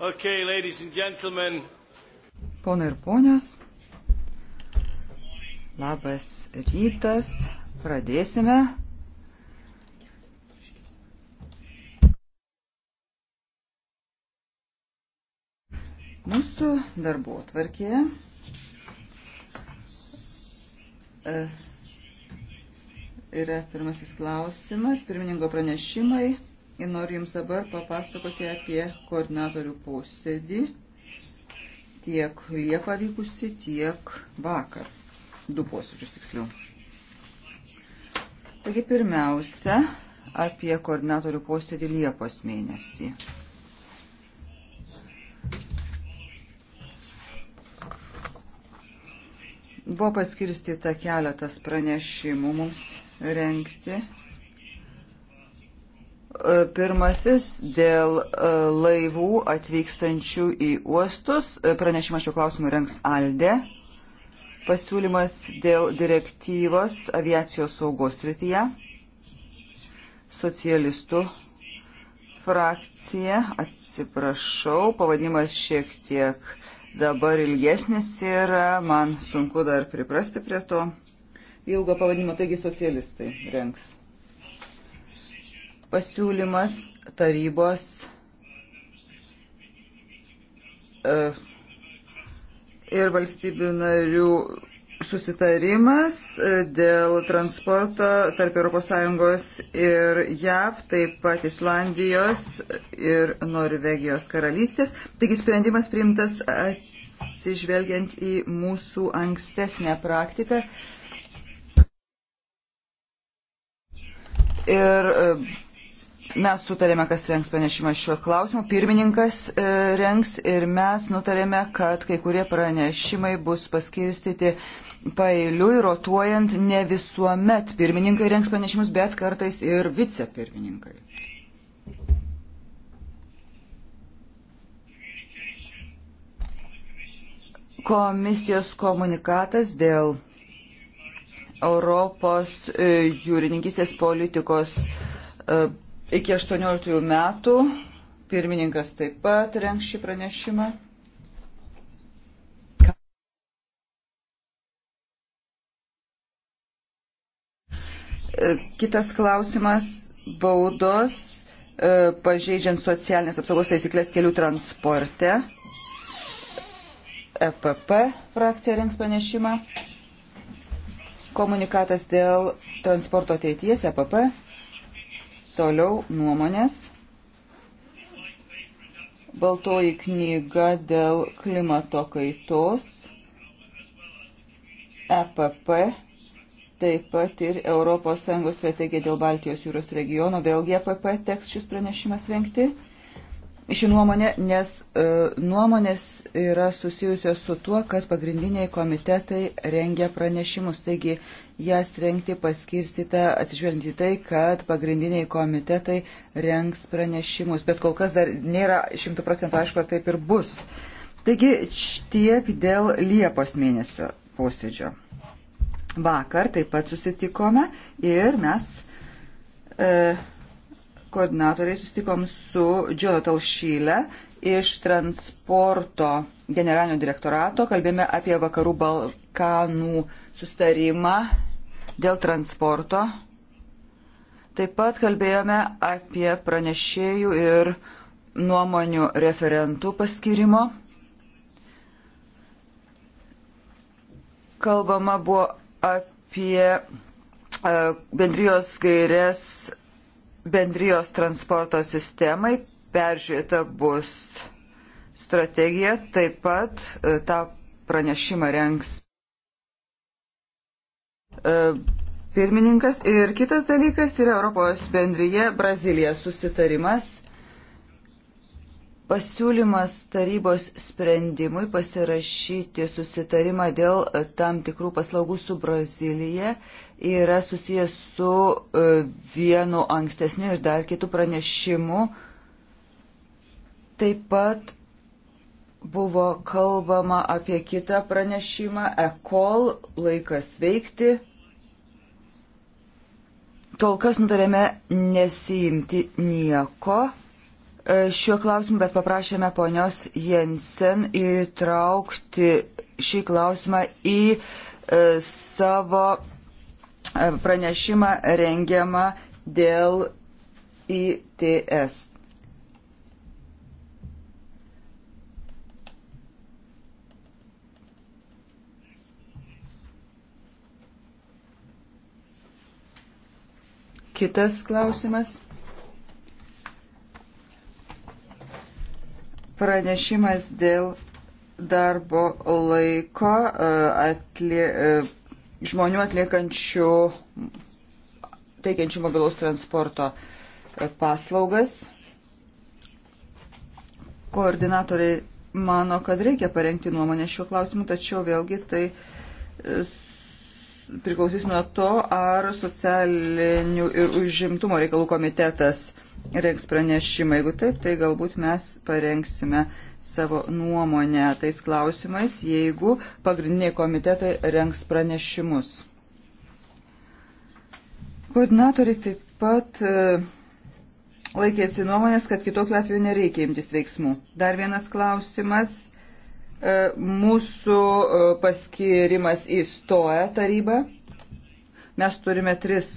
Okay, ladies and gentlemen. Pona ir ponios, labas rytas, pradėsime. Mūsų darbo atvarkėje yra pirmasis klausimas, pirmininko pranešimai Ir noriu Jums dabar papasakoti apie koordinatorių posėdį tiek Liepą vykusi, tiek vakar. Du posėdžius tiksliau. Taigi pirmiausia, apie koordinatorių posėdį Liepos mėnesį. Buvo paskirstyta keletas pranešimų mums rengti E, pirmasis dėl e, laivų atvykstančių į uostus. E, Pranešimą šiuo klausimu rengs Alde. Pasiūlymas dėl direktyvos aviacijos saugos rytyje. Socialistų frakcija, atsiprašau, pavadimas šiek tiek dabar ilgesnis yra, man sunku dar priprasti prie to ilgo pavadinimo, taigi socialistai rengs pasiūlymas tarybos e, ir valstybių narių susitarimas e, dėl transporto tarp ES ir JAV, taip pat Islandijos ir Norvegijos karalystės. Taigi sprendimas priimtas atsižvelgiant į mūsų ankstesnę praktiką. Ir e, Mes sutarėme, kas rengs pranešimą šiuo klausimu. Pirmininkas e, rengs ir mes nutarėme, kad kai kurie pranešimai bus paskirstyti pailiui, rotuojant ne visuomet pirmininkai rengs pranešimus, bet kartais ir vicepirmininkai. Komisijos komunikatas dėl Europos e, jūrininkistės politikos e, iki 18 metų. Pirmininkas taip pat renks šį pranešimą. E, kitas klausimas - baudos e, pažeidžiant socialinės apsaugos taisyklės kelių transporte. EPP frakcija renks pranešimą. Komunikatas dėl transporto ateities EPP Toliau nuomonės. Baltoji knyga dėl klimato kaitos. EPP, taip pat ir ES strategija dėl Baltijos jūros regiono, vėlgi EPP teks šis pranešimas rengti. Ši nuomonė, nes e, nuomonės yra susijusios su tuo, kad pagrindiniai komitetai rengia pranešimus. Taigi jas rengti paskirstyta atsižvelgiant į tai, kad pagrindiniai komitetai rengs pranešimus, bet kol kas dar nėra šimtų procentų aišku, ar taip ir bus. Taigi tiek dėl Liepos mėnesio posėdžio. Vakar taip pat susitikome ir mes e, koordinatoriai susitikom su Jonathan Šyle iš transporto generalinio direktorato, kalbėjome apie vakarų Balkanų sustarimą dėl transporto. Taip pat kalbėjome apie pranešėjų ir nuomonių referentų paskirimo. Kalbama buvo apie e, bendrijos gairės bendrijos transporto sistemai, peržiūrėta bus strategija, taip pat e, tą pranešimą rengs E, pirmininkas. Ir kitas dalykas yra Europos bendryje Brazilija susitarimas, pasiūlymas tarybos sprendimui pasirašyti susitarimą dėl tam tikrų paslaugų su Brazilija yra susijęs su e, vienu ankstesniu ir dar kitų pranešimu. Taip pat buvo kalbama apie kitą pranešimą, ECOL laikas veikti Kol kas nutarėme nesiimti nieko e, šiuo klausimu, bet paprašėme ponios Jensen įtraukti šį klausimą į e, savo e, pranešimą rengiamą dėl ITS. Kitas klausimas. Pranešimas dėl darbo laiko e, atlie, e, žmonių atliekančių, teikiančių mobilaus transporto e, paslaugas. Koordinatoriai mano, kad reikia parengti nuomonę šiuo klausimu, tačiau vėlgi tai priklausys nuo to, ar socialinių ir užimtumo reikalų komitetas rengs pranešimą. Jeigu taip, tai galbūt mes parengsime savo nuomonę tais klausimais, jeigu pagrindiniai komitetai rengs pranešimus. Koordinatoriai taip pat e, laikėsi nuomonės, kad kitokiu atveju nereikia imtis veiksmų. Dar vienas klausimas E, mūsų e, paskirimas į stoją tarybą. Mes turime tris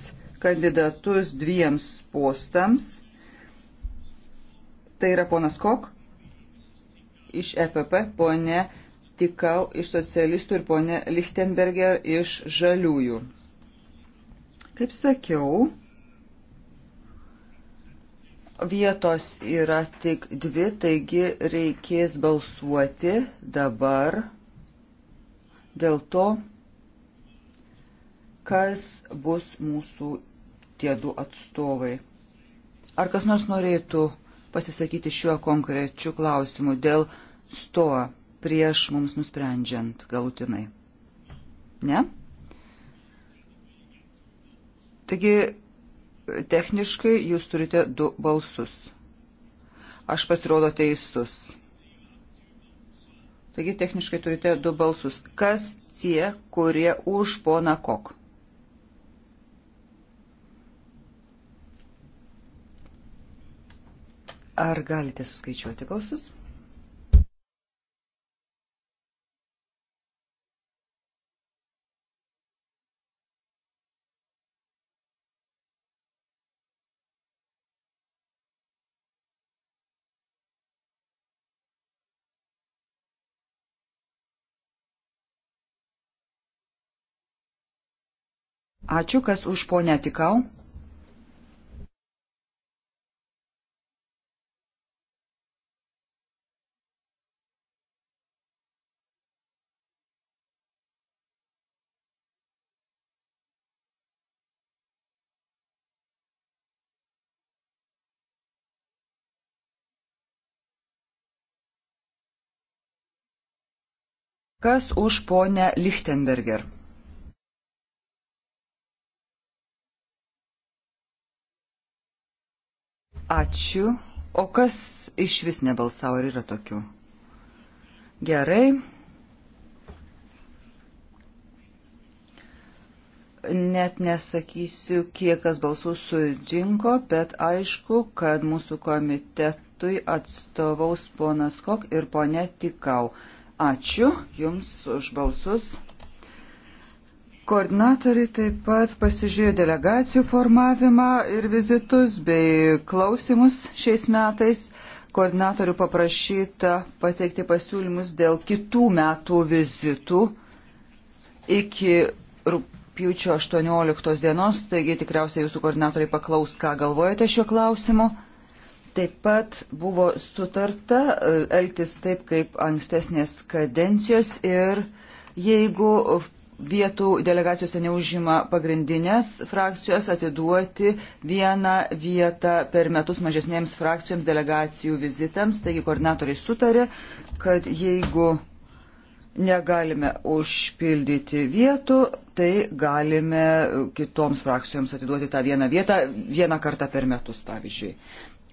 kandidatus dviems postams. Tai yra ponas Kok iš EPP, ponė Tikau iš socialistų ir ponė Lichtenberger iš žaliųjų. Kaip sakiau, Vietos yra tik dvi, taigi reikės balsuoti dabar dėl to, kas bus mūsų tie du atstovai. Ar kas nors norėtų pasisakyti šiuo konkrečiu klausimu dėl stoa prieš mums nusprendžiant galutinai? Ne? Taigi techniškai jūs turite du balsus. Aš pasirodo teisus. Taigi techniškai turite du balsus. Kas tie, kurie už poną Kok? Ar galite suskaičiuoti balsus? Ačiū, kas už ponę tikau. Kas už ponę Lichtenberger? Ačiū. O kas iš vis nebalsavo, ar yra tokių? Gerai. net nesakysiu, kiek kas balsų surinko, bet aišku, kad mūsų komitetui atstovaus ponas Kok ir ponė Tikau. Ačiū Jums už balsus. Koordinatoriai taip pat pasižiūrėjo delegacijų formavimą ir vizitus bei klausimus šiais metais. Koordinatorių paprašyta pateikti pasiūlymus dėl kitų metų vizitų iki rūpjūčio 18 dienos, taigi tikriausiai jūsų koordinatoriai paklaus, ką galvojate šiuo klausimu. Taip pat buvo sutarta e, elgtis taip kaip ankstesnės kadencijos ir jeigu vietų delegacijose neužima pagrindinės frakcijos, atiduoti vieną vietą per metus mažesnėms frakcijoms delegacijų vizitams. Taigi koordinatoriai sutarė, kad jeigu negalime užpildyti vietų, tai galime kitoms frakcijoms atiduoti tą vieną vietą vieną kartą per metus, pavyzdžiui.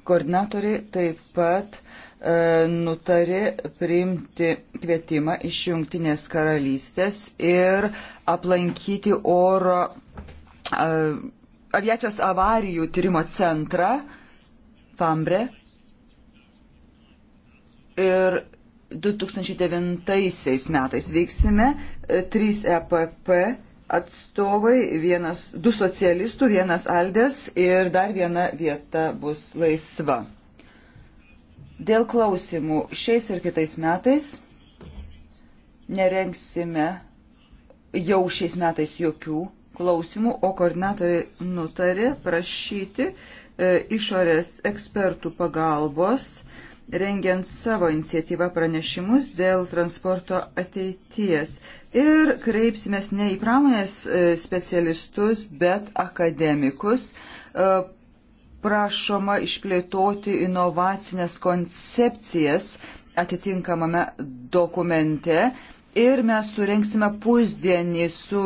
Koordinatoriai taip pat E, nutarė priimti kvietimą iš Junktinės karalystės ir aplankyti oro aviacijos avarijų tyrimo centrą Fambre. Ir 2009 metais veiksime 3 e, EPP atstovai, vienas, du socialistų, vienas Aldės ir dar viena vieta bus laisva. Dėl klausimų šiais ir kitais metais nerengsime jau šiais metais jokių klausimų, o koordinatoriai nutarė prašyti e, išorės ekspertų pagalbos, rengiant savo iniciatyvą pranešimus dėl transporto ateities. Ir kreipsimės ne į pramonės e, specialistus, bet akademikus, e, prašoma išplėtoti inovacinės koncepcijas atitinkamame dokumente ir mes surenksime pusdienį su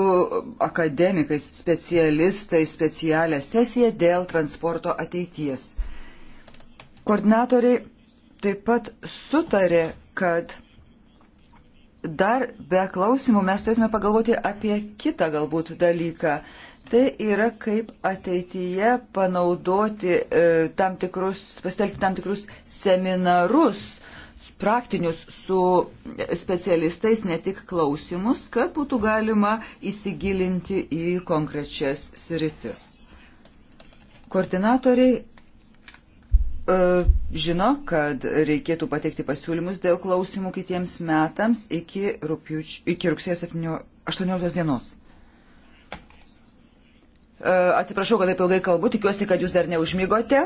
akademikais, specialistais, specialią sesiją dėl transporto ateities. Koordinatoriai taip pat sutarė, kad dar be klausimų mes turėtume pagalvoti apie kitą galbūt dalyką. Tai yra kaip ateityje panaudoti e, tam tikrus, pasitelkti tam tikrus seminarus praktinius su specialistais, ne tik klausimus, kad būtų galima įsigilinti į konkrečias sritis. Koordinatoriai e, žino, kad reikėtų pateikti pasiūlymus dėl klausimų kitiems metams iki, rūpiuč, iki rugsėjo 18 dienos. E, atsiprašau, kad taip ilgai kalbu, tikiuosi, kad jūs dar neužmygote.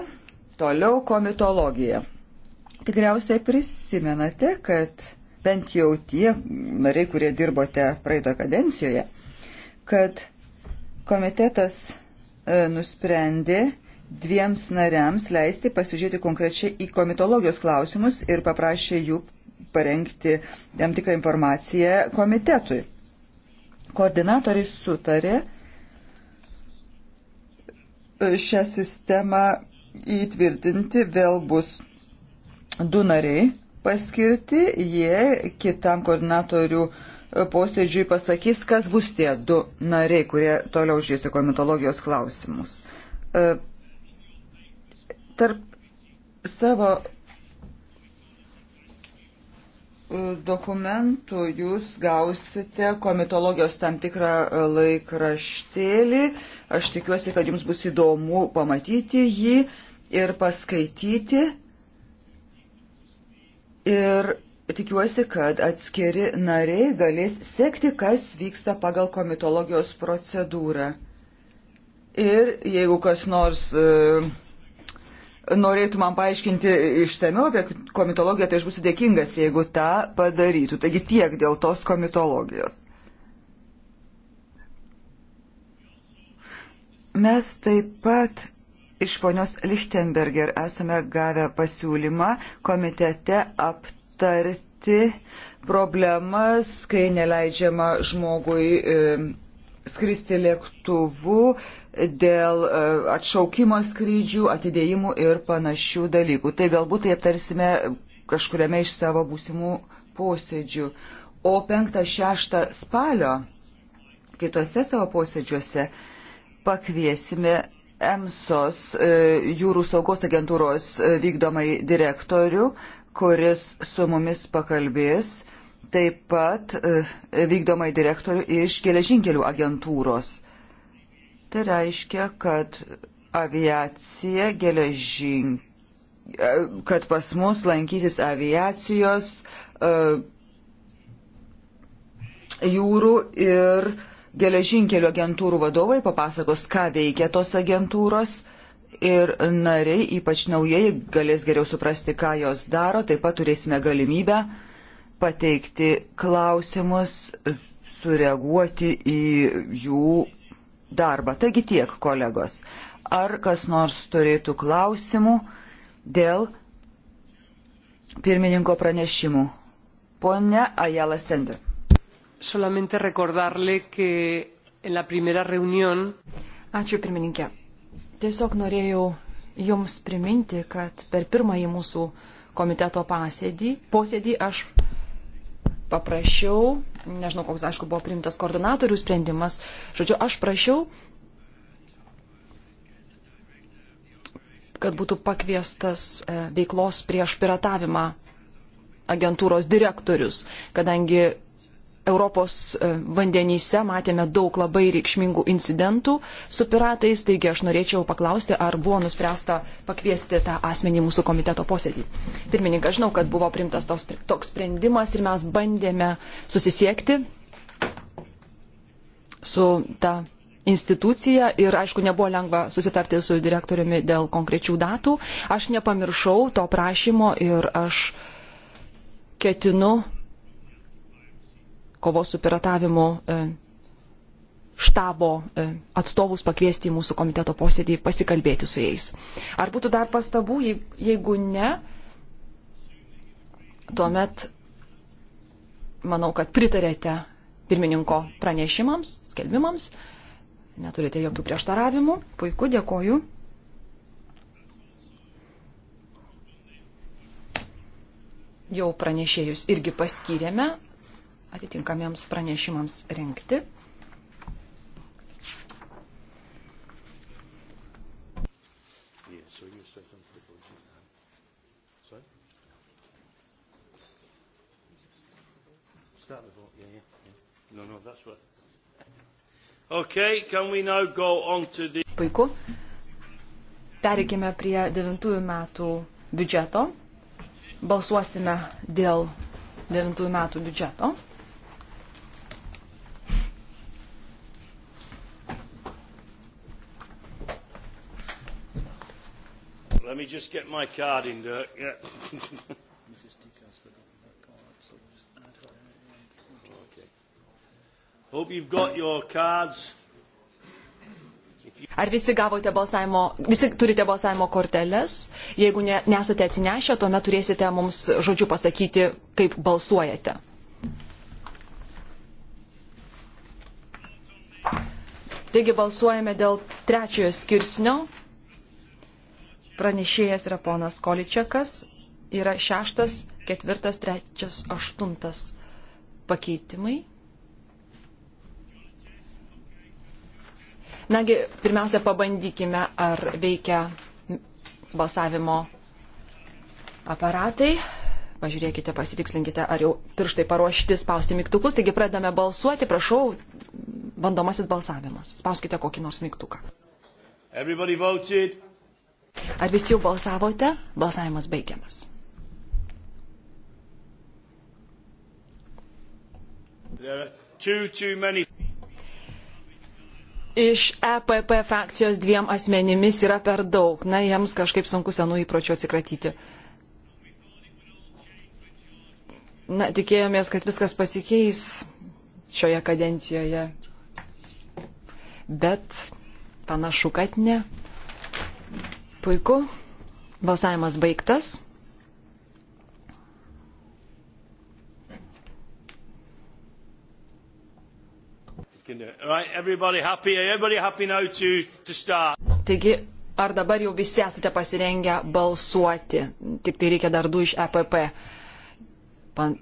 Toliau komitologija. Tikriausiai prisimenate, kad bent jau tie nariai, kurie dirbote praeito kadencijoje, kad komitetas e, nusprendė dviems nariams leisti pasižiūrėti konkrečiai į komitologijos klausimus ir paprašė jų parengti tam tikrą informaciją komitetui. Koordinatoriai sutarė, šią sistemą įtvirtinti vėl bus du nariai paskirti, jie kitam koordinatorių posėdžiui pasakys, kas bus tie du nariai, kurie toliau žiūrėsi komitologijos klausimus. E, tarp savo dokumentų jūs gausite komitologijos tam tikrą e, laikraštėlį. Aš tikiuosi, kad jums bus įdomu pamatyti jį ir paskaityti. Ir tikiuosi, kad atskiri nariai galės sekti, kas vyksta pagal komitologijos procedūrą. Ir jeigu kas nors uh, norėtų man paaiškinti išsameu apie komitologiją, tai aš būsiu dėkingas, jeigu tą padarytų. Taigi tiek dėl tos komitologijos. Mes taip pat iš ponios Lichtenberger esame gavę pasiūlymą komitete aptarti problemas, kai neleidžiama žmogui. E, skristi lėktuvu dėl e, atšaukimo skrydžių, atidėjimų ir panašių dalykų. Tai galbūt tai aptarsime kažkuriame iš savo būsimų posėdžių. O 5-6 spalio kitose savo posėdžiuose pakviesime EMSOS e, jūrų saugos agentūros e, vykdomai direktorių, kuris su mumis pakalbės taip pat e, vykdomai direktorių iš geležinkelių agentūros. Tai reiškia, kad aviacija geležin... E, kad pas mus lankysis aviacijos e, jūrų ir geležinkelių agentūrų vadovai papasakos, ką veikia tos agentūros ir nariai, ypač naujieji, galės geriau suprasti, ką jos daro, taip pat turėsime galimybę uh, pateikti klausimus, sureaguoti į jų darbą. Taigi tiek, kolegos. Ar kas nors turėtų klausimų dėl pirmininko pranešimų? Pone Ajala Sender. Solamente recordarle que en la primera reunión. Ačiū pirmininkė. Tiesiog norėjau Jums priminti, kad per pirmąjį mūsų komiteto pasėdį, posėdį aš paprašiau, nežinau, koks, aišku, buvo priimtas koordinatorių sprendimas, žodžiu, aš prašiau, kad būtų pakviestas e, veiklos prieš piratavimą agentūros direktorius, kadangi Europos e, vandenyse matėme daug labai reikšmingų incidentų su piratais, taigi aš norėčiau paklausti, ar buvo nuspręsta pakviesti tą asmenį mūsų komiteto posėdį. Pirmininkas, žinau, kad buvo primtas toks, toks sprendimas ir mes bandėme susisiekti su ta institucija ir aišku nebuvo lengva susitarti su direktoriumi dėl konkrečių datų. Aš nepamiršau to prašymo ir aš ketinu kovos su piratavimu e, štabo e, atstovus pakviesti į mūsų komiteto posėdį pasikalbėti su jais. Ar būtų dar pastabų, jeigu ne, tuomet manau, kad pritarėte pirmininko pranešimams, skelbimams, neturite jokių prieštaravimų. Puiku, dėkoju. Jau pranešėjus irgi paskyrėme, atitinkamiems pranešimams renkti. Start the vote, yeah, yeah, yeah. No, no, that's what. Okay, can we now go on to the... Puiku. Pereikime prie devintųjų metų biudžeto. Balsuosime dėl devintųjų metų biudžeto. Let me just get my card in, Dirk. Yeah. Mrs. Tikas forgotten her card, so we'll just add her in. Okay. Hope you've got your cards. Ar visi gavote balsavimo, visi turite balsavimo korteles? Jeigu ne, nesate atsinešę, tuomet turėsite mums žodžiu pasakyti, kaip balsuojate. Taigi balsuojame dėl trečiojo skirsnio Pranešėjas yra ponas Količiakas, yra šeštas, ketvirtas, trečias, aštuntas pakeitimai. Nagi, pirmiausia, pabandykime, ar veikia balsavimo aparatai. Pažiūrėkite, pasitikslinkite, ar jau pirštai paruošti spausti mygtukus. Taigi pradame balsuoti, prašau, bandomasis balsavimas. Spauskite kokį nors mygtuką. Everybody voted. Ar visi jau balsavote? Balsavimas baigiamas. Too, too many... Iš EPP frakcijos dviem asmenimis yra per daug. Na, jiems kažkaip sunku senų įpročių atsikratyti. Na, tikėjomės, kad viskas pasikeis šioje kadencijoje. Bet panašu, kad ne. Puiku. Balsavimas baigtas. Taigi, ar dabar jau visi esate pasirengę balsuoti? Tik tai reikia dar du iš EPP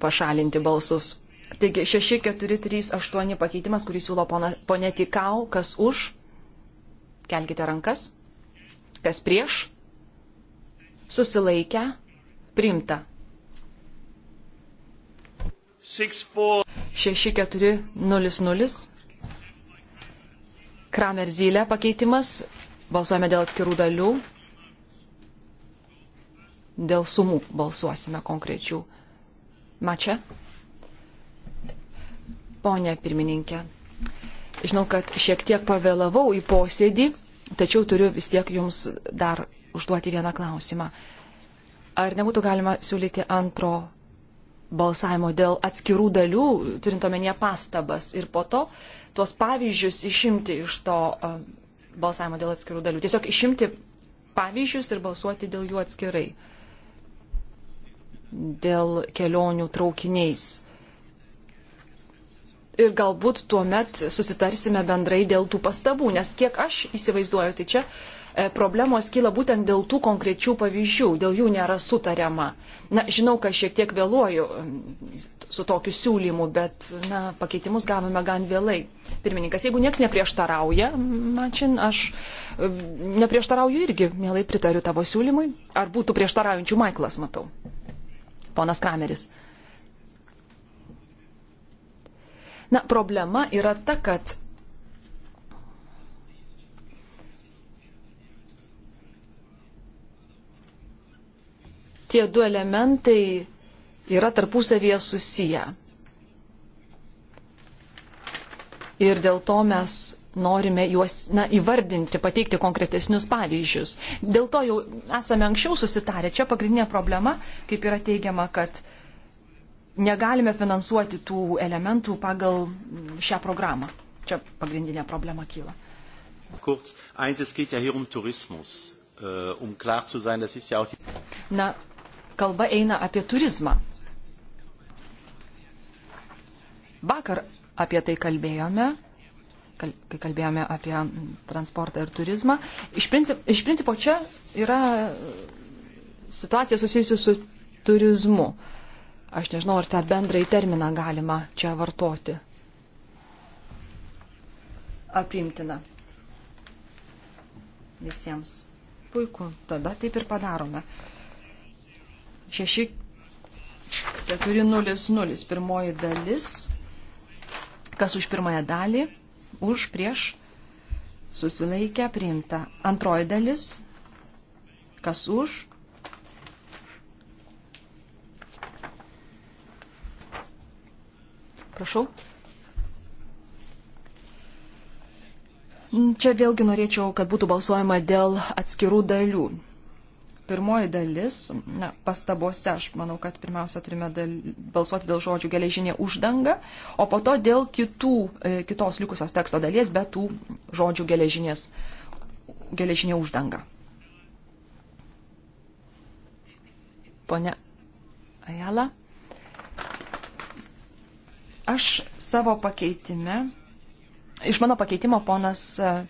pašalinti balsus. Taigi, 6438 pakeitimas, kurį siūlo ponė Tikau, kas už? Kelkite rankas kas prieš, susilaikę, primta. 6400 Kramer Zylė pakeitimas. Balsuojame dėl atskirų dalių. Dėl sumų balsuosime konkrečių. Mačia? Pone pirmininkė, žinau, kad šiek tiek pavėlavau į posėdį. Tačiau turiu vis tiek jums dar užduoti vieną klausimą. Ar nebūtų galima siūlyti antro balsavimo dėl atskirų dalių, turint omenyje pastabas, ir po to tuos pavyzdžius išimti iš to balsavimo dėl atskirų dalių. Tiesiog išimti pavyzdžius ir balsuoti dėl jų atskirai. Dėl kelionių traukiniais ir galbūt tuo met susitarsime bendrai dėl tų pastabų, nes kiek aš įsivaizduoju, tai čia e, problemos kyla būtent dėl tų konkrečių pavyzdžių, dėl jų nėra sutariama. Na, žinau, kad šiek tiek vėluoju mm, su tokiu siūlymu, bet, na, pakeitimus gavome gan vėlai. Pirmininkas, jeigu nieks neprieštarauja, mačin, aš e, neprieštarauju irgi, mielai pritariu tavo siūlymui. Ar būtų prieštaraujančių Maiklas, matau. Ponas Krameris. Na, problema yra ta, kad tie du elementai yra tarpusavėje susiję. Ir dėl to mes norime juos na, įvardinti, pateikti konkretesnius pavyzdžius. Dėl to jau esame anksčiau susitarę. Čia pagrindinė problema, kaip yra teigiama, kad uh, negalime finansuoti tų elementų pagal šią programą. Čia pagrindinė problema kyla. Kurz, eins, es geht ja hier um Tourismus. Uh, um klar zu sein, das ist ja auch die... Na, kalba eina apie turizmą. Vakar apie tai kalbėjome, kai kalbėjome apie mm, transportą ir turizmą. Iš principo, iš principo čia yra mm, situacija susijusi su turizmu. Uh, Aš nežinau, ar tą bendrąjį terminą galima čia vartoti. Aprimtina. Visiems. Puiku, tada taip ir padarome. 6, 4, 0, 0, pirmoji dalis. Kas už pirmąją dalį? Už, prieš, susilaikę, priimta. Antroji dalis. Kas už, Prašau. Čia vėlgi norėčiau, kad būtų balsuojama dėl atskirų dalių. Pirmoji dalis, na, pastabose, aš manau, kad pirmiausia turime dal, balsuoti dėl žodžių geležinė uždanga, o po to dėl kitų, e, kitos likusios teksto dalies, bet tų žodžių geležinės, geležinė uždanga. Pone Ajala. Aš savo pakeitime, iš mano pakeitimo ponas e,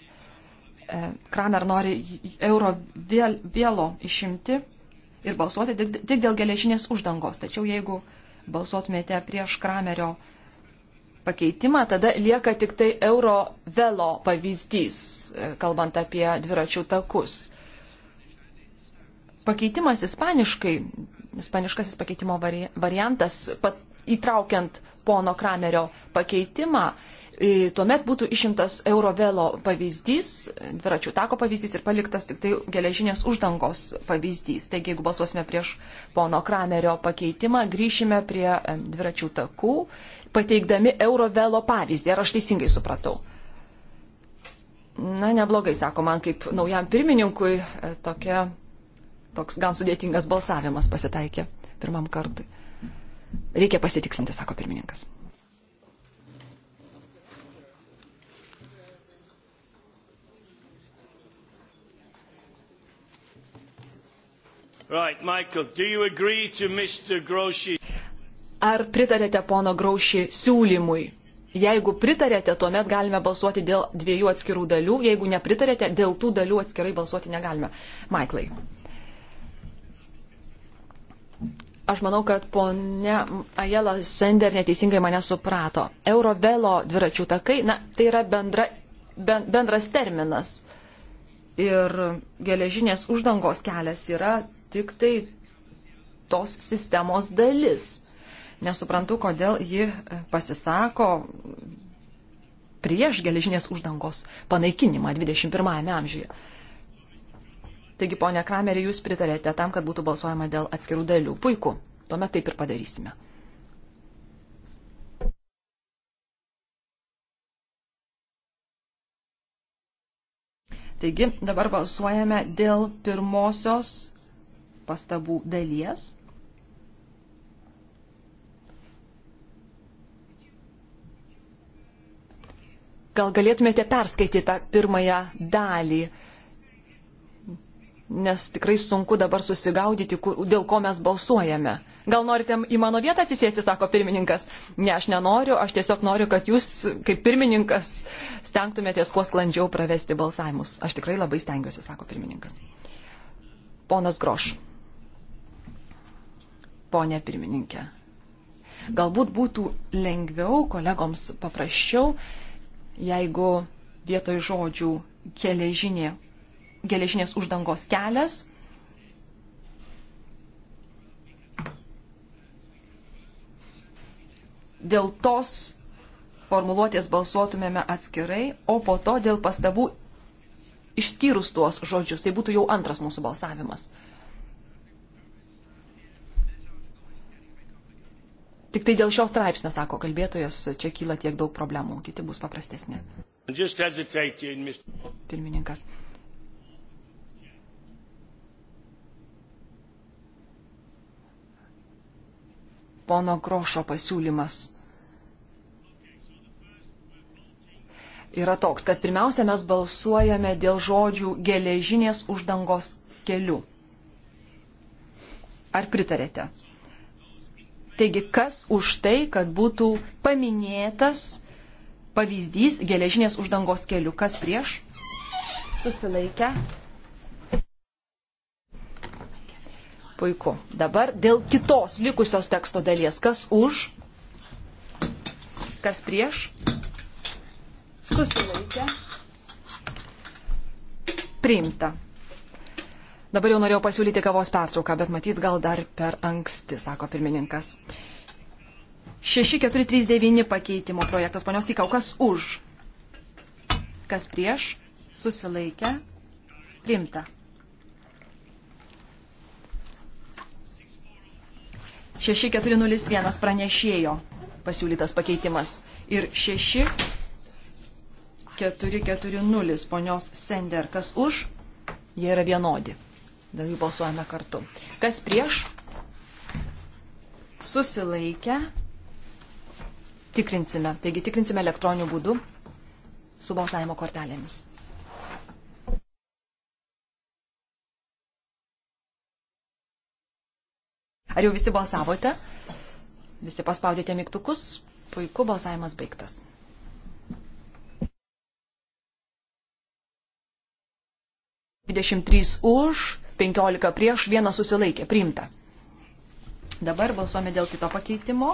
e, Kramer nori euro vėl, vėlo išimti ir balsuoti tik dėl geležinės uždangos. Tačiau jeigu balsuotumėte prieš Kramerio pakeitimą, tada lieka tik tai euro vėlo pavyzdys, e, kalbant apie dviračių takus. Pakeitimas ispaniškai, ispaniškasis pakeitimo variantas, pat, įtraukiant pono Kramerio pakeitimą, e, tuomet būtų išimtas Eurovelo pavyzdys, dviračių tako pavyzdys ir paliktas tik tai geležinės uždangos pavyzdys. Taigi, jeigu balsuosime prieš pono Kramerio pakeitimą, grįšime prie dviračių takų, pateikdami Eurovelo pavyzdį. Ar aš teisingai supratau? Na, neblogai, sako man kaip naujam pirmininkui, e, tokia, toks gan sudėtingas balsavimas pasitaikė pirmam kartui. Reikia pasitiksinti, sako pirmininkas. Right, Michael, do you agree to Mr. Groshi? Ar pritarėte pono Graušį siūlymui? Jeigu pritarėte, tuomet galime balsuoti dėl dviejų atskirų dalių, jeigu nepritarėte, dėl tų dalių atskirai balsuoti negalime. Maiklai. Aš manau, kad ponia Ajela Sender neteisingai mane suprato. Eurovelo dviračių takai, na, tai yra bendra, ben, bendras terminas. Ir geležinės uždangos kelias yra tik tai tos sistemos dalis. Nesuprantu, kodėl ji e, pasisako prieš geležinės uždangos panaikinimą 21 amžiuje. Taigi, ponia Kramerį, jūs pritarėte tam, kad būtų balsuojama dėl atskirų dalių. Puiku, tuomet taip ir padarysime. Taigi, dabar balsuojame dėl pirmosios pastabų dalies. Gal galėtumėte perskaityti tą pirmąją dalį? nes tikrai sunku dabar susigaudyti, kur, dėl ko mes balsuojame. Gal norite į mano vietą atsisėsti, sako pirmininkas. Ne, aš nenoriu, aš tiesiog noriu, kad jūs, kaip pirmininkas, stengtumėtės kuo sklandžiau pravesti balsavimus. Aš tikrai labai stengiuosi, sako pirmininkas. Ponas Groš. Pone pirmininkė. Galbūt būtų lengviau kolegoms paprasčiau, jeigu vietoj žodžių geležinė geležinės uždangos kelias. Dėl tos formuluotės balsuotumėme atskirai, o po to dėl pastabų išskyrus tuos žodžius. Tai būtų jau antras mūsų balsavimas. Tik tai dėl šios straipsnio, sako kalbėtojas, čia kyla tiek daug problemų, kiti bus paprastesni. Pirmininkas. pono Grošo pasiūlymas yra toks, kad pirmiausia mes balsuojame dėl žodžių geležinės uždangos keliu. Ar pritarėte? Taigi, kas už tai, kad būtų paminėtas pavyzdys geležinės uždangos keliu? Kas prieš? Susilaikę. Puiku. Dabar dėl kitos likusios teksto dalies. Kas už? Kas prieš? Susilaikė. Priimta. Dabar jau norėjau pasiūlyti kavos pertrauką, bet matyt gal dar per anksti, sako pirmininkas. 6439 pakeitimo projektas, ponios Tikau, kas už? Kas prieš? Susilaikę? Primta. 6401 pranešėjo pasiūlytas pakeitimas ir 6440 ponios Sender. Kas už? Jie yra vienodi. Dėl jų balsuojame kartu. Kas prieš? Susilaikę. Tikrinsime. Taigi tikrinsime elektroniniu būdu su balsavimo kortelėmis. Ar jau visi balsavote? Visi paspaudėte mygtukus? Puiku, balsavimas baigtas. Dvidešimt trys už, penkiolika prieš, vienas susilaikė, priimta. Dabar balsuome dėl kito pakeitimo.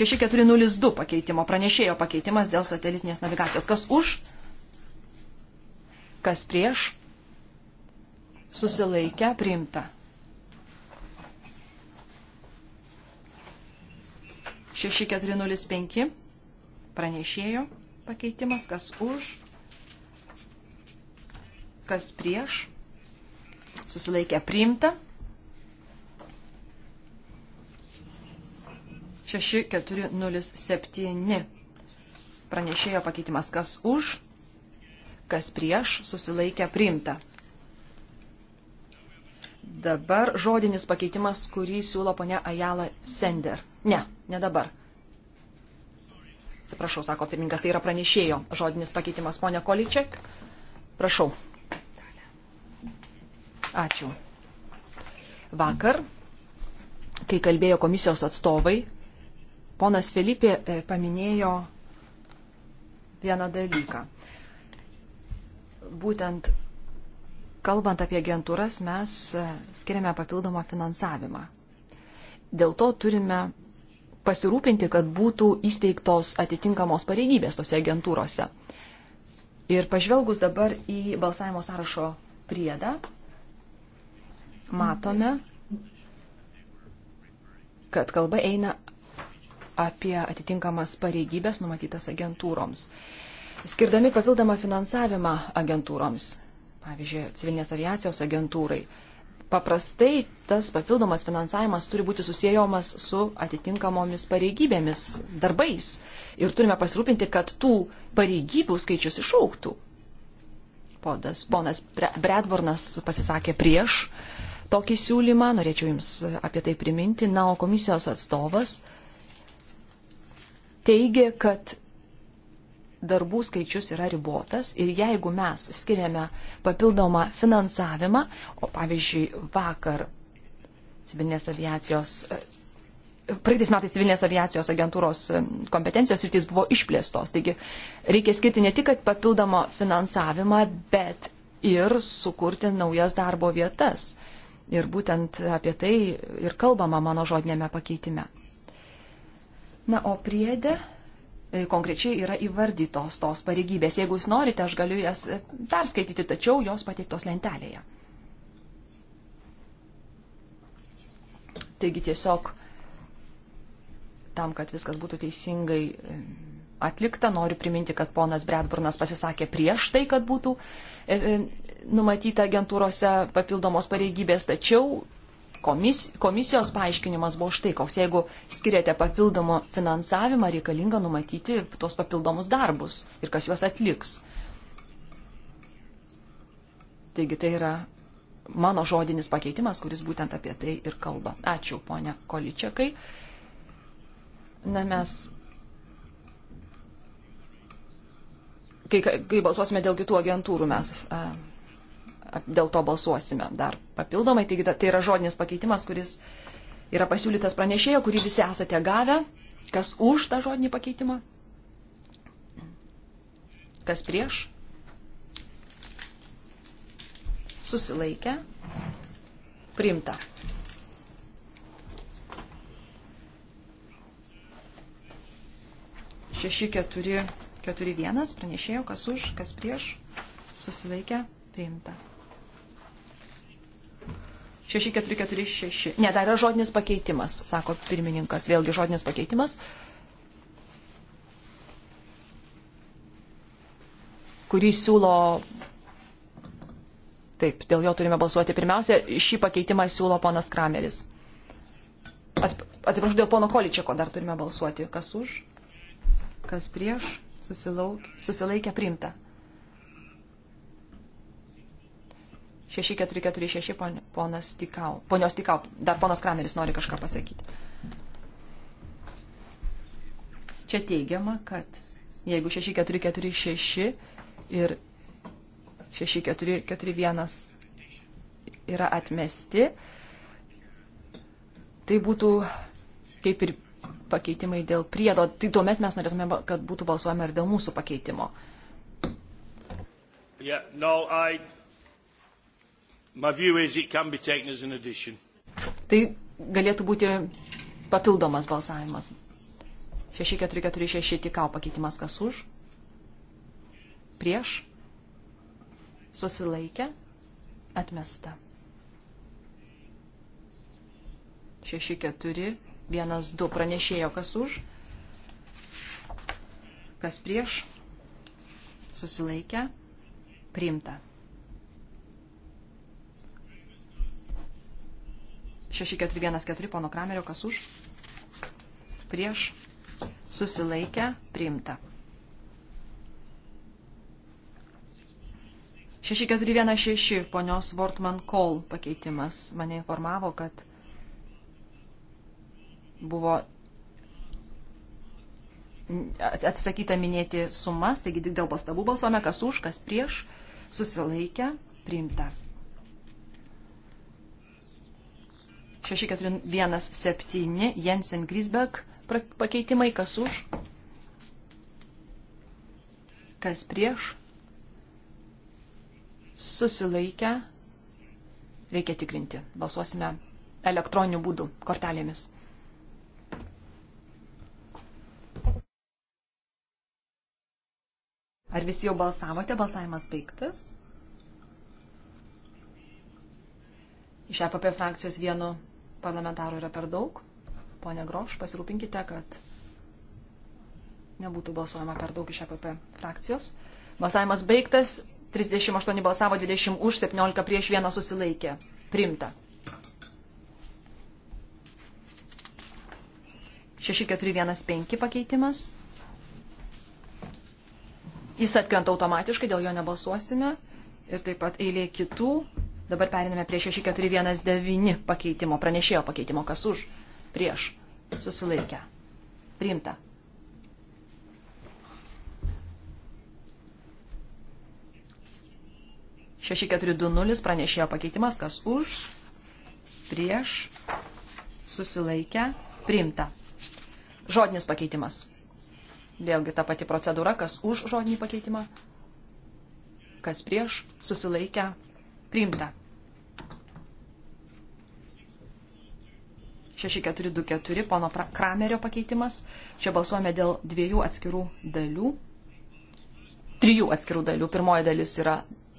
6402 pakeitimo, pranešėjo pakeitimas dėl satelitinės navigacijos. Kas už, kas prieš, susilaikę, priimta. 6405 pranešėjo pakeitimas, kas už, kas prieš, susilaikė priimta. 6407 pranešėjo pakeitimas, kas už, kas prieš, susilaikė priimta. Dabar žodinis pakeitimas, kurį siūlo ponia Ajala Sender. Ne, ne dabar. Atsiprašau, sako pirmininkas, tai yra pranešėjo žodinis pakeitimas. Pone Kolyčiak, prašau. Ačiū. Vakar, kai kalbėjo komisijos atstovai, ponas Filipė e, paminėjo vieną dalyką. Būtent kalbant apie agentūras, mes e, skiriame papildomą finansavimą. Dėl to turime pasirūpinti, kad būtų įsteigtos atitinkamos pareigybės tose agentūrose. Ir pažvelgus dabar į balsavimo sąrašo priedą, matome, kad kalba eina apie atitinkamas pareigybės numatytas agentūroms. Skirdami papildomą finansavimą agentūroms, pavyzdžiui, civilinės aviacijos agentūrai, paprastai tas papildomas finansavimas turi būti susijęjomas su atitinkamomis pareigybėmis, darbais. Ir turime pasirūpinti, kad tų pareigybių skaičius išauktų. Podas, ponas Bredbornas pasisakė prieš tokį siūlymą, norėčiau Jums apie tai priminti. Na, o komisijos atstovas teigia, kad darbų skaičius yra ribotas ir jeigu mes skiriame papildomą finansavimą, o pavyzdžiui vakar civilinės aviacijos. E, praeitais metais civilinės aviacijos agentūros e, kompetencijos rytis buvo išplėstos. Taigi reikia skirti ne tik papildomą finansavimą, bet ir sukurti naujas darbo vietas. Ir būtent apie tai ir kalbama mano žodinėme pakeitime. Na, o priedė E, konkrečiai yra įvardytos tos pareigybės. Jeigu jūs norite, aš galiu jas e, perskaityti, tačiau jos pateiktos lentelėje. Taigi tiesiog tam, kad viskas būtų teisingai e, atlikta, noriu priminti, kad ponas Bredburnas pasisakė prieš tai, kad būtų numatyta agentūrose papildomos pareigybės, tačiau komis, komisijos paaiškinimas buvo štai koks. Jeigu skiriate papildomą finansavimą, reikalinga numatyti tuos papildomus darbus ir kas juos atliks. Taigi tai yra mano žodinis pakeitimas, kuris būtent apie tai ir kalba. Ačiū, ponia Količiakai. Na mes. Kai, kai balsuosime dėl kitų agentūrų, mes. Uh, dėl to balsuosime dar papildomai. Taigi tai yra žodinis pakeitimas, kuris yra pasiūlytas pranešėjo, kurį visi esate gavę. Kas už tą žodinį pakeitimą? Kas prieš? Susilaikę. Primta. Šeši, keturi, keturi, vienas. Pranešėjo, kas už, kas prieš. Susilaikę. Primta. 6446. Ne, dar yra žodinis pakeitimas, sako pirmininkas. Vėlgi žodinis pakeitimas. kurį siūlo. Taip, dėl jo turime balsuoti. Pirmiausia, šį pakeitimą siūlo ponas Krameris. Atsiprašau, dėl pono Količiako dar turime balsuoti. Kas už, kas prieš, susilauk, susilaikę priimta. 6446 ponas Tikau. Ponios Tikau, dar ponas Krameris nori kažką pasakyti. Čia teigiama, kad jeigu 6446 ir 6441 yra atmesti, tai būtų kaip ir pakeitimai dėl priedo. Tai tuomet mes norėtume, kad būtų balsuojama ir dėl mūsų pakeitimo. Yeah, no, I... Tai galėtų būti papildomas balsavimas. 6446 tikau pakeitimas kas už. Prieš. Susilaikė. Atmesta. 6412 pranešėjo kas už. Kas prieš. Susilaikė. Priimta. 6414 pono Kramerio, kas už, prieš, susilaikę, priimta. 6416 ponios Vortman Kol pakeitimas mane informavo, kad buvo atsisakyta minėti sumas, taigi tik dėl pastabų balsuome, kas už, kas prieš, susilaikę, priimta. 6417 Jensen Grisbeck pakeitimai, kas už, kas prieš, susilaikę, reikia tikrinti. Balsuosime elektroniniu būdu, kortelėmis. Ar visi jau balsavote? Balsavimas baigtas. Iš EPP frakcijos vienu parlamentarų yra per daug. Pone Groš, pasirūpinkite, kad nebūtų balsuojama per daug iš EPP frakcijos. Balsavimas baigtas. 38 balsavo, 20 už, 17 prieš vieną susilaikė. Primta. 6415 pakeitimas. Jis atkrenta automatiškai, dėl jo nebalsuosime. Ir taip pat eilė kitų Dabar periname prie 6419 pakeitimo, pranešėjo pakeitimo, kas už, prieš, susilaikę, priimta. Šeši keturi du nulis pranešėjo pakeitimas, kas už, prieš, susilaikę, priimta. Žodinis pakeitimas. Vėlgi ta pati procedūra, kas už žodinį pakeitimą, kas prieš, susilaikę, priimta. 6424 pono Kramerio pakeitimas. Čia balsuojame dėl dviejų atskirų dalių. Trijų atskirų dalių. Pirmoji dalis yra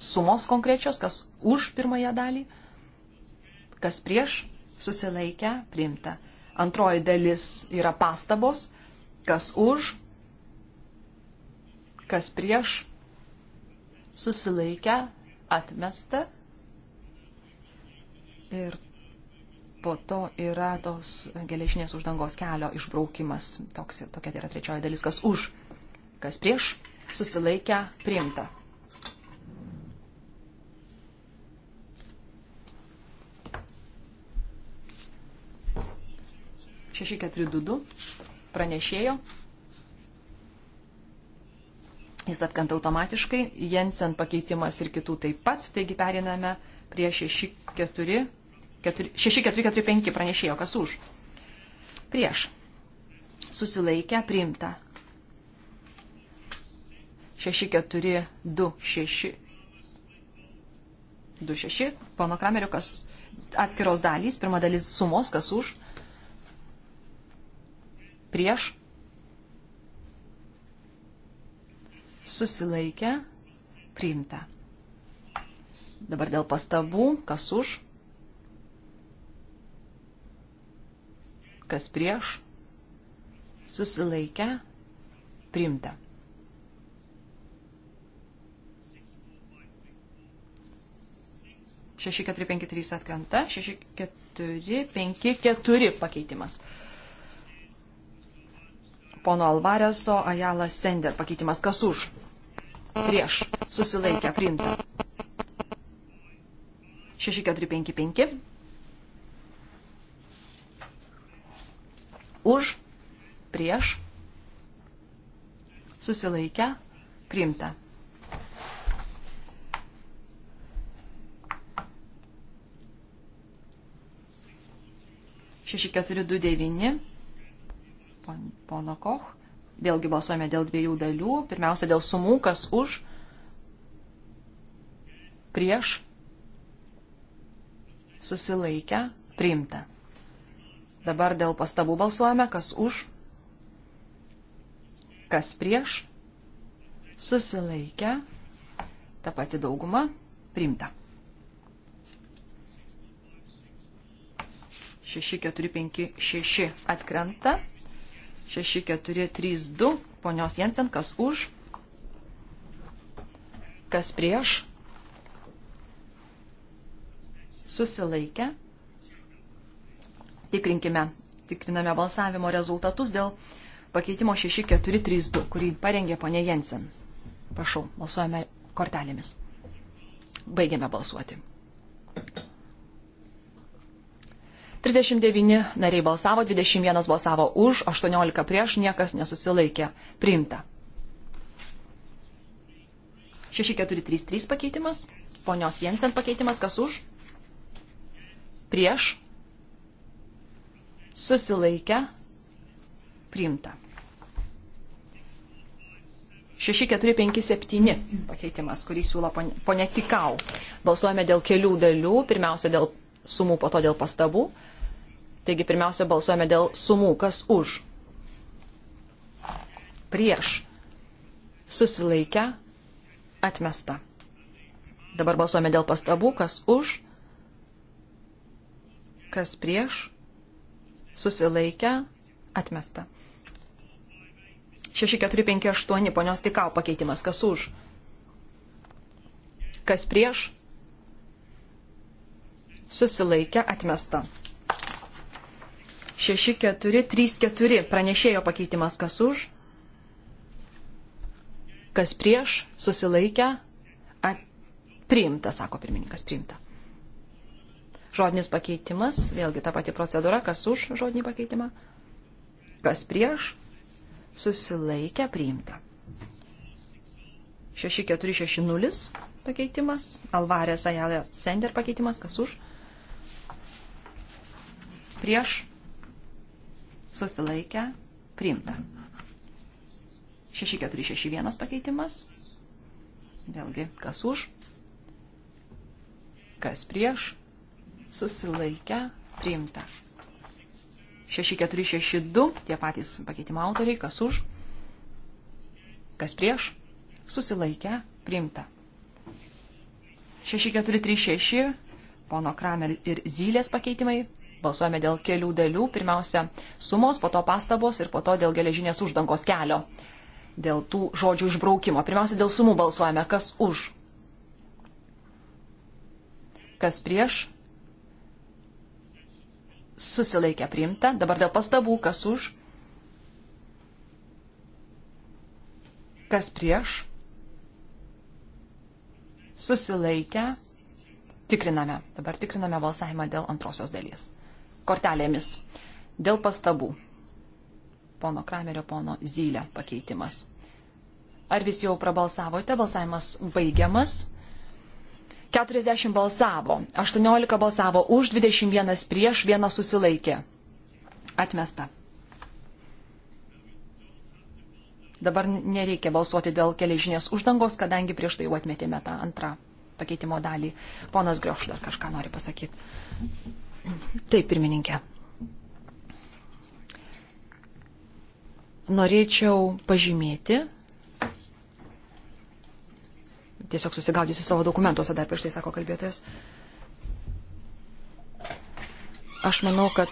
sumos konkrečios, kas už pirmąją dalį, kas prieš susilaikę priimta. Antroji dalis yra pastabos, kas už, kas prieš susilaikę atmesta. Ir po to yra tos geležinės uždangos kelio išbraukimas. Toks, tokia tai yra trečioji dalis, kas už, kas prieš, susilaikę, priimta. Šeši keturi du du pranešėjo. Jis atkanta automatiškai. Jensen pakeitimas ir kitų taip pat. Taigi periname prie šeši keturi 4 6445 pranešėjo, kas už. Prieš. Susilaikę priimta. 6426. 26. Pono Kramerio, kas atskiros dalys. Pirma dalis sumos, kas už. Prieš. Susilaikę priimta. Dabar dėl pastabų, kas už kas prieš, susilaikę, primta. Šeši, keturi, penki, trys atkanta, šeši, keturi, penki, keturi pakeitimas. Pono Alvareso Ajala Sender pakeitimas kas už? Prieš, susilaikę, primta. 6455 Už, prieš, susilaikę, priimta. Šeši keturi du devyni. Pono Koch. Vėlgi balsuojame dėl dviejų dalių. Pirmiausia, dėl sumų, kas už, prieš, susilaikę, priimta. Dabar dėl pastabų balsuojame, kas už, kas prieš, susilaikę, ta pati dauguma, priimta. 6456 atkrenta, 6432 ponios Jensen, kas už, kas prieš, susilaikę, Tikrinkime, tikriname balsavimo rezultatus dėl pakeitimo 6432, kurį parengė ponė Jensen. Prašau, balsuojame kortelėmis. Baigiame balsuoti. 39 nariai balsavo, 21 balsavo už, 18 prieš, niekas nesusilaikė. Priimta. 6433 pakeitimas, ponios Jensen pakeitimas, kas už? Prieš, susilaikę, priimta. 6457 pakeitimas, kurį siūlo ponė Tikau. Balsuojame dėl kelių dalių, pirmiausia dėl sumų, po to dėl pastabų. Taigi pirmiausia balsuojame dėl sumų, kas už, prieš, susilaikę, atmesta. Dabar balsuojame dėl pastabų, kas už, kas prieš, susilaikę, atmesta. 6458 ponios tikau pakeitimas, kas už, kas prieš, susilaikę, atmesta. 6434 pranešėjo pakeitimas, kas už, kas prieš, susilaikę, at... priimta, sako pirmininkas, priimta. Žodinis pakeitimas, vėlgi ta pati procedūra, kas už žodinį pakeitimą, kas prieš, susilaikę priimta. 6460 pakeitimas, Alvarės Ajalė Sender pakeitimas, kas už, prieš, susilaikę priimta. 6461 pakeitimas, vėlgi kas už, kas prieš, susilaikę, priimta. 6462, tie patys pakeitimo autoriai, kas už, kas prieš, susilaikę, priimta. 6436, pono Kramer ir Zylės pakeitimai, balsuojame dėl kelių dalių, pirmiausia sumos, po to pastabos ir po to dėl geležinės uždangos kelio, dėl tų žodžių išbraukimo. Pirmiausia dėl sumų balsuojame, kas už, kas prieš, susilaikė priimta. Dabar dėl pastabų, kas už, kas prieš, susilaikę, tikriname. Dabar tikriname balsavimą dėl antrosios dalies. Kortelėmis. Dėl pastabų. Pono Kramerio, pono Zylė pakeitimas. Ar visi jau prabalsavote? Balsavimas baigiamas. 40 balsavo, 18 balsavo už, 21 prieš, 1 susilaikė. Atmesta. Dabar nereikia balsuoti dėl keležinės uždangos, kadangi prieš tai jau atmetėme tą antrą pakeitimo dalį. Ponas Grioš dar kažką nori pasakyti. Taip, pirmininkė. Norėčiau pažymėti, tiesiog susigaudysiu savo dokumentuose, dar prieš tai sako kalbėtojas. Aš manau, kad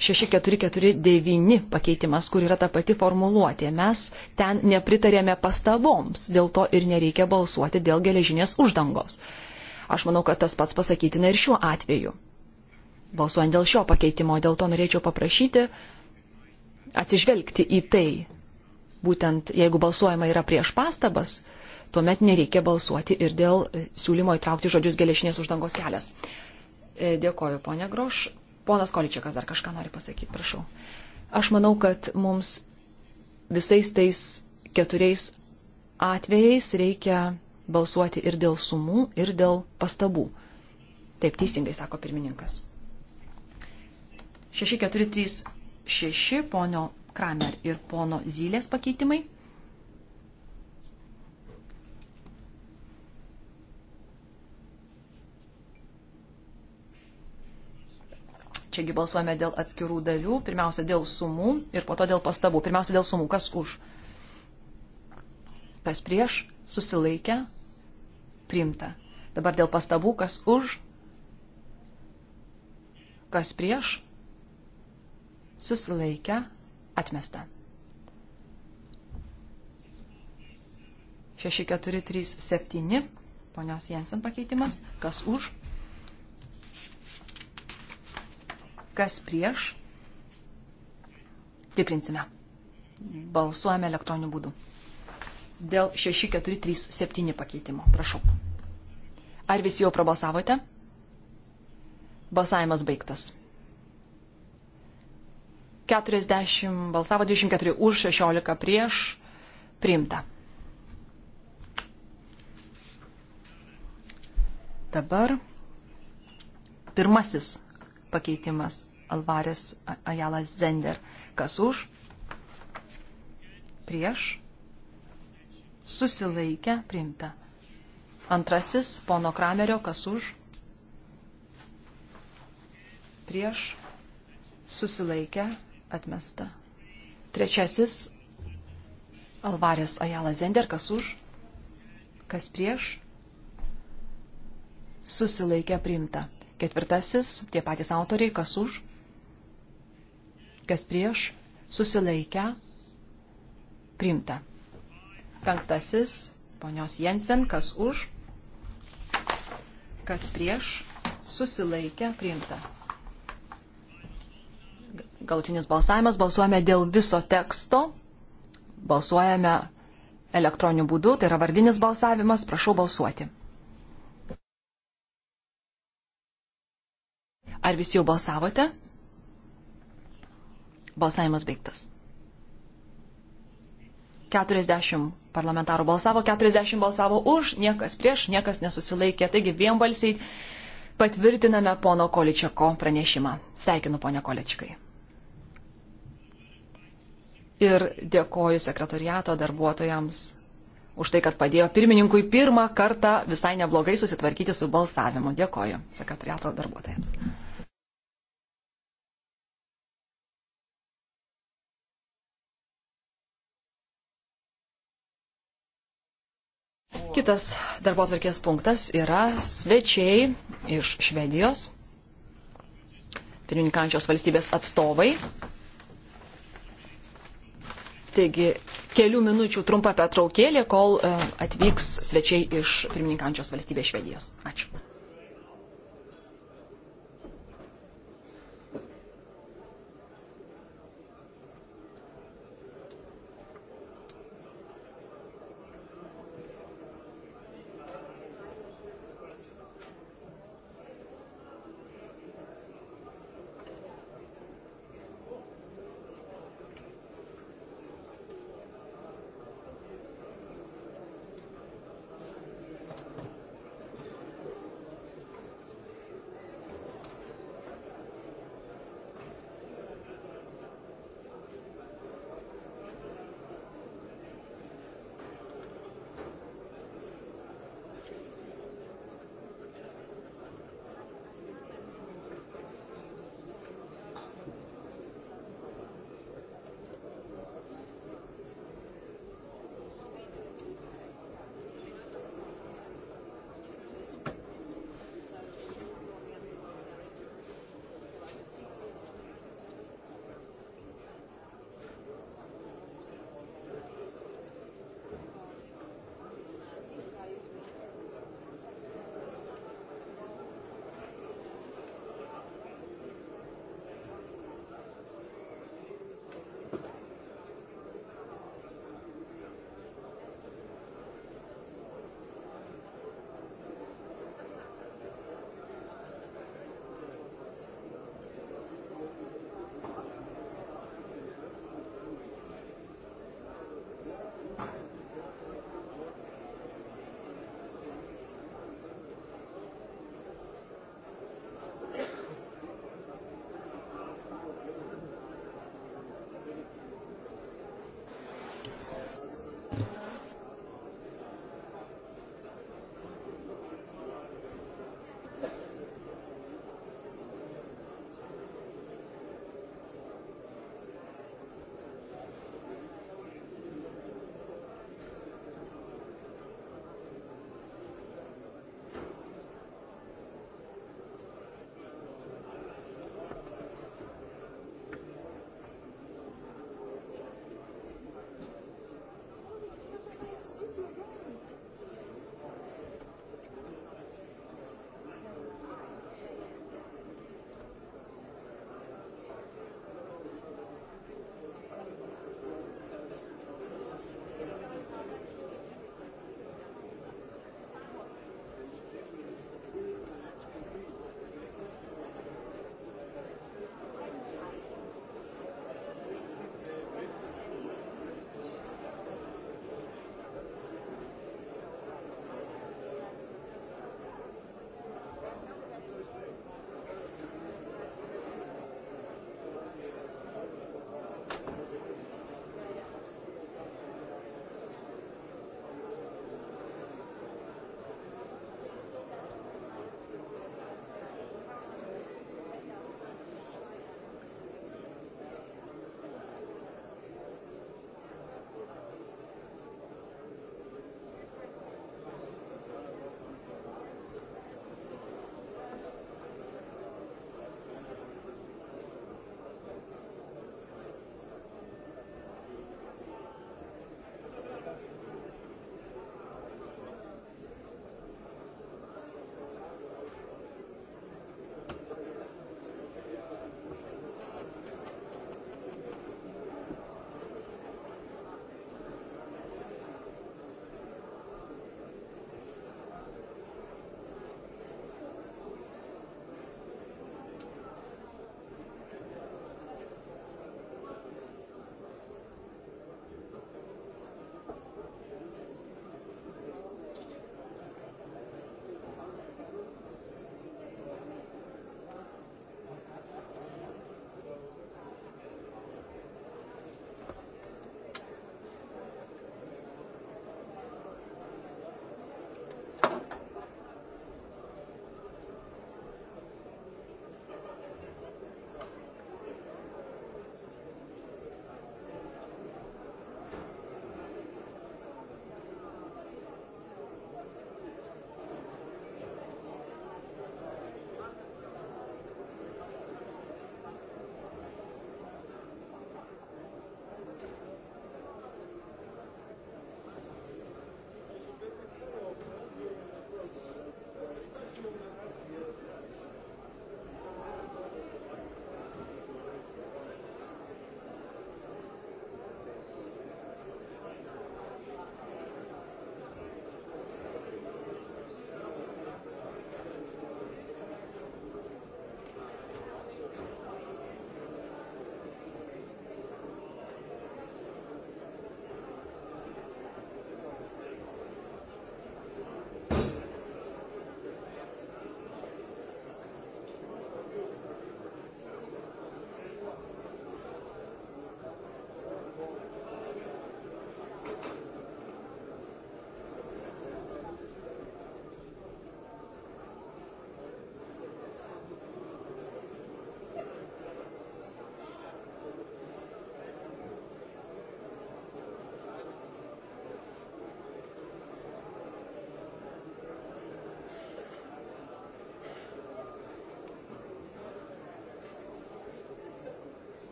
6449 pakeitimas, kur yra ta pati formuluotė. Mes ten nepritarėme pastaboms, dėl to ir nereikia balsuoti dėl geležinės uždangos. Aš manau, kad tas pats pasakytina ir šiuo atveju. Balsuojant dėl šio pakeitimo, dėl to norėčiau paprašyti atsižvelgti į tai, būtent jeigu balsuojama yra prieš pastabas, tuomet nereikia balsuoti ir dėl e, siūlymo įtraukti žodžius geležinės uždangos kelias. E, dėkoju, ponė Groš. Ponas Količiakas dar kažką nori pasakyti, prašau. Aš manau, kad mums visais tais keturiais atvejais reikia balsuoti ir dėl sumų, ir dėl pastabų. Taip teisingai sako pirmininkas. 6436 ponio Kramer ir pono Zylės pakeitimai. Čiagi balsuojame dėl atskirų dalių, pirmiausia dėl sumų ir po to dėl pastabų. Pirmiausia dėl sumų, kas už, kas prieš, susilaikę, priimta. Dabar dėl pastabų, kas už, kas prieš, susilaikę, Atmesta. 6437, ponios Jensen pakeitimas, kas už, kas prieš, tikrinsime. Balsuojame elektroniniu būdu. Dėl 6437 pakeitimo, prašau. Ar visi jau prabalsavote? Balsavimas baigtas. 40 balsavo, 24 už, 16 prieš. Priimta. Dabar pirmasis pakeitimas Alvarės Ajalas Zender. Kas už? Prieš. Susilaikę. Priimta. Antrasis pono Kramerio. Kas už? Prieš. Susilaikę atmesta. Trečiasis Alvarės Ajala Zender, kas už, kas prieš, susilaikė priimta. Ketvirtasis, tie patys autoriai, kas už, kas prieš, susilaikę, priimta. Penktasis, ponios Jensen, kas už, kas prieš, susilaikę, priimta gautinis balsavimas. Balsuojame dėl viso teksto. Balsuojame elektroniniu būdu, tai yra vardinis balsavimas. Prašau balsuoti. Ar visi jau balsavote? Balsavimas baigtas. 40 parlamentarų balsavo, 40 balsavo už, niekas prieš, niekas nesusilaikė. Taigi vienbalsiai patvirtiname pono Količiako pranešimą. Sveikinu, pone Količikai ir dėkoju sekretoriato darbuotojams už tai, kad padėjo pirmininkui pirmą kartą visai neblogai susitvarkyti su balsavimu. Dėkoju sekretoriato darbuotojams. Kitas darbo atvarkės punktas yra svečiai iš Švedijos, pirmininkančios valstybės atstovai. Taigi kelių minučių trumpa petraukėlė, kol e, atvyks svečiai iš pirmininkančios valstybės Švedijos. Ačiū.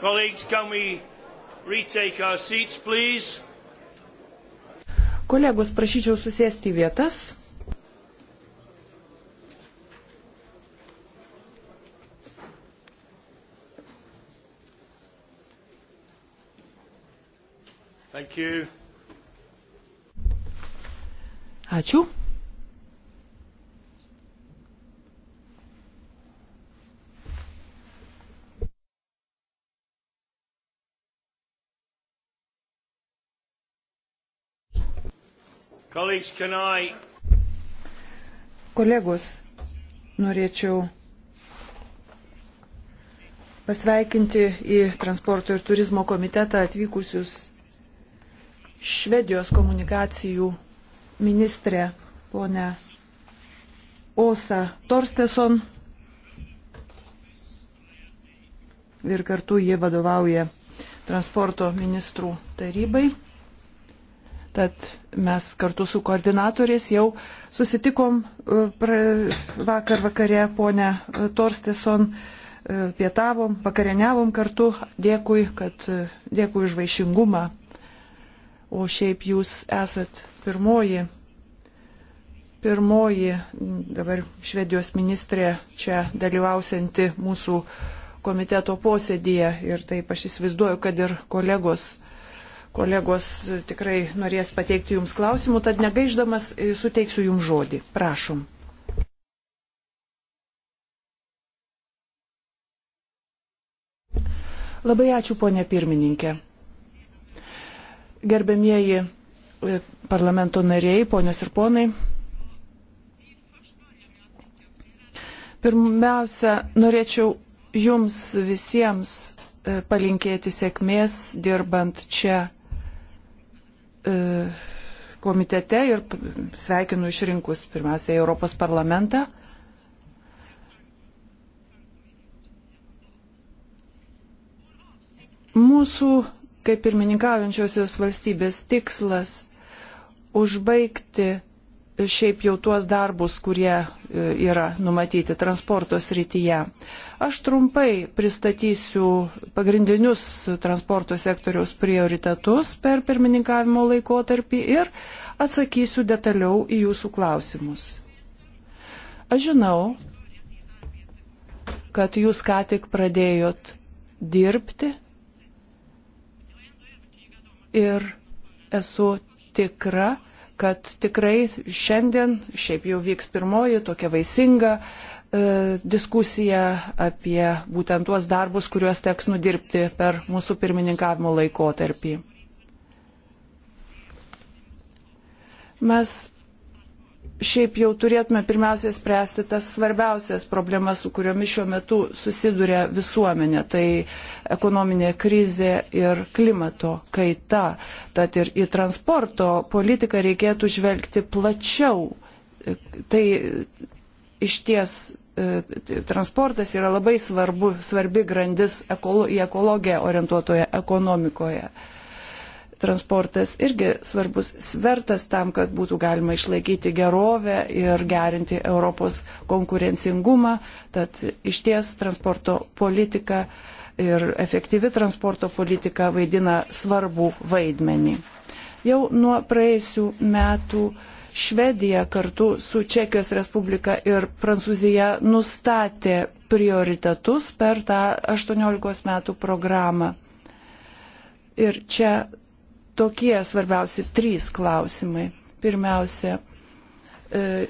Colleagues, can we retake our seats, please? Kolegos, prašyčiau susėsti į vietas. Thank you. Ačiū. Kolegos, norėčiau pasveikinti į transporto ir turizmo komitetą atvykusius Švedijos komunikacijų ministrę ponę Osa Torsteson ir kartu jie vadovauja transporto ministrų tarybai bet mes kartu su koordinatoriais jau susitikom e, vakar vakare ponę e, Torsteson, e, pietavom, vakarieniavom kartu. Dėkui, kad dėkui už vaišingumą. O šiaip jūs esat pirmoji, pirmoji dabar Švedijos ministrė čia dalyvausianti mūsų komiteto posėdėje ir taip aš įsivaizduoju, kad ir kolegos uh, Kolegos tikrai norės pateikti Jums klausimų, tad negaiždamas e, suteiksiu Jums žodį. Prašom. Labai ačiū, ponė pirmininkė. Gerbėmieji e, parlamento nariai, ponios ir ponai. Pirmiausia, norėčiau Jums visiems e, palinkėti sėkmės dirbant čia E, komitete ir sveikinu išrinkus pirmiausia Europos parlamentą. Mūsų, kaip pirmininkaujančiosios valstybės, tikslas užbaigti šiaip jau tuos darbus, kurie e, yra numatyti transporto srityje. Aš trumpai pristatysiu pagrindinius transporto sektoriaus prioritetus per pirmininkavimo laikotarpį ir atsakysiu detaliau į jūsų klausimus. Aš žinau, kad jūs ką tik pradėjot dirbti ir esu tikra, kad tikrai šiandien, šiaip jau vyks pirmoji tokia vaisinga e, diskusija apie būtent tuos darbus, kuriuos teks nudirbti per mūsų pirmininkavimo laikotarpį. Mes šiaip jau turėtume pirmiausia spręsti tas svarbiausias problemas, su kuriomis šiuo metu susiduria visuomenė - tai ekonominė krizė ir klimato kaita. Tad ir į transporto politiką reikėtų žvelgti plačiau. Tai iš ties e, transportas yra labai svarbu, svarbi grandis ekolo, į ekologiją orientuotoje ekonomikoje transportas irgi svarbus svertas tam, kad būtų galima išlaikyti gerovę ir gerinti Europos konkurencingumą. Tad iš ties transporto politika ir efektyvi transporto politika vaidina svarbų vaidmenį. Jau nuo praėjusių metų Švedija kartu su Čekijos Respublika ir Prancūzija nustatė prioritetus per tą 18 metų programą. Ir čia tokie svarbiausi trys klausimai. Pirmiausia, e,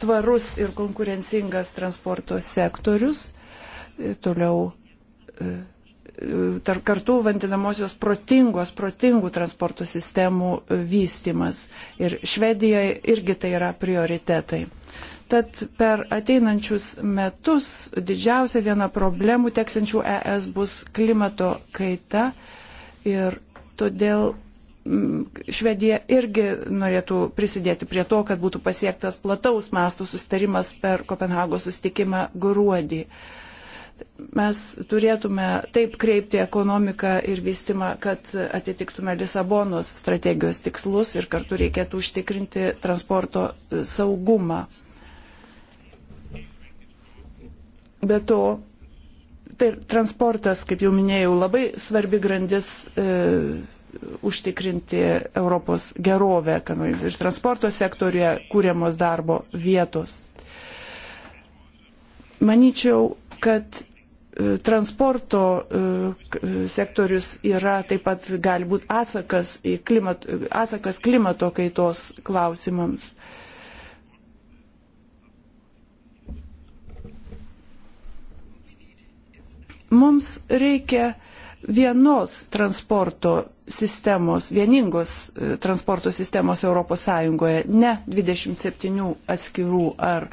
tvarus ir konkurencingas transporto sektorius, e, toliau e, tarp kartų vantinamosios protingos, protingų transporto sistemų vystimas. Ir Švedijoje irgi tai yra prioritetai. Tad per ateinančius metus didžiausia viena problemų teksančių ES bus klimato kaita ir todėl Mm, Švedija irgi norėtų prisidėti prie to, kad būtų pasiektas plataus mastų sustarimas per Kopenhagos sustikimą gruodį. Mes turėtume taip kreipti ekonomiką ir vystimą, kad atitiktume Lisabonos strategijos tikslus ir kartu reikėtų užtikrinti transporto saugumą. Be to, tai transportas, kaip jau minėjau, labai svarbi grandis. E, užtikrinti Europos gerovę, kad nu, ir transporto sektorija kūriamos darbo vietos. Maničiau, kad e, transporto e, e, sektorius yra taip pat gali būti atsakas, klimat, atsakas klimato kaitos klausimams. Mums reikia vienos transporto sistemos, vieningos e, transporto sistemos ES, ne 27 atskirų ar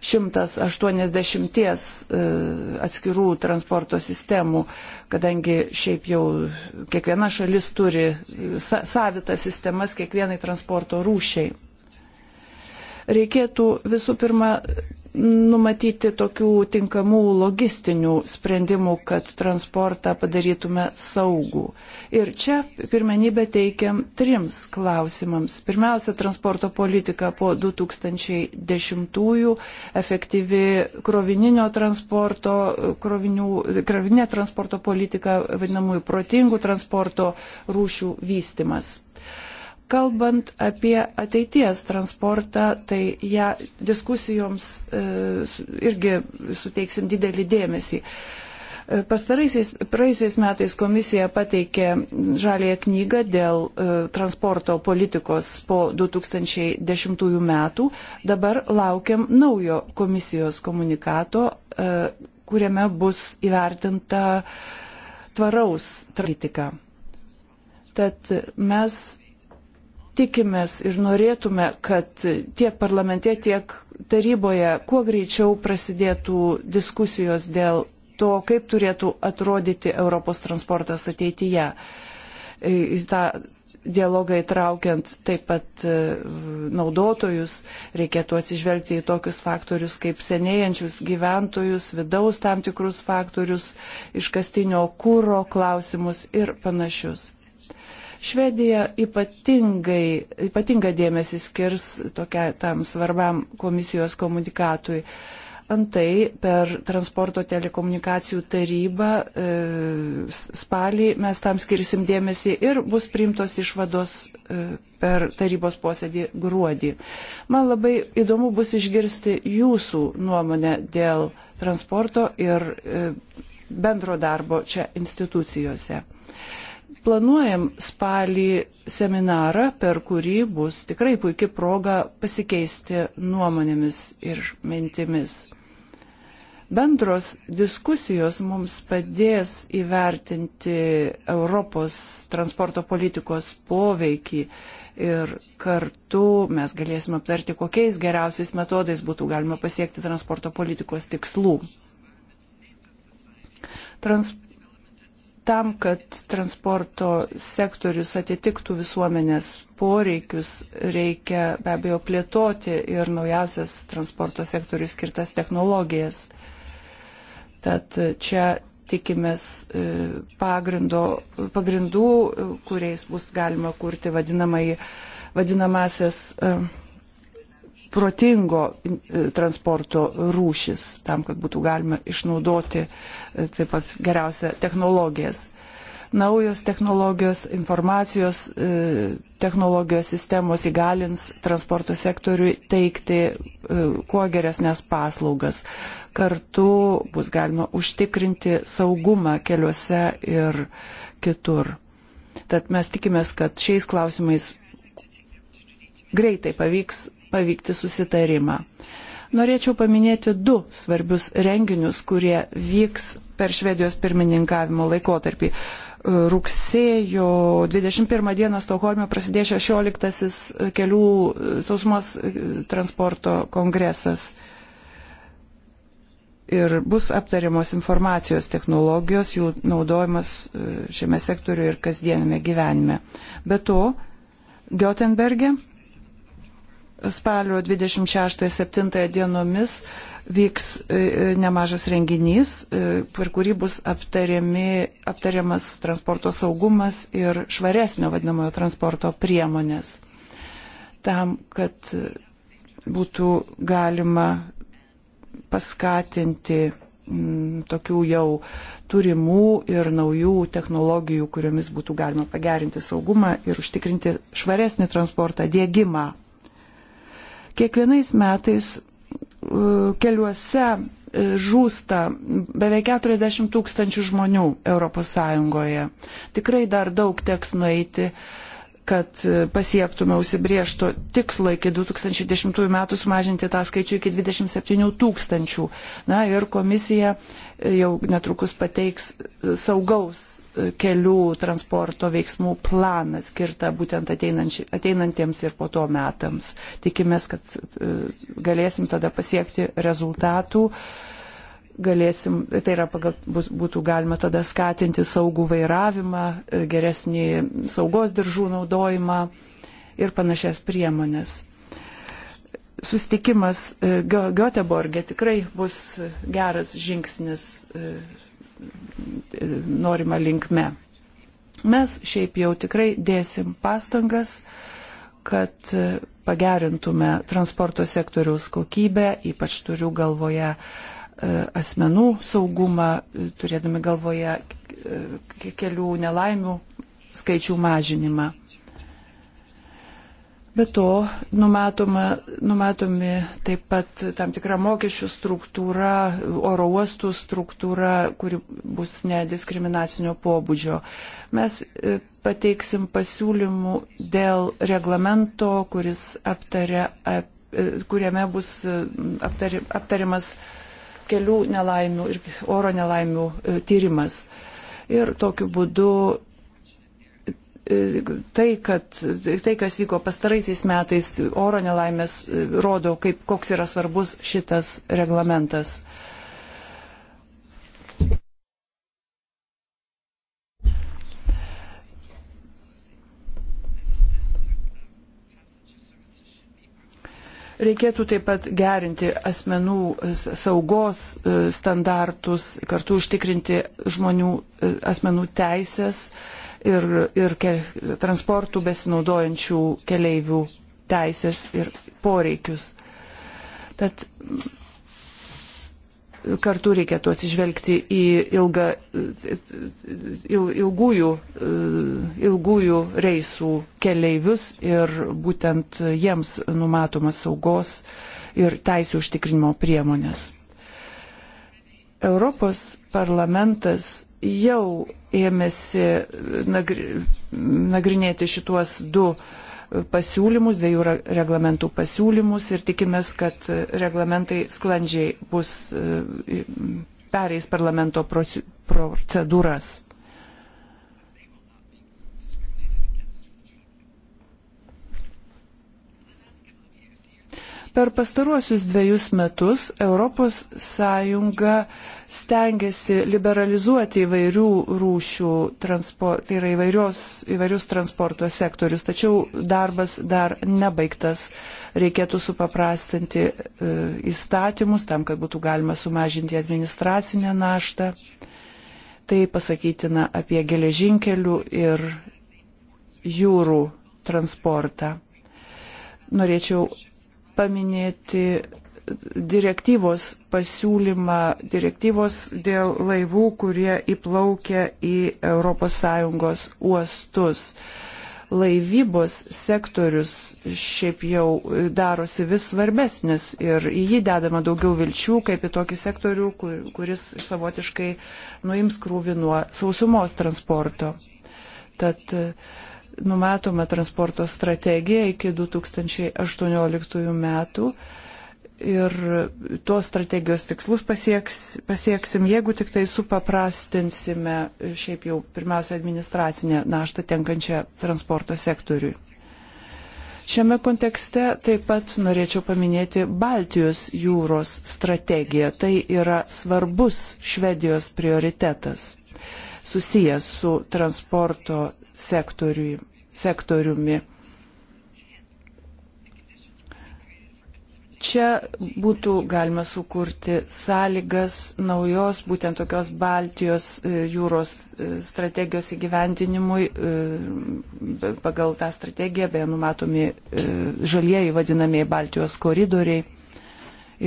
180 e, atskirų transporto sistemų, kadangi šiaip jau kiekviena šalis turi sa savitą sistemas kiekvienai transporto rūšiai reikėtų visų pirma numatyti tokių tinkamų logistinių sprendimų, kad transportą padarytume saugų. Ir čia pirmenybę teikiam trims klausimams. Pirmiausia, transporto politika po 2010-ųjų, efektyvi krovininio transporto, krovinių, krovinė transporto politika, vadinamųjų protingų transporto rūšių vystimas. Kalbant apie ateities transportą, tai ją diskusijoms e, irgi suteiksim didelį dėmesį. E, pastaraisiais praeisiais metais komisija pateikė žalėje knygą dėl e, transporto politikos po 2010 metų. Dabar laukiam naujo komisijos komunikato, kuriame bus įvertinta tvaraus politika. Tad mes tikimės ir norėtume, kad tiek parlamente, tiek taryboje kuo greičiau prasidėtų diskusijos dėl to, kaip turėtų atrodyti Europos transportas ateityje. Į tą dialogą įtraukiant taip pat e, naudotojus, reikėtų atsižvelgti į tokius faktorius kaip senėjančius gyventojus, vidaus tam tikrus faktorius, iškastinio kūro klausimus ir panašius. Švedija ypatingai, ypatinga dėmesį skirs tokia, tam svarbiam komisijos komunikatui. Antai per transporto telekomunikacijų tarybą e, spalį mes tam skirsim dėmesį ir bus priimtos išvados e, per tarybos posėdį gruodį. Man labai įdomu bus išgirsti jūsų nuomonę dėl transporto ir e, bendro darbo čia institucijose. E, planuojam spalį seminarą, per kurį bus tikrai puikia proga pasikeisti nuomonėmis ir mintimis. Bendros diskusijos mums padės įvertinti Europos transporto politikos poveikį ir kartu mes galėsime aptarti, kokiais geriausiais metodais būtų galima pasiekti transporto politikos tikslų. Trans tam, kad transporto sektorius atitiktų visuomenės poreikius, reikia be abejo plėtoti ir naujasias transporto sektoriui skirtas technologijas. Tad čia tikimės e, pagrindo, pagrindų, kuriais bus galima kurti vadinamąjį vadinamasias e, protingo e, transporto rūšis, tam, kad būtų galima išnaudoti e, taip pat geriausią technologijas. Naujos technologijos, informacijos e, technologijos sistemos įgalins transporto sektoriui teikti kuo geresnės paslaugas. Kartu bus galima užtikrinti saugumą keliuose ir kitur. Tad mes tikimės, kad šiais klausimais greitai pavyks pavykti susitarimą. Norėčiau paminėti du svarbius renginius, kurie vyks per Švedijos pirmininkavimo laikotarpį. Rugsėjo 21 dieną Stokholme prasidės 16-asis kelių sausumos transporto kongresas ir bus aptariamos informacijos technologijos, jų naudojimas e, šiame sektoriu ir kasdienime gyvenime. Be to, Göteborge spalio 26-7 dienomis vyks e, e, nemažas renginys, e, per kurį bus aptariami, aptariamas transporto saugumas ir švaresnio vadinamojo transporto priemonės. Tam, kad būtų galima paskatinti m, mm, tokių jau turimų ir naujų technologijų, kuriomis būtų galima pagerinti saugumą ir užtikrinti švaresnį transportą, dėgymą Kiekvienais metais e, keliuose e, žūsta beveik 40 tūkstančių žmonių ES. Tikrai dar daug teks nueiti, kad e, pasiektume užsibriežto tikslo iki 2010 metų sumažinti tą skaičių iki 27 tūkstančių. Na ir komisija uh, jau netrukus pateiks saugaus kelių transporto veiksmų planą skirtą būtent ateinantiems ir po to metams. Tikimės, kad e, galėsim tada pasiekti rezultatų galėsim, tai yra pagal, būtų galima tada skatinti saugų vairavimą, e, geresnį saugos diržų naudojimą ir panašias priemonės sustikimas e, Göteborge tikrai bus geras žingsnis e, e, norima linkme. Mes šiaip jau tikrai dėsim pastangas, kad pagerintume transporto sektoriaus kokybę, ypač turiu galvoje asmenų saugumą, turėdami galvoje kelių nelaimių skaičių mažinimą. Be to, numatoma, numatomi taip pat tam tikra mokesčių struktūra, oro uostų struktūra, kuri bus nediskriminacinio pobūdžio. Mes e, pateiksim pasiūlymų dėl reglamento, kuris aptarė, ap, e, kuriame bus e, aptari, aptarimas kelių nelaimių ir oro nelaimių tyrimas. Ir tokiu būdu Tai, kad, tai, kas vyko pastaraisiais metais, oro nelaimės, e, rodo, kaip, koks yra svarbus šitas reglamentas. Reikėtų taip pat gerinti asmenų saugos e, standartus, kartu užtikrinti žmonių e, asmenų teisės ir, ir ke, transportų besinaudojančių keleivių teisės ir poreikius. Tad kartu reikėtų atsižvelgti į ilga, il, ilgųjų, ilgųjų reisų keleivius ir būtent jiems numatomas saugos ir teisų užtikrinimo priemonės. Europos parlamentas jau ėmėsi nagri, nagrinėti šituos du pasiūlymus, dviejų reglamentų pasiūlymus ir tikimės, kad reglamentai sklandžiai bus e, pereis parlamento procedūras. Per pastaruosius dviejus metus ES stengiasi liberalizuoti įvairių rūšių transportą, tai yra įvairios, įvairius transporto sektorius, tačiau darbas dar nebaigtas. Reikėtų supaprastinti e, įstatymus tam, kad būtų galima sumažinti administracinę naštą. Tai pasakytina apie geležinkelių ir jūrų transportą norėčiau paminėti direktyvos pasiūlymą, direktyvos dėl laivų, kurie įplaukia į ES uostus. Laivybos sektorius šiaip jau darosi vis svarbesnis ir į jį dedama daugiau vilčių, kaip į tokį sektorių, kuris savotiškai nuims krūvį nuo sausumos transporto. Tad uh, numatoma transporto strategija iki 2018 metų ir tos strategijos tikslus pasieks, pasieksim, jeigu tik tai supaprastinsime šiaip jau pirmiausia administracinę naštą tenkančią transporto sektoriui. Šiame kontekste taip pat norėčiau paminėti Baltijos jūros strategiją. Tai yra svarbus Švedijos prioritetas susijęs su transporto sektoriui, sektoriumi. Čia būtų galima sukurti sąlygas naujos, būtent tokios Baltijos e, jūros e, strategijos įgyventinimui. E, pagal tą strategiją beje numatomi žalieji vadinamieji Baltijos koridoriai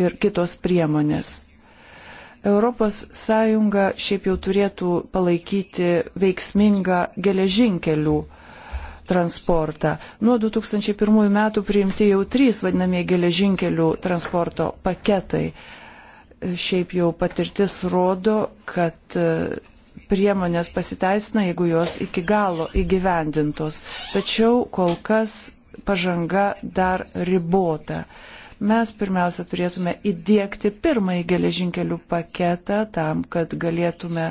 ir kitos priemonės ES šiaip jau turėtų palaikyti veiksmingą geležinkelių transportą. Nuo 2001 metų priimti jau trys vadinamieji geležinkelių transporto paketai. Šiaip jau patirtis rodo, kad e, priemonės pasiteisina, jeigu jos iki galo įgyvendintos. Tačiau kol kas pažanga dar ribota. Mes pirmiausia turėtume įdėkti pirmąjį geležinkelių paketą tam, kad galėtume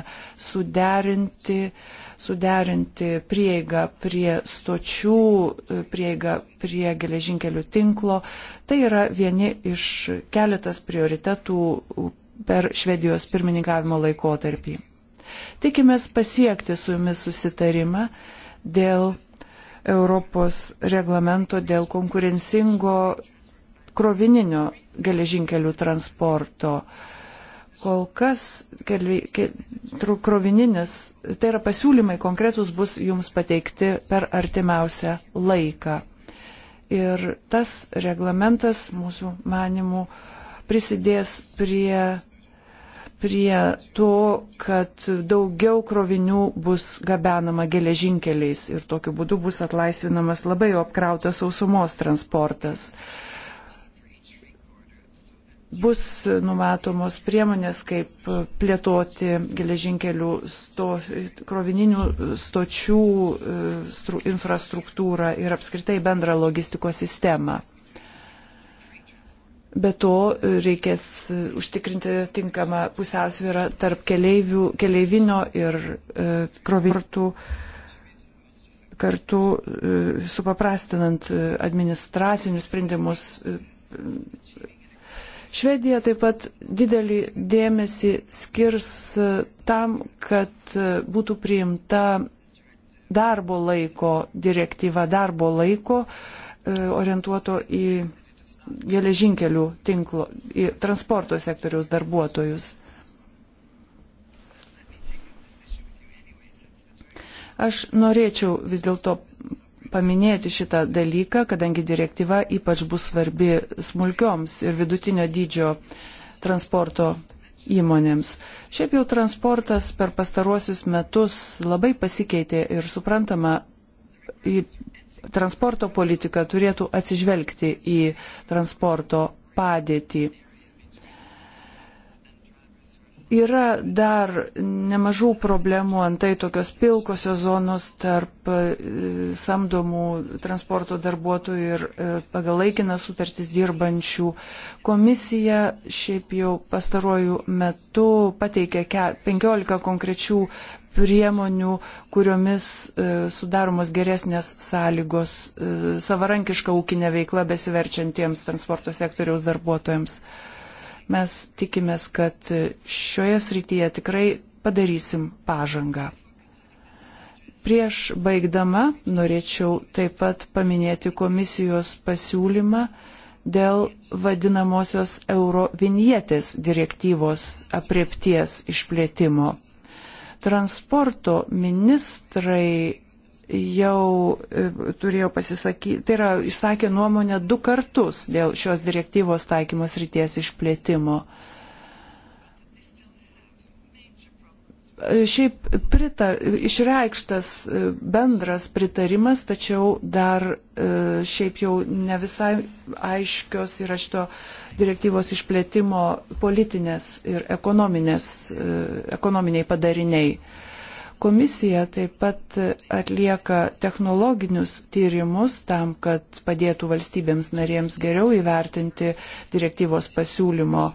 suderinti, suderinti prieigą prie stočių, prieigą prie geležinkelių tinklo. Tai yra vieni iš keletas prioritetų per Švedijos pirmininkavimo laikotarpį. Tikimės pasiekti su jumis susitarimą dėl Europos reglamento dėl konkurencingo krovininio geležinkelių transporto. Kol kas keli, ke, krovininis, tai yra pasiūlymai konkretus bus jums pateikti per artimiausią laiką. Ir tas reglamentas mūsų manimų prisidės prie prie to, kad daugiau krovinių bus gabenama geležinkeliais ir tokiu būdu bus atlaisvinamas labai apkrautas sausumos transportas. Uh, bus numatomos priemonės, kaip plėtoti geležinkelių sto, krovininių stočių e, stru, infrastruktūrą ir apskritai bendrą logistikos sistemą. Be to e, reikės e, užtikrinti tinkamą pusiausvyrą tarp keleivių, keleivinio ir e, krovinio kartu e, supaprastinant administracinius sprendimus e, Švedija taip pat didelį dėmesį skirs e, tam, kad e, būtų priimta darbo laiko direktyva, darbo laiko e, orientuoto į geležinkelių tinklo, į transporto sektoriaus darbuotojus. Aš norėčiau vis dėlto paminėti šitą dalyką, kadangi direktyva ypač bus svarbi smulkioms ir vidutinio dydžio transporto įmonėms. Šiaip jau transportas per pastaruosius metus labai pasikeitė ir suprantama, į transporto politiką turėtų atsižvelgti į transporto padėtį. Yra dar nemažų problemų antai tokios pilkosios zonos tarp e, samdomų transporto darbuotojų ir e, pagal laikiną sutartis dirbančių. Komisija šiaip jau pastaruoju metu pateikė 15 konkrečių priemonių, kuriomis e, sudaromos geresnės sąlygos savarankišką ūkinę veiklą besiverčiantiems transporto sektoriaus darbuotojams. Mes tikimės, kad šioje srityje tikrai padarysim pažangą. Prieš baigdama norėčiau taip pat paminėti komisijos pasiūlymą dėl vadinamosios eurovinietės direktyvos apriepties išplėtimo. Transporto ministrai jau e, turėjo pasisakyti, tai yra išsakė nuomonę du kartus dėl šios direktyvos taikymos ryties išplėtimo. E, šiaip pritar, išreikštas e, bendras pritarimas, tačiau dar šiaip jau ne visai aiškios yra šito direktyvos išplėtimo politinės ir ekonominės, ekonominiai padariniai. Komisija taip pat atlieka technologinius tyrimus tam, kad padėtų valstybėms narėms geriau įvertinti direktyvos pasiūlymo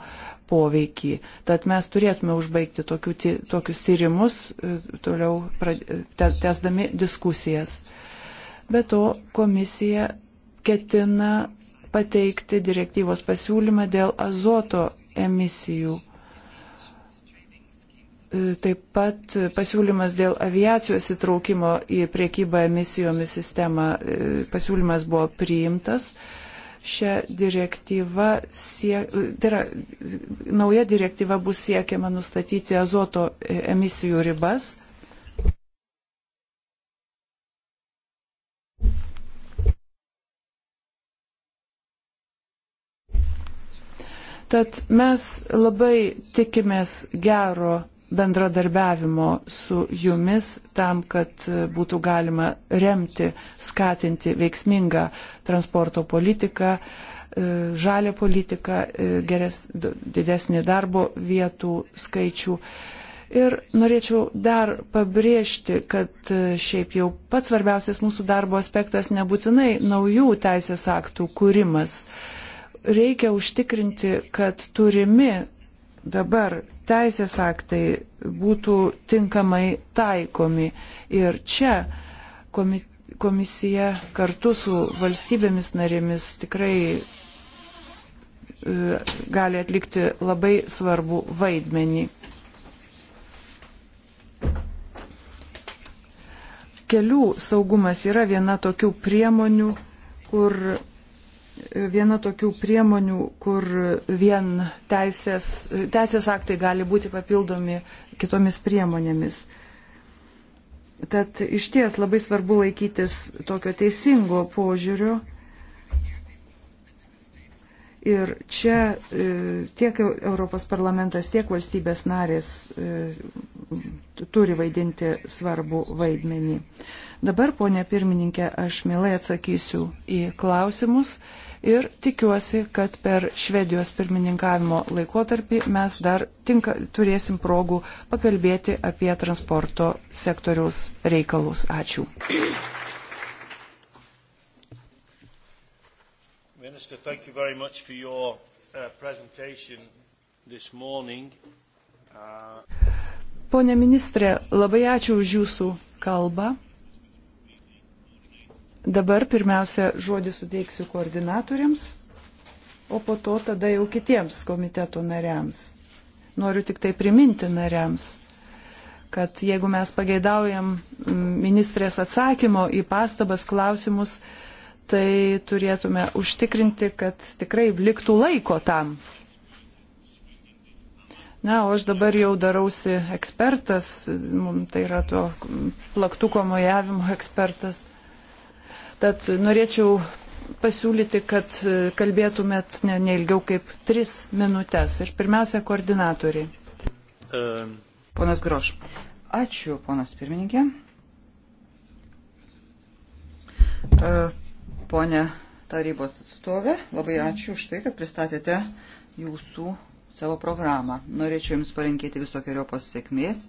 poveikį. Tad mes turėtume užbaigti tokių, tokius tyrimus, e, toliau e, tęsdami diskusijas. Be to, komisija ketina pateikti direktyvos pasiūlymą dėl azoto emisijų Taip pat pasiūlymas dėl aviacijos įtraukimo į priekybą emisijomis sistemą e, pasiūlymas buvo priimtas. Šią direktyvą, siek, e, tai yra, nauja direktyva bus siekiama nustatyti azoto e, emisijų ribas. Tad mes labai tikimės gero bendradarbiavimo su jumis tam, kad būtų galima remti, skatinti veiksmingą transporto politiką, e, žalę politiką, e, geres, didesnį darbo vietų skaičių. Ir norėčiau dar pabrėžti, kad e, šiaip jau pats svarbiausias mūsų darbo aspektas nebūtinai naujų teisės aktų kūrimas. Reikia užtikrinti, kad turimi dabar teisės aktai būtų tinkamai taikomi. Ir čia komisija kartu su valstybėmis narėmis tikrai e, gali atlikti labai svarbų vaidmenį. Kelių saugumas yra viena tokių priemonių, kur viena tokių priemonių, kur vien teisės, teisės aktai gali būti papildomi kitomis priemonėmis. Tad iš ties labai svarbu laikytis tokio teisingo požiūrio. Ir čia e, tiek Europos parlamentas, tiek valstybės narės e, turi vaidinti svarbu vaidmenį. Dabar, ponė pirmininkė, aš mielai atsakysiu į klausimus. Uh, ir tikiuosi, kad per Švedijos pirmininkavimo laikotarpį mes dar tinka, turėsim progų pakalbėti apie transporto sektoriaus reikalus. Ačiū. Minister, thank you very much for your uh, presentation this morning. Uh... Pone ministrė, labai ačiū už jūsų kalbą. Dabar pirmiausia žodį suteiksiu koordinatoriams, o po to tada jau kitiems komiteto nariams. Noriu tik tai priminti nariams, kad jeigu mes pageidaujam mm, ministrės atsakymo į pastabas klausimus, tai turėtume užtikrinti, kad tikrai liktų laiko tam. Na, o aš dabar jau darausi ekspertas, mm, tai yra to plaktuko mojavimo ekspertas. Tad norėčiau pasiūlyti, kad e, kalbėtumėt ne, ne ilgiau kaip tris minutės. Ir pirmiausia, koordinatoriai. Um. Ponas Groš. Ačiū, ponas pirmininkė. E, Pone tarybos atstovė, labai ačiū už tai, kad pristatėte jūsų savo programą. Norėčiau Jums palinkėti visokiojo pasiekmės. sėkmės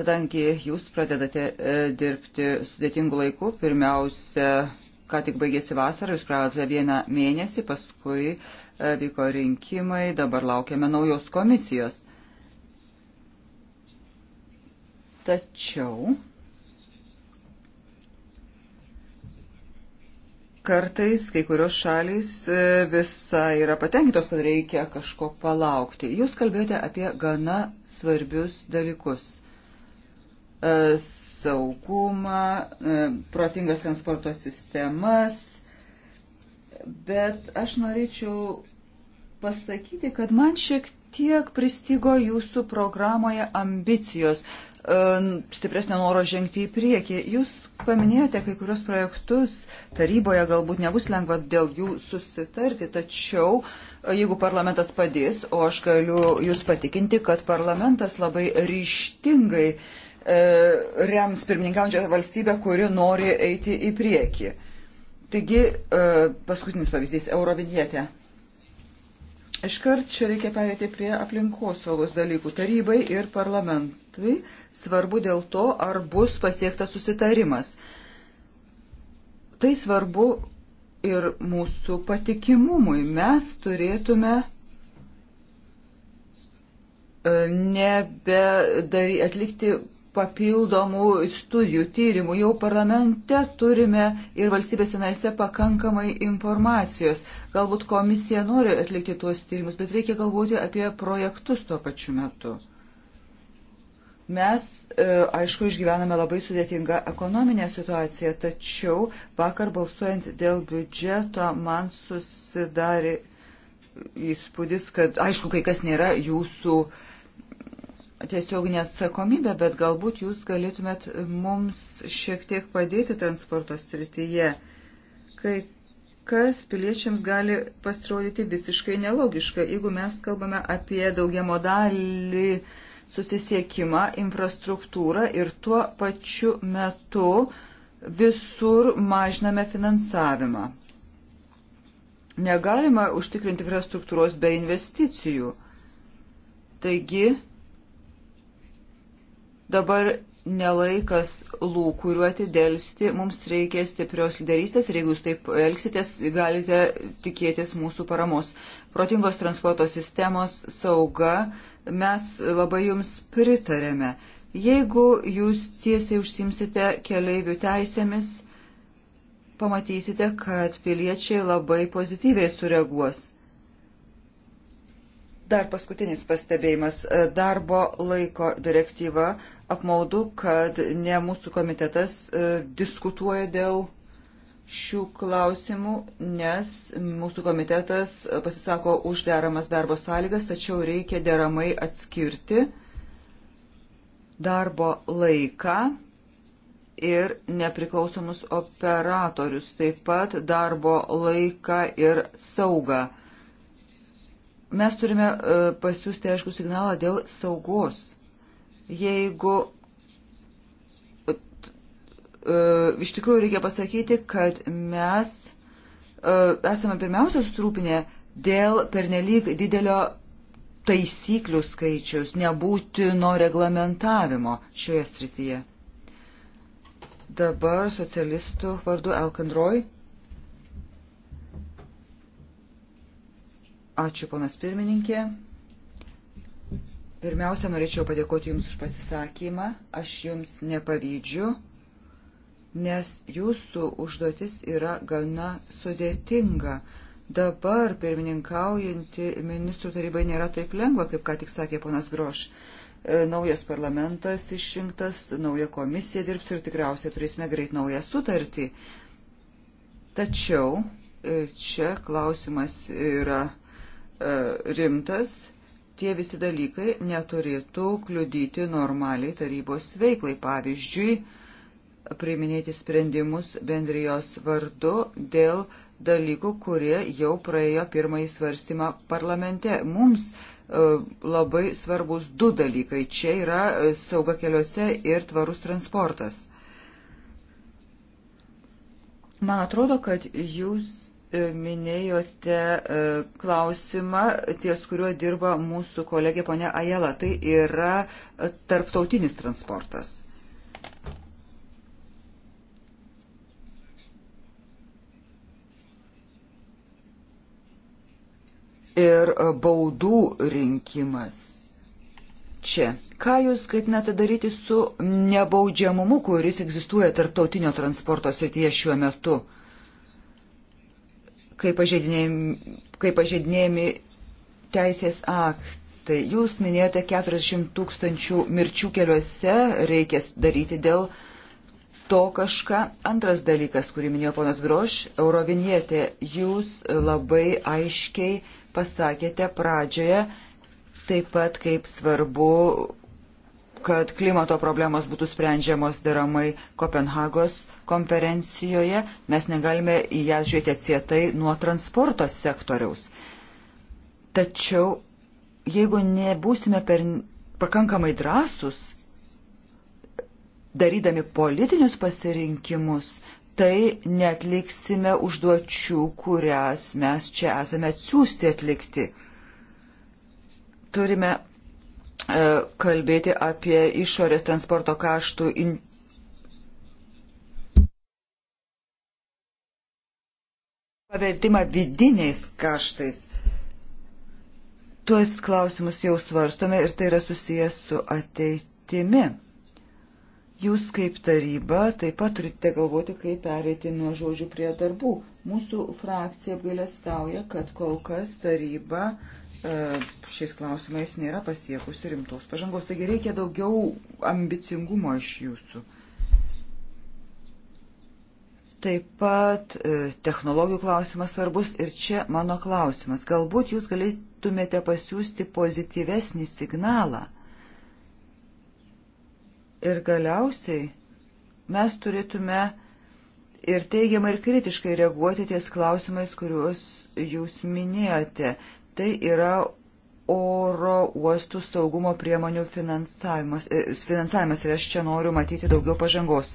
kadangi jūs pradedate e, dirbti sudėtingų laikų, pirmiausia, ką tik baigėsi vasara, jūs praradote vieną mėnesį, paskui e, vyko rinkimai, dabar laukiame naujos komisijos. Tačiau kartais kai kurios šalys e, visai yra patenkintos, kad reikia kažko palaukti. Jūs kalbėjote apie gana svarbius dalykus E, saugumą, e, protingas transporto sistemas. Bet aš norėčiau pasakyti, kad man šiek tiek pristigo jūsų programoje ambicijos, e, stipresnio noro žengti į priekį. Jūs paminėjote kai kurios projektus, taryboje galbūt nebus lengva dėl jų susitarti, tačiau jeigu parlamentas padės, o aš galiu jūs patikinti, kad parlamentas labai ryštingai uh, E, rems pirmininkaujančią valstybę, kuri nori eiti į priekį. Taigi, e, paskutinis pavyzdys - Eurovinietė. Iškart čia reikia perėti prie aplinkosaugos dalykų. Tarybai ir parlamentui svarbu dėl to, ar bus pasiektas susitarimas. Tai svarbu ir mūsų patikimumui. Mes turėtume e, nebe atlikti papildomų studijų, tyrimų. Jau parlamente turime ir valstybės senaise pakankamai informacijos. Galbūt komisija nori atlikti tuos tyrimus, bet reikia galvoti apie projektus tuo pačiu metu. Mes, e, aišku, išgyvename labai sudėtingą ekonominę situaciją, tačiau vakar balsuojant dėl biudžeto man susidarė įspūdis, kad, aišku, kai kas nėra jūsų uh, tiesioginė atsakomybė, bet galbūt jūs galėtumėt mums šiek tiek padėti transporto srityje, kai kas piliečiams gali pasirodyti visiškai nelogiška. Jeigu mes kalbame apie daugiamodalį susisiekimą, infrastruktūrą ir tuo pačiu metu visur mažiname finansavimą. Negalima užtikrinti infrastruktūros be investicijų. Taigi Dabar nelaikas lūkuriuoti, dėlsti, mums reikia stiprios lyderystės ir jeigu jūs taip elgsitės, galite tikėtis mūsų paramos. Protingos transporto sistemos sauga, mes labai jums pritarėme. Jeigu jūs tiesiai užsimsite keleivių teisėmis, pamatysite, kad piliečiai labai pozityviai sureaguos. Dar paskutinis pastebėjimas. Darbo laiko direktyva apmaudu, kad ne mūsų komitetas e, diskutuoja dėl šių klausimų, nes mūsų komitetas e, pasisako už deramas darbo sąlygas, tačiau reikia deramai atskirti darbo laiką ir nepriklausomus operatorius, taip pat darbo laiką ir saugą Mes turime e, pasiūsti aišku signalą dėl saugos. Jeigu e, e, iš tikrųjų reikia pasakyti, kad mes esame pirmiausia susirūpinę dėl pernelyg didelio taisyklių skaičius, nebūtino reglamentavimo šioje srityje. Dabar socialistų vardu Elkandroj. Ačiū, ponas pirmininkė. Pirmiausia, norėčiau padėkoti Jums už pasisakymą. Aš Jums nepavydžiu, nes Jūsų užduotis yra gana sudėtinga. Dabar pirmininkaujanti ministrų tarybai nėra taip lengva, kaip ką tik sakė ponas Groš. E, naujas parlamentas išrinktas, nauja komisija dirbs ir tikriausiai turėsime greit naują sutartį. Tačiau e, čia klausimas yra E, rimtas, tie visi dalykai neturėtų kliudyti normaliai tarybos veiklai. Pavyzdžiui, priiminėti sprendimus bendrijos vardu dėl dalykų, kurie jau praėjo pirmąjį svarstymą parlamente. Mums e, labai svarbus du dalykai. Čia yra e, sauga keliuose ir tvarus transportas. Man atrodo, kad jūs minėjote e, klausimą, ties kuriuo dirba mūsų kolegė ponia Ajela. Tai yra e, tarptautinis transportas. Ir e, baudų rinkimas. Čia. Ką jūs ketinate daryti su nebaudžiamumu, kuris egzistuoja tarptautinio transporto srityje šiuo metu? Uh, kai pažeidinėjami, kai pažeidinėjami teisės aktai. Jūs minėjote 40 tūkstančių mirčių keliuose reikia daryti dėl to kažką. Antras dalykas, kurį minėjo ponas Groš, Eurovinietė, jūs labai aiškiai pasakėte pradžioje, taip pat kaip svarbu kad klimato problemos būtų sprendžiamos deramai Kopenhagos konferencijoje, mes negalime į jas žiūrėti atsietai nuo transporto sektoriaus. Tačiau, jeigu nebūsime per pakankamai drąsus, darydami politinius pasirinkimus, tai netliksime užduočių, kurias mes čia esame atsiųsti atlikti. Turime E, kalbėti apie išorės transporto kaštų in... pavertimą vidiniais kaštais. Tuos klausimus jau svarstome ir tai yra susijęs su ateitimi. Jūs kaip taryba taip pat turite galvoti, kaip pereiti nuo žodžių prie darbų. Mūsų frakcija apgailestauja, kad kol kas taryba uh, E, šiais klausimais nėra pasiekusi rimtos pažangos. Taigi reikia daugiau ambicingumo iš jūsų. Taip pat e, technologijų klausimas svarbus ir čia mano klausimas. Galbūt jūs galėtumėte pasiūsti pozityvesnį signalą. Ir galiausiai mes turėtume ir teigiamai, ir kritiškai reaguoti ties klausimais, kuriuos jūs minėjote tai yra oro uostų saugumo priemonių finansavimas, e, finansavimas ir aš čia noriu matyti daugiau pažangos.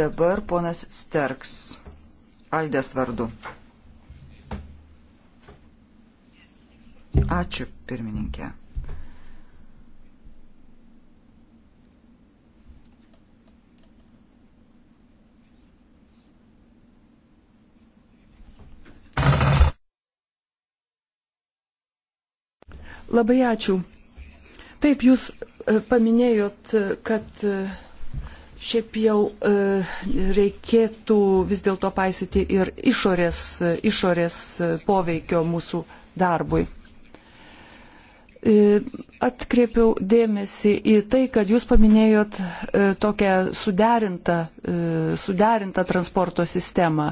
Dabar ponas Sterks, Aldės vardu. Ačiū, pirmininkė. Labai ačiū. Taip, jūs e, paminėjot, e, kad e, šiaip jau reikėtų vis dėlto paisyti ir išorės, išorės poveikio mūsų darbui. Atkreipiau dėmesį į tai, kad jūs paminėjot tokią suderintą, suderintą transporto sistemą.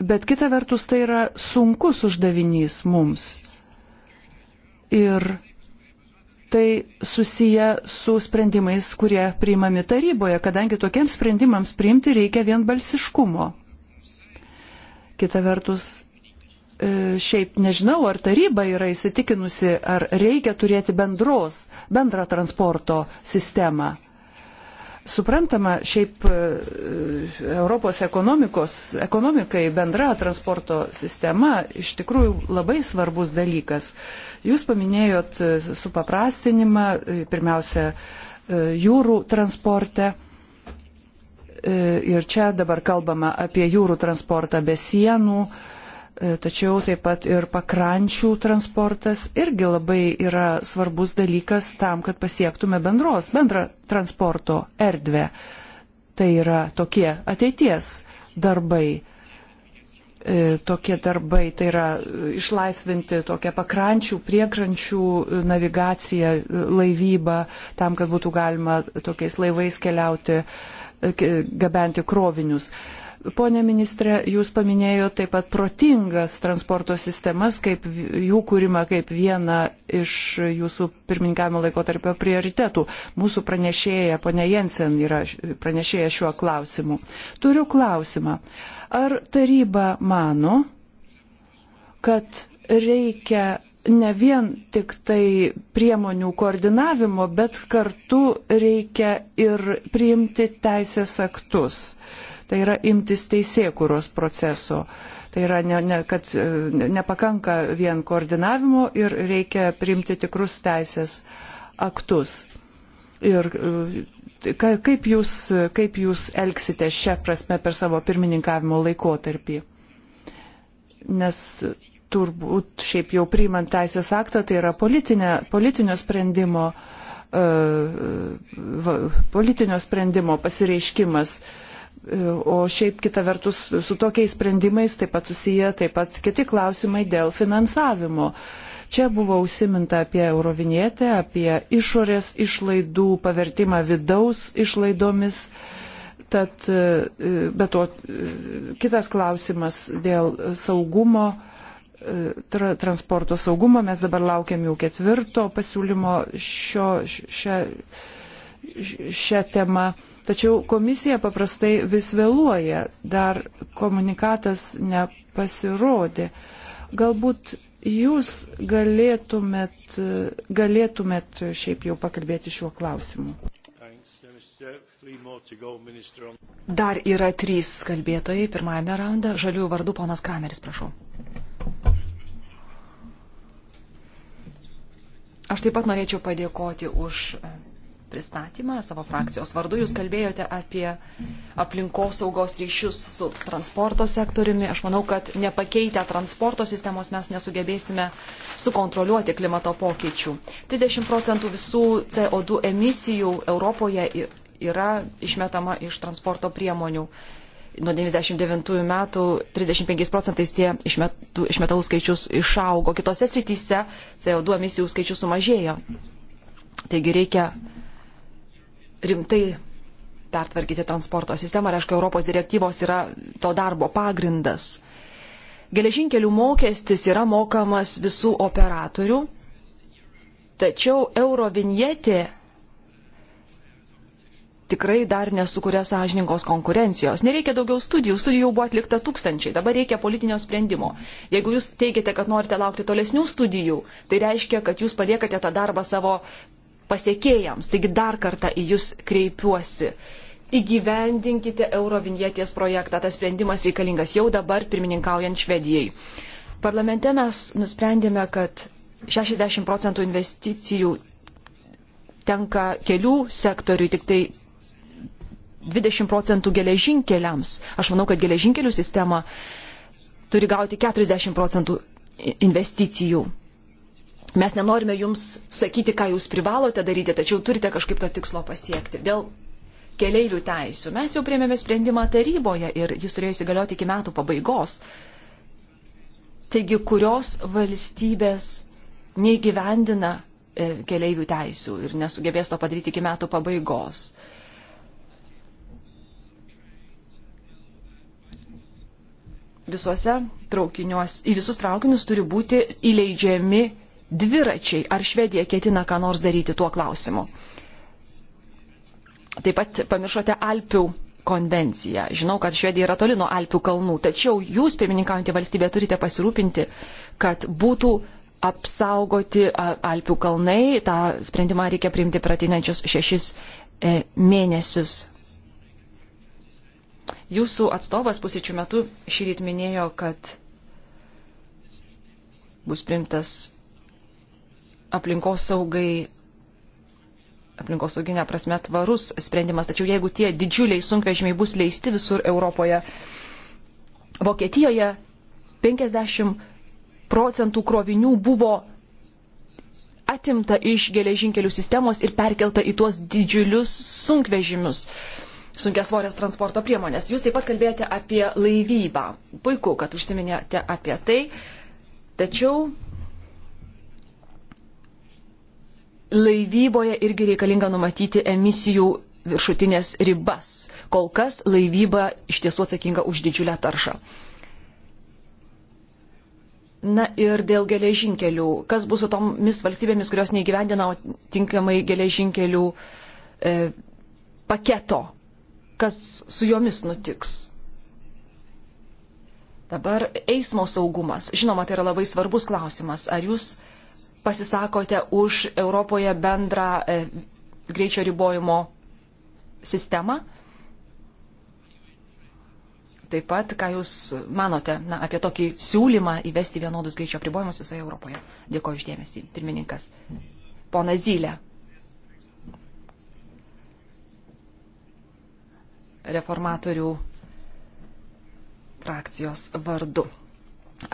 Bet kita vertus tai yra sunkus uždavinys mums. Ir tai susiję su sprendimais, kurie priimami taryboje, kadangi tokiems sprendimams priimti reikia vienbalsiškumo. Kita vertus, e, šiaip nežinau, ar taryba yra įsitikinusi, ar reikia turėti bendros, bendrą transporto sistemą. Suprantama, šiaip e, Europos ekonomikos, ekonomikai bendra transporto sistema iš tikrųjų labai svarbus dalykas. Jūs paminėjot e, supaprastinimą, e, pirmiausia, jūrų transporte ir čia dabar kalbama apie jūrų transportą be sienų, E, tačiau taip pat ir pakrančių transportas irgi labai yra svarbus dalykas tam, kad pasiektume bendros, bendrą transporto erdvę. Tai yra tokie ateities darbai. E, tokie darbai tai yra išlaisvinti tokią pakrančių, priekrančių navigaciją, laivybą, tam, kad būtų galima tokiais laivais keliauti, e, gabenti krovinius. Uh, Pone ministrė, jūs paminėjote taip pat protingas transporto sistemas, kaip jų kūrimą kaip vieną iš jūsų pirmininkavimo laikotarpio prioritetų. Mūsų pranešėja, ponė Jensen, yra pranešėja šiuo klausimu. Turiu klausimą. Ar taryba mano, kad reikia ne vien tik tai priemonių koordinavimo, bet kartu reikia ir priimti teisės aktus? Uh, tai yra imtis teisėkuros proceso. Tai yra, ne, ne, kad e, nepakanka vien koordinavimo ir reikia priimti tikrus teisės aktus. Ir e, ka, kaip jūs, kaip jūs elgsite šią prasme per savo pirmininkavimo laikotarpį? Nes turbūt šiaip jau priimant teisės aktą, tai yra politinė, politinio sprendimo, uh, politinio sprendimo pasireiškimas. Uh, O šiaip kita vertus su tokiais sprendimais taip pat susiję taip pat kiti klausimai dėl finansavimo. Čia buvo užsiminta apie eurovinietę, apie išorės išlaidų pavertimą vidaus išlaidomis. Tad, e, bet to, e, kitas klausimas dėl saugumo, e, tra, transporto saugumo. Mes dabar laukiam jau ketvirto pasiūlymo šio, šią. Šia šią temą. Tačiau komisija paprastai vis vėluoja, dar komunikatas nepasirodė. Galbūt jūs galėtumėt, galėtumėt šiaip jau pakalbėti šiuo klausimu. Dar yra trys kalbėtojai pirmajame raunde. Žaliųjų vardų ponas Krameris, prašau. Aš taip pat norėčiau padėkoti už pristatymą savo frakcijos vardu. Jūs kalbėjote apie aplinkosaugos ryšius su transporto sektoriumi. Aš manau, kad nepakeitę transporto sistemos mes nesugebėsime sukontroliuoti klimato pokyčių. 30 procentų visų CO2 emisijų Europoje yra išmetama iš transporto priemonių nuo 99 metų 35 procentais tie išmetų, išmetalų skaičius išaugo. Kitose srityse CO2 emisijų skaičius sumažėjo. Taigi reikia rimtai pertvarkyti transporto sistemą, reiškia, Europos direktyvos yra to darbo pagrindas. Geležinkelių mokestis yra mokamas visų operatorių, tačiau eurovinietė tikrai dar nesukuria sąžiningos konkurencijos. Nereikia daugiau studijų, studijų buvo atlikta tūkstančiai, dabar reikia politinio sprendimo. Jeigu jūs teigiate, kad norite laukti tolesnių studijų, tai reiškia, kad jūs paliekate tą darbą savo pasiekėjams. Taigi dar kartą į Jūs kreipiuosi. Įgyvendinkite Eurovinietės projektą, tas sprendimas reikalingas jau dabar pirmininkaujant Švedijai. Parlamente mes nusprendėme, kad 60 procentų investicijų tenka kelių sektoriui, tik tai 20 procentų geležinkeliams. Aš manau, kad geležinkelių sistema turi gauti 40 procentų investicijų. Mes nenorime jums sakyti, ką jūs privalote daryti, tačiau turite kažkaip to tikslo pasiekti. Dėl keleivių teisų mes jau priemėme sprendimą taryboje ir jis turėjo įsigalioti iki metų pabaigos. Taigi, kurios valstybės neįgyvendina e, keleivių teisų ir nesugebės to padaryti iki metų pabaigos. Visuose traukiniuose, į visus traukinius turi būti įleidžiami dviračiai. Ar Švedija ketina ką nors daryti tuo klausimu? Taip pat pamiršote Alpių konvenciją. Žinau, kad Švedija yra toli nuo Alpių kalnų, tačiau jūs, pirmininkaujantį valstybę, turite pasirūpinti, kad būtų apsaugoti Alpių kalnai. Ta sprendimą reikia priimti per ateinančius šešis e, mėnesius. Jūsų atstovas pusryčių metu šį rytį minėjo, kad bus primtas aplinkos saugai, aplinkos sauginė prasme tvarus sprendimas. Tačiau jeigu tie didžiuliai sunkvežimiai bus leisti visur Europoje, Vokietijoje 50 procentų krovinių buvo atimta iš geležinkelių sistemos ir perkelta į tuos didžiulius sunkvežimius, sunkiasvorės transporto priemonės. Jūs taip pat kalbėjote apie laivybą. Puiku, kad užsiminėte apie tai. Tačiau laivyboje irgi reikalinga numatyti emisijų viršutinės ribas. Kol kas laivyba iš tiesų atsakinga už didžiulę taršą. Na ir dėl geležinkelių. Kas bus su tomis valstybėmis, kurios neįgyvendina tinkamai geležinkelių e, paketo? Kas su jomis nutiks? Dabar eismo saugumas. Žinoma, tai yra labai svarbus klausimas. Ar jūs pasisakote už Europoje bendrą e, greičio ribojimo sistemą. Taip pat, ką Jūs manote na, apie tokį siūlymą įvesti vienodus greičio apribojimus visoje Europoje? Dėkoju išdėmesį, pirmininkas. Pona Zylė. Reformatorių frakcijos vardu.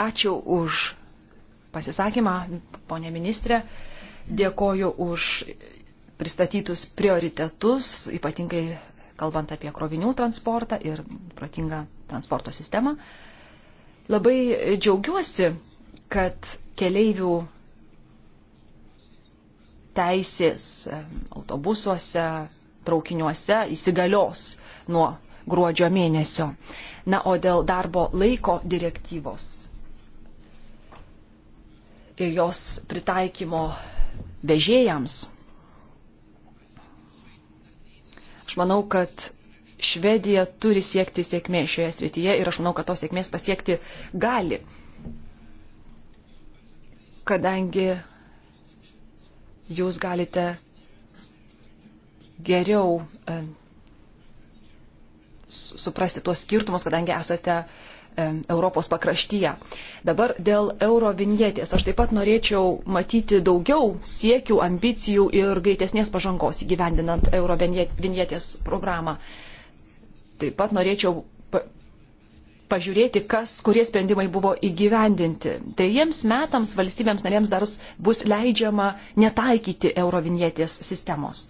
Ačiū už pasisakymą, ponė ministrė. Dėkoju už pristatytus prioritetus, ypatingai kalbant apie krovinių transportą ir protingą transporto sistemą. Labai džiaugiuosi, kad keleivių teisės autobusuose, traukiniuose įsigalios nuo gruodžio mėnesio. Na, o dėl darbo laiko direktyvos ir jos pritaikymo vežėjams. Aš manau, kad Švedija turi siekti sėkmės šioje srityje ir aš manau, kad tos sėkmės pasiekti gali, kadangi jūs galite geriau e, suprasti tuos skirtumus, kadangi esate uh, E, Europos pakraštyje. Dabar dėl euro vinjetės. Aš taip pat norėčiau matyti daugiau siekių, ambicijų ir greitesnės pažangos įgyvendinant euro vinjetės programą. Taip pat norėčiau pažiūrėti, kas, kurie sprendimai buvo įgyvendinti. Trejiems metams valstybėms narėms dar bus leidžiama netaikyti eurovinietės sistemos.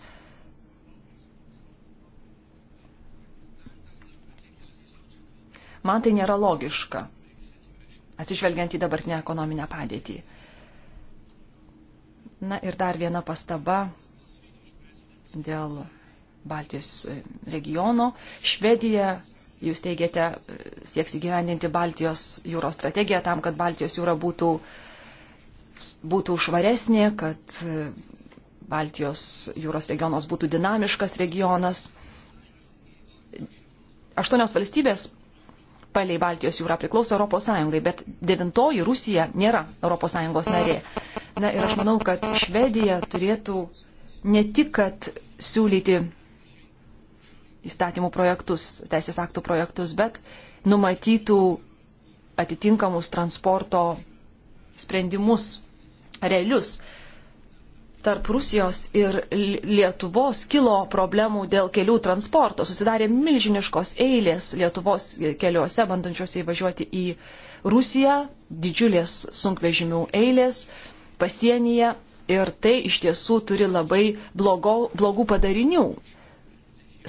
Man tai nėra logiška, atsižvelgiant į dabartinę ekonominę padėtį. Na ir dar viena pastaba dėl Baltijos e, regiono. Švedija, jūs teigiate, e, sieks įgyvendinti Baltijos jūros strategiją tam, kad Baltijos jūra būtų, būtų švaresnė, kad e, Baltijos jūros regionas būtų dinamiškas regionas. Aštuonios valstybės palei Baltijos jūrą priklauso ES, bet devintoji Rusija nėra ES narė. Na ir aš manau, kad Švedija turėtų ne tik, kad siūlyti įstatymų projektus, teisės aktų projektus, bet numatytų atitinkamus transporto sprendimus realius tarp Rusijos ir Lietuvos kilo problemų dėl kelių transporto. Susidarė milžiniškos eilės Lietuvos keliuose, bandančiuose įvažiuoti į Rusiją, didžiulės sunkvežimių eilės pasienyje ir tai iš tiesų turi labai blogo, blogų padarinių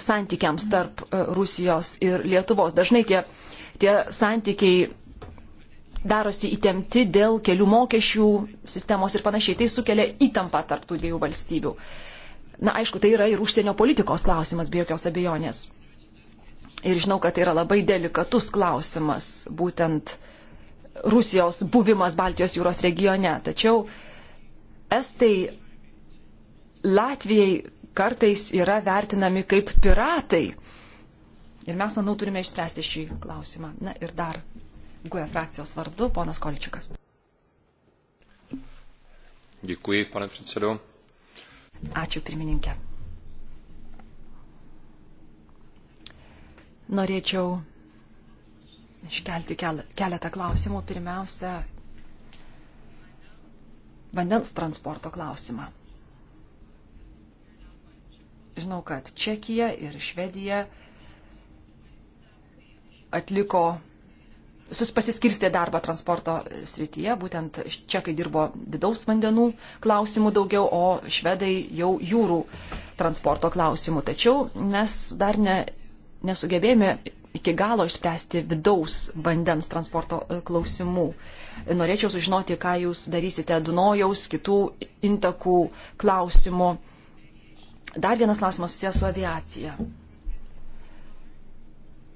santykiams tarp e, Rusijos ir Lietuvos. Dažnai tie, tie santykiai darosi įtemti dėl kelių mokesčių sistemos ir panašiai. Tai sukelia įtampą tarptų dviejų valstybių. Na, aišku, tai yra ir užsienio politikos klausimas, be jokios abejonės. Ir žinau, kad tai yra labai delikatus klausimas, būtent Rusijos buvimas Baltijos jūros regione. Tačiau Estai Latvijai kartais yra vertinami kaip piratai. Ir mes, manau, turime išspręsti šį klausimą. Na ir dar GUE frakcijos vardu, ponas Kolčikas. Děkuji, pane předsedo. Ačiū, pirmininkė. Norėčiau iškelti keletą klausimų. Pirmiausia, vandens transporto klausimą. Žinau, kad Čekija ir Švedija atliko pasiskirstė darbą transporto srityje, būtent čekai dirbo vidaus vandenų klausimų daugiau, o švedai jau jūrų transporto klausimų. Tačiau mes dar ne, nesugebėjome iki galo išspręsti vidaus vandens transporto e, klausimų. Norėčiau sužinoti, ką jūs darysite Dunojaus, kitų intakų klausimų. Dar vienas klausimas susijęs su aviacija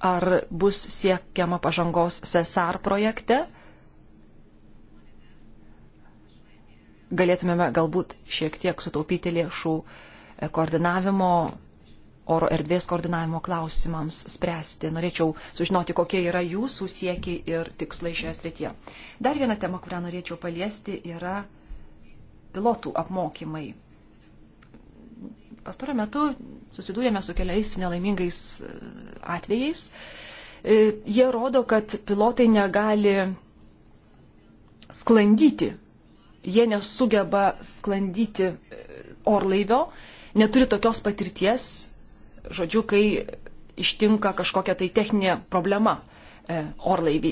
ar bus siekiama pažangos SESAR projekte. Galėtumėme galbūt šiek tiek sutaupyti lėšų e, koordinavimo, oro erdvės koordinavimo klausimams spręsti. Norėčiau sužinoti, kokie yra jūsų siekiai ir tikslai šioje srityje. Dar viena tema, kurią norėčiau paliesti, yra pilotų apmokymai. Pastaruoju metu susidūrėme su keliais nelaimingais e, atvejais. E, jie rodo, kad pilotai negali sklandyti, jie nesugeba sklandyti e, orlaivio, neturi tokios patirties, žodžiu, kai ištinka kažkokia tai techninė problema orlaivį.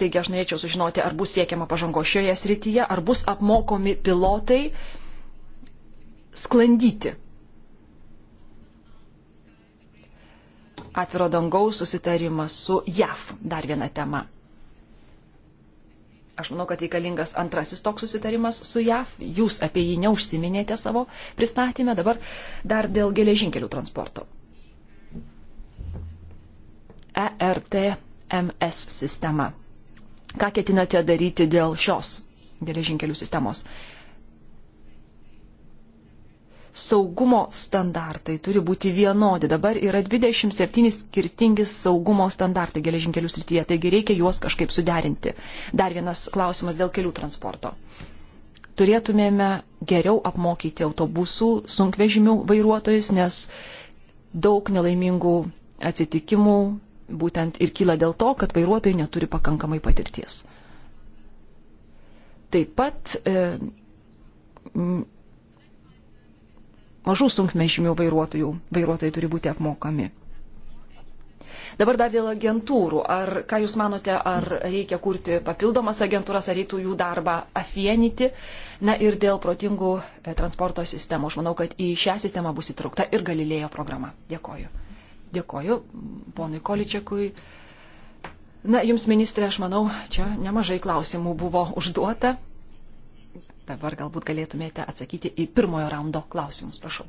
Taigi aš norėčiau sužinoti, ar bus siekiama pažango šioje srityje, ar bus apmokomi pilotai sklandyti atviro dangaus susitarimas su JAF dar viena tema. Aš manau, kad reikalingas antrasis toks susitarimas su JAF. Jūs apie jį neužsiminėte savo pristatymę. Dabar dar dėl geležinkelių transporto. ERTMS sistema. Ką ketinate daryti dėl šios geležinkelių sistemos? saugumo standartai turi būti vienodi. Dabar yra 27 skirtingi saugumo standartai geležinkelių srityje, taigi reikia juos kažkaip suderinti. Dar vienas klausimas dėl kelių transporto. Turėtumėme geriau apmokyti autobusų, sunkvežimių vairuotojus, nes daug nelaimingų atsitikimų būtent ir kyla dėl to, kad vairuotojai neturi pakankamai patirties. Taip pat e, mažų sunkmežimių vairuotojų vairuotojai turi būti apmokami. Dabar dar dėl agentūrų. Ar, ką Jūs manote, ar reikia kurti papildomas agentūras, ar reiktų jų darbą afienyti? Na ir dėl protingų e, transporto sistemų. Aš manau, kad į šią sistemą bus įtraukta ir Galilėjo programa. Dėkoju. Dėkoju ponui Količiakui. Na, Jums, ministrė, aš manau, čia nemažai klausimų buvo užduota. Dabar galbūt galėtumėte atsakyti į pirmojo raundo klausimus, prašau.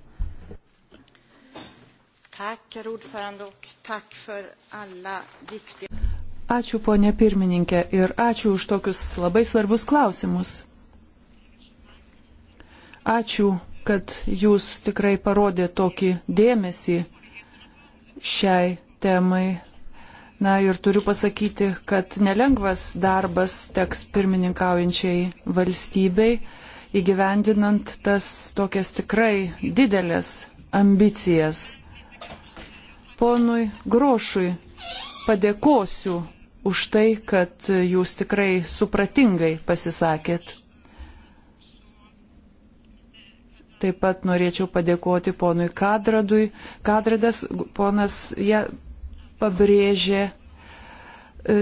Ačiū ponė pirmininkė ir ačiū už tokius labai svarbus klausimus. Ačiū, kad jūs tikrai parodė tokį dėmesį šiai temai Na ir turiu pasakyti, kad nelengvas darbas teks pirmininkaujančiai valstybei įgyvendinant tas tokias tikrai didelės ambicijas. Ponui Grošui padėkosiu už tai, kad jūs tikrai supratingai pasisakėt. Taip pat norėčiau padėkoti ponui Kadradui. Kadradas, ponas, ja, pabrėžė, e,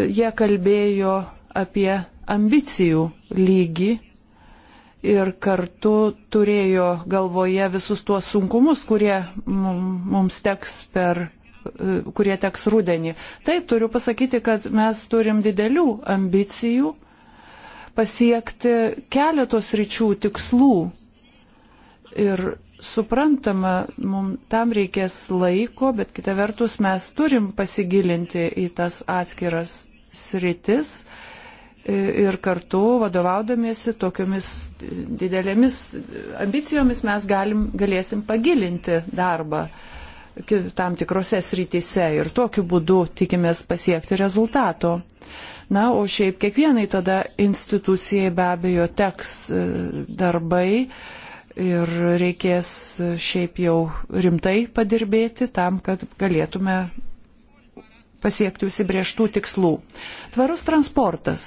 jie kalbėjo apie ambicijų lygį ir kartu turėjo galvoje visus tuos sunkumus, kurie mums teks per e, kurie teks rudenį. Taip, turiu pasakyti, kad mes turim didelių ambicijų pasiekti keletos ryčių tikslų. Ir suprantama, mums tam reikės laiko, bet kita vertus mes turim pasigilinti į tas atskiras sritis e, ir kartu vadovaudamiesi tokiomis didelėmis ambicijomis mes galim, galėsim pagilinti darbą tam tikrose srityse ir tokiu būdu tikimės pasiekti rezultato. Na, o šiaip kiekvienai tada institucijai be abejo teks e, darbai, ir reikės šiaip jau rimtai padirbėti tam, kad galėtume pasiekti užsibrieštų tikslų. Tvarus transportas.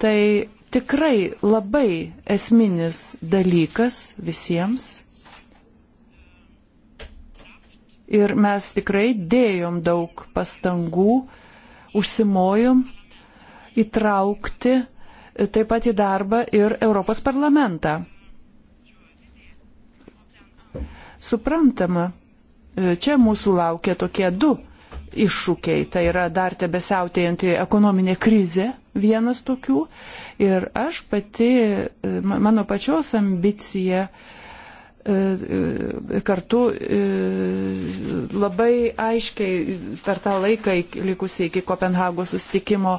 Tai tikrai labai esminis dalykas visiems. Ir mes tikrai dėjom daug pastangų, užsimojom įtraukti taip pat į darbą ir Europos parlamentą. Suprantama, čia mūsų laukia tokie du iššūkiai. Tai yra dar tebesiautėjanti ekonominė krizė, vienas tokių. Ir aš pati, mano pačios ambicija e, e, kartu e, labai aiškiai per tą laiką likusiai iki Kopenhagos sustikimo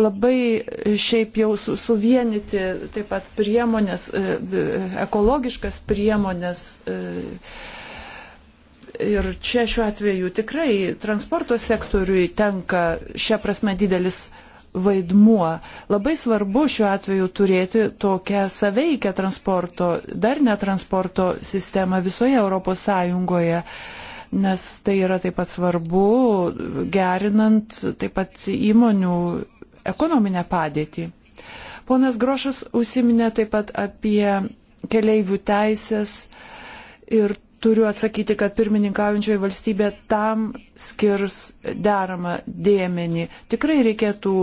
labai e, šiaip jau su, suvienyti taip pat priemonės, e, ekologiškas priemonės. E, ir čia šiuo atveju tikrai transporto sektoriui tenka šią prasme didelis vaidmuo. Labai svarbu šiuo atveju turėti tokią saveikę transporto, dar ne transporto sistemą visoje Europos Sąjungoje nes tai yra taip pat svarbu gerinant taip pat įmonių ekonominę padėtį. Ponas Grošas užsiminė taip pat apie keleivių teisės ir turiu atsakyti, kad pirmininkaujančioji valstybė tam skirs deramą dėmenį. Tikrai reikėtų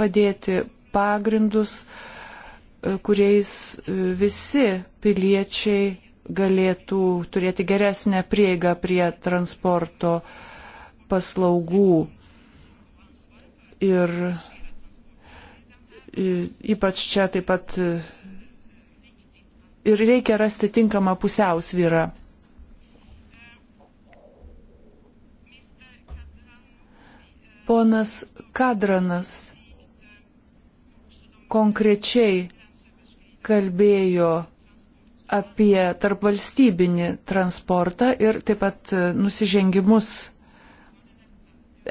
padėti pagrindus, e, kuriais e, visi piliečiai galėtų turėti geresnę prieigą prie transporto paslaugų. Ir ypač čia taip pat e, ir reikia rasti tinkamą pusiausvyrą. Ponas Kadranas konkrečiai kalbėjo apie tarpvalstybinį transportą ir taip pat e, nusižengimus,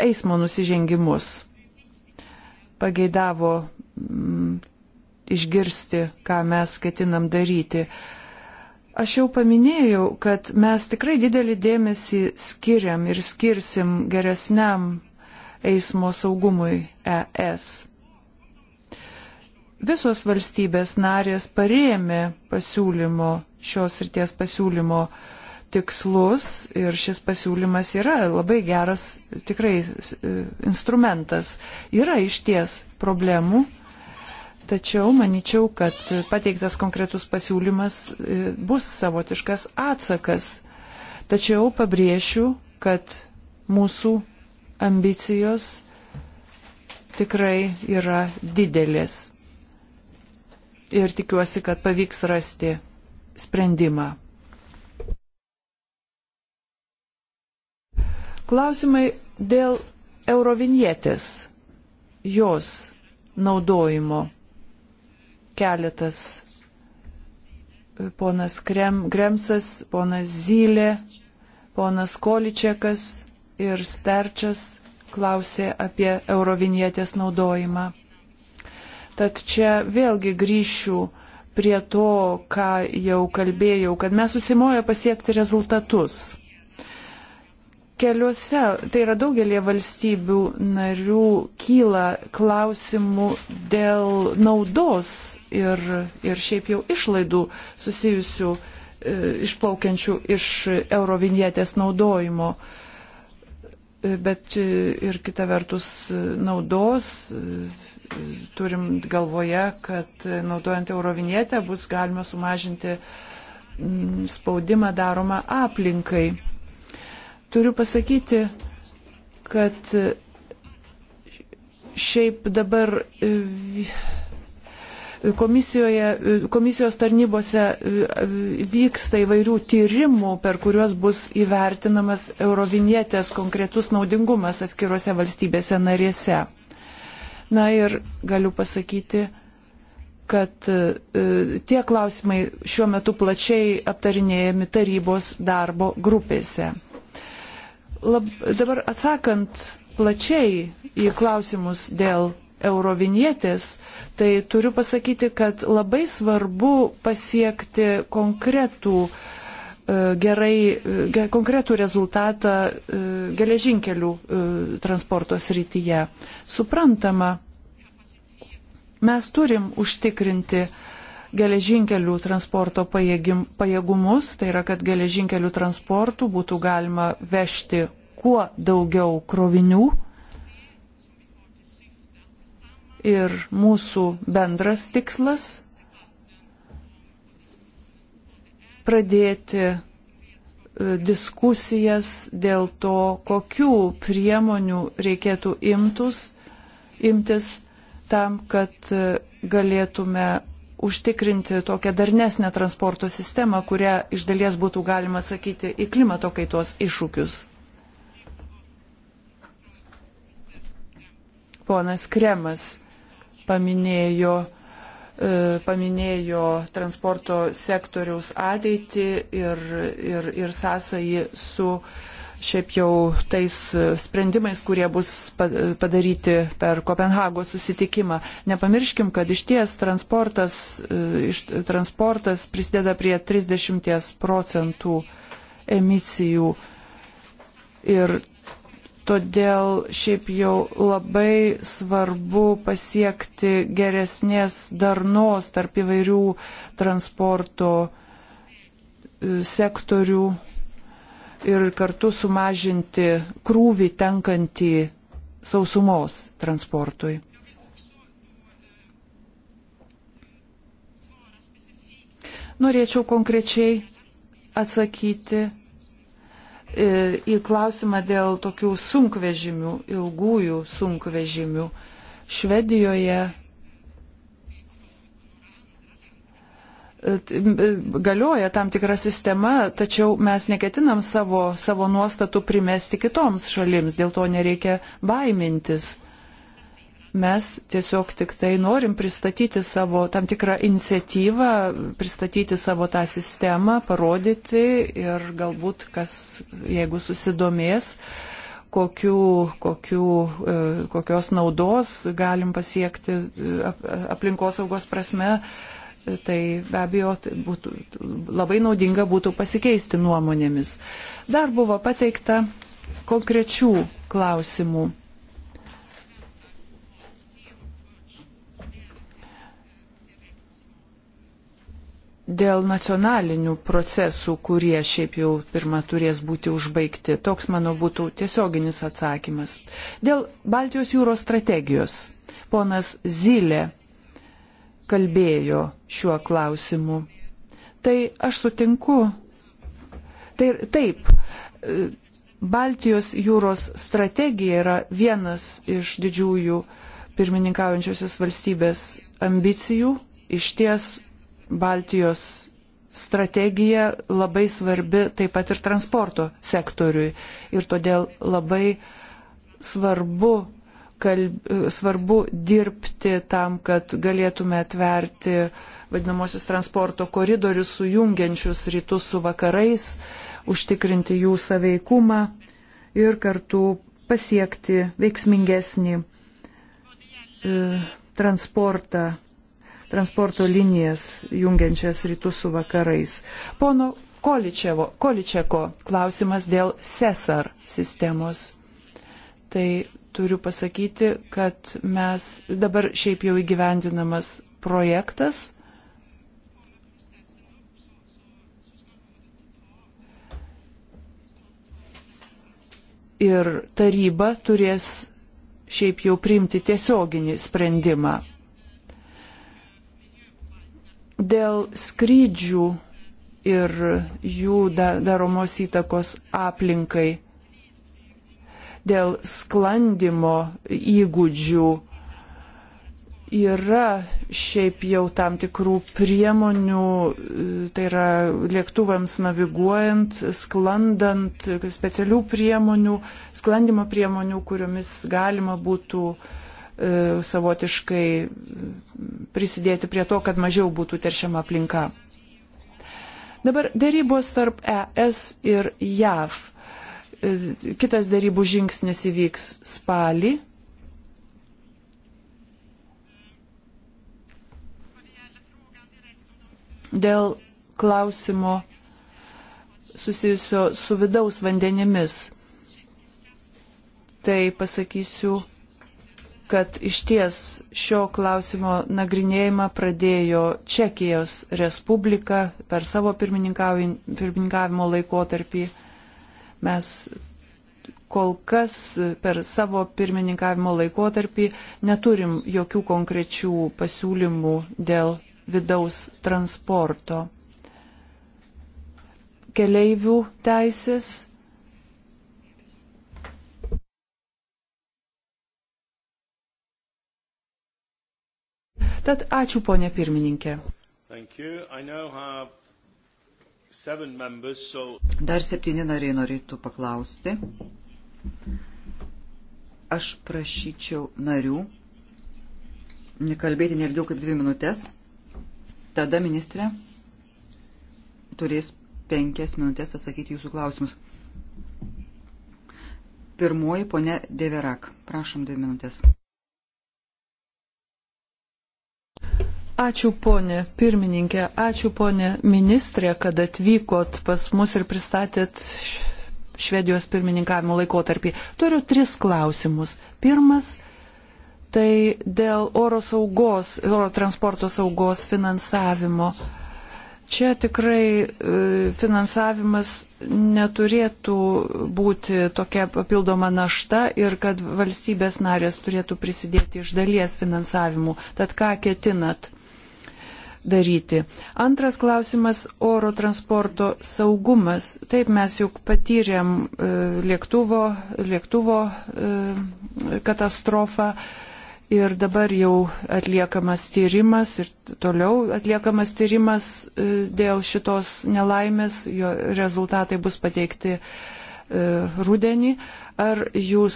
eismo nusižengimus. Pageidavo Mm, išgirsti, ką mes ketinam daryti. Aš jau paminėjau, kad mes tikrai didelį dėmesį skiriam ir skirsim geresniam eismo saugumui ES. Visos valstybės narės parėmė pasiūlymo, šios ryties pasiūlymo tikslus ir šis pasiūlymas yra labai geras tikrai instrumentas. Yra išties problemų Tačiau manyčiau, kad pateiktas konkretus pasiūlymas e, bus savotiškas atsakas. Tačiau pabrėšiu, kad mūsų ambicijos tikrai yra didelės. Ir tikiuosi, kad pavyks rasti sprendimą. Klausimai dėl eurovinietės, jos naudojimo keletas. Ponas Krem, Gremsas, ponas Zylė, ponas Količekas ir Sterčias klausė apie eurovinietės naudojimą. Tad čia vėlgi grįšiu prie to, ką jau kalbėjau, kad mes susimojo pasiekti rezultatus keliuose, tai yra daugelie valstybių narių, kyla klausimų dėl naudos ir, ir šiaip jau išlaidų susijusių e, išplaukiančių iš eurovinietės naudojimo. E, bet e, ir kita vertus e, naudos turim galvoje, kad naudojant eurovinietę bus galima sumažinti spaudimą daromą aplinkai. Turiu pasakyti, kad šiaip dabar e, komisijoje, e, komisijos tarnybose e, vyksta įvairių tyrimų, per kuriuos bus įvertinamas eurovinietės konkretus naudingumas atskiruose valstybėse narėse. Na ir galiu pasakyti, kad tie klausimai šiuo metu plačiai aptarinėjami tarybos darbo grupėse lab, dabar atsakant plačiai į klausimus dėl eurovinietės, tai turiu pasakyti, kad labai svarbu pasiekti konkretų e, gerai, e, konkretų rezultatą e, geležinkelių transporto srityje. Suprantama, mes turim užtikrinti geležinkelių transporto pajėgim, pajėgumus, tai yra, kad geležinkelių transportų būtų galima vežti kuo daugiau krovinių. Ir mūsų bendras tikslas - pradėti e, diskusijas dėl to, kokių priemonių reikėtų imtus, imtis tam, kad e, galėtume užtikrinti tokią darnesnę transporto sistemą, kuria iš dalies būtų galima atsakyti į klimato kaitos iššūkius. Ponas Kremas paminėjo, e, paminėjo transporto sektoriaus ateitį ir, ir, ir sąsąjį su uh, šiaip jau tais e, sprendimais, kurie bus padaryti per Kopenhagos susitikimą. Nepamirškim, kad iš ties transportas, e, iš, transportas prisideda prie 30 procentų emisijų. Ir todėl šiaip jau labai svarbu pasiekti geresnės darnos tarp įvairių transporto e, sektorių ir kartu sumažinti krūvį tenkantį sausumos transportui. Norėčiau konkrečiai atsakyti e, į klausimą dėl tokių sunkvežimių, ilgųjų sunkvežimių. Švedijoje E, galioja tam tikra sistema, tačiau mes neketinam savo, savo nuostatų primesti kitoms šalims, dėl to nereikia baimintis. Mes tiesiog tik tai norim pristatyti savo tam tikrą iniciatyvą, pristatyti savo tą sistemą, parodyti ir galbūt kas, jeigu susidomės, kokiu, kokiu, e, kokios naudos galim pasiekti e, aplinkosaugos prasme tai be abejo tai būtų, labai naudinga būtų pasikeisti nuomonėmis. Dar buvo pateikta konkrečių klausimų. Dėl nacionalinių procesų, kurie šiaip jau pirmą turės būti užbaigti, toks mano būtų tiesioginis atsakymas. Dėl Baltijos jūros strategijos. Ponas Zylė kalbėjo šiuo klausimu. Tai aš sutinku. Tai taip, e, Baltijos jūros strategija yra vienas iš didžiųjų pirmininkaujančiosios valstybės ambicijų. Iš ties Baltijos strategija labai svarbi taip pat ir transporto sektoriui. Ir todėl labai svarbu kalb... svarbu dirbti tam, kad galėtume atverti vadinamosius transporto koridorius sujungiančius rytus su vakarais, užtikrinti jų saveikumą ir kartu pasiekti veiksmingesnį e, transportą, transporto linijas jungiančias rytus su vakarais. Pono Količevo, Količeko klausimas dėl SESAR sistemos. Tai turiu pasakyti, kad mes dabar šiaip jau įgyvendinamas projektas. Ir taryba turės šiaip jau priimti tiesioginį sprendimą. Dėl skrydžių ir jų daromos įtakos aplinkai dėl sklandimo įgūdžių yra šiaip jau tam tikrų priemonių, tai yra lėktuvams naviguojant, sklandant, specialių priemonių, sklandimo priemonių, kuriomis galima būtų e, savotiškai prisidėti prie to, kad mažiau būtų teršiama aplinka. Dabar dėrybos tarp ES ir JAV Kitas darybų žingsnis įvyks spalį. Dėl klausimo susijusio su vidaus vandenimis, tai pasakysiu, kad iš ties šio klausimo nagrinėjimą pradėjo Čekijos Respublika per savo pirmininkavimo laikotarpį. Mes kol kas per savo pirmininkavimo laikotarpį neturim jokių konkrečių pasiūlymų dėl vidaus transporto. Keleivių teisės. Tad ačiū, ponė pirmininkė. Thank you. I now have Dar septyni nariai norėtų paklausti. Aš prašyčiau narių nekalbėti nelgiau kaip dvi minutės. Tada ministrė turės penkias minutės atsakyti jūsų klausimus. Pirmoji ponia Deverak. Prašom dvi minutės. Ačiū ponė pirmininkė, ačiū ponė ministrė, kad atvykot pas mus ir pristatėt Švedijos pirmininkavimo laikotarpį. Turiu tris klausimus. Pirmas - tai dėl oro saugos, oro transporto saugos finansavimo. Čia tikrai e, finansavimas neturėtų būti tokia papildoma našta ir kad valstybės narės turėtų prisidėti iš dalies finansavimu. Tad ką ketinat? daryti. Antras klausimas - oro transporto saugumas. Taip mes juk patyrėm e, lėktuvo, lėktuvo e, katastrofą ir dabar jau atliekamas tyrimas ir toliau atliekamas tyrimas e, dėl šitos nelaimės, jo rezultatai bus pateikti rudenį. Ar jūs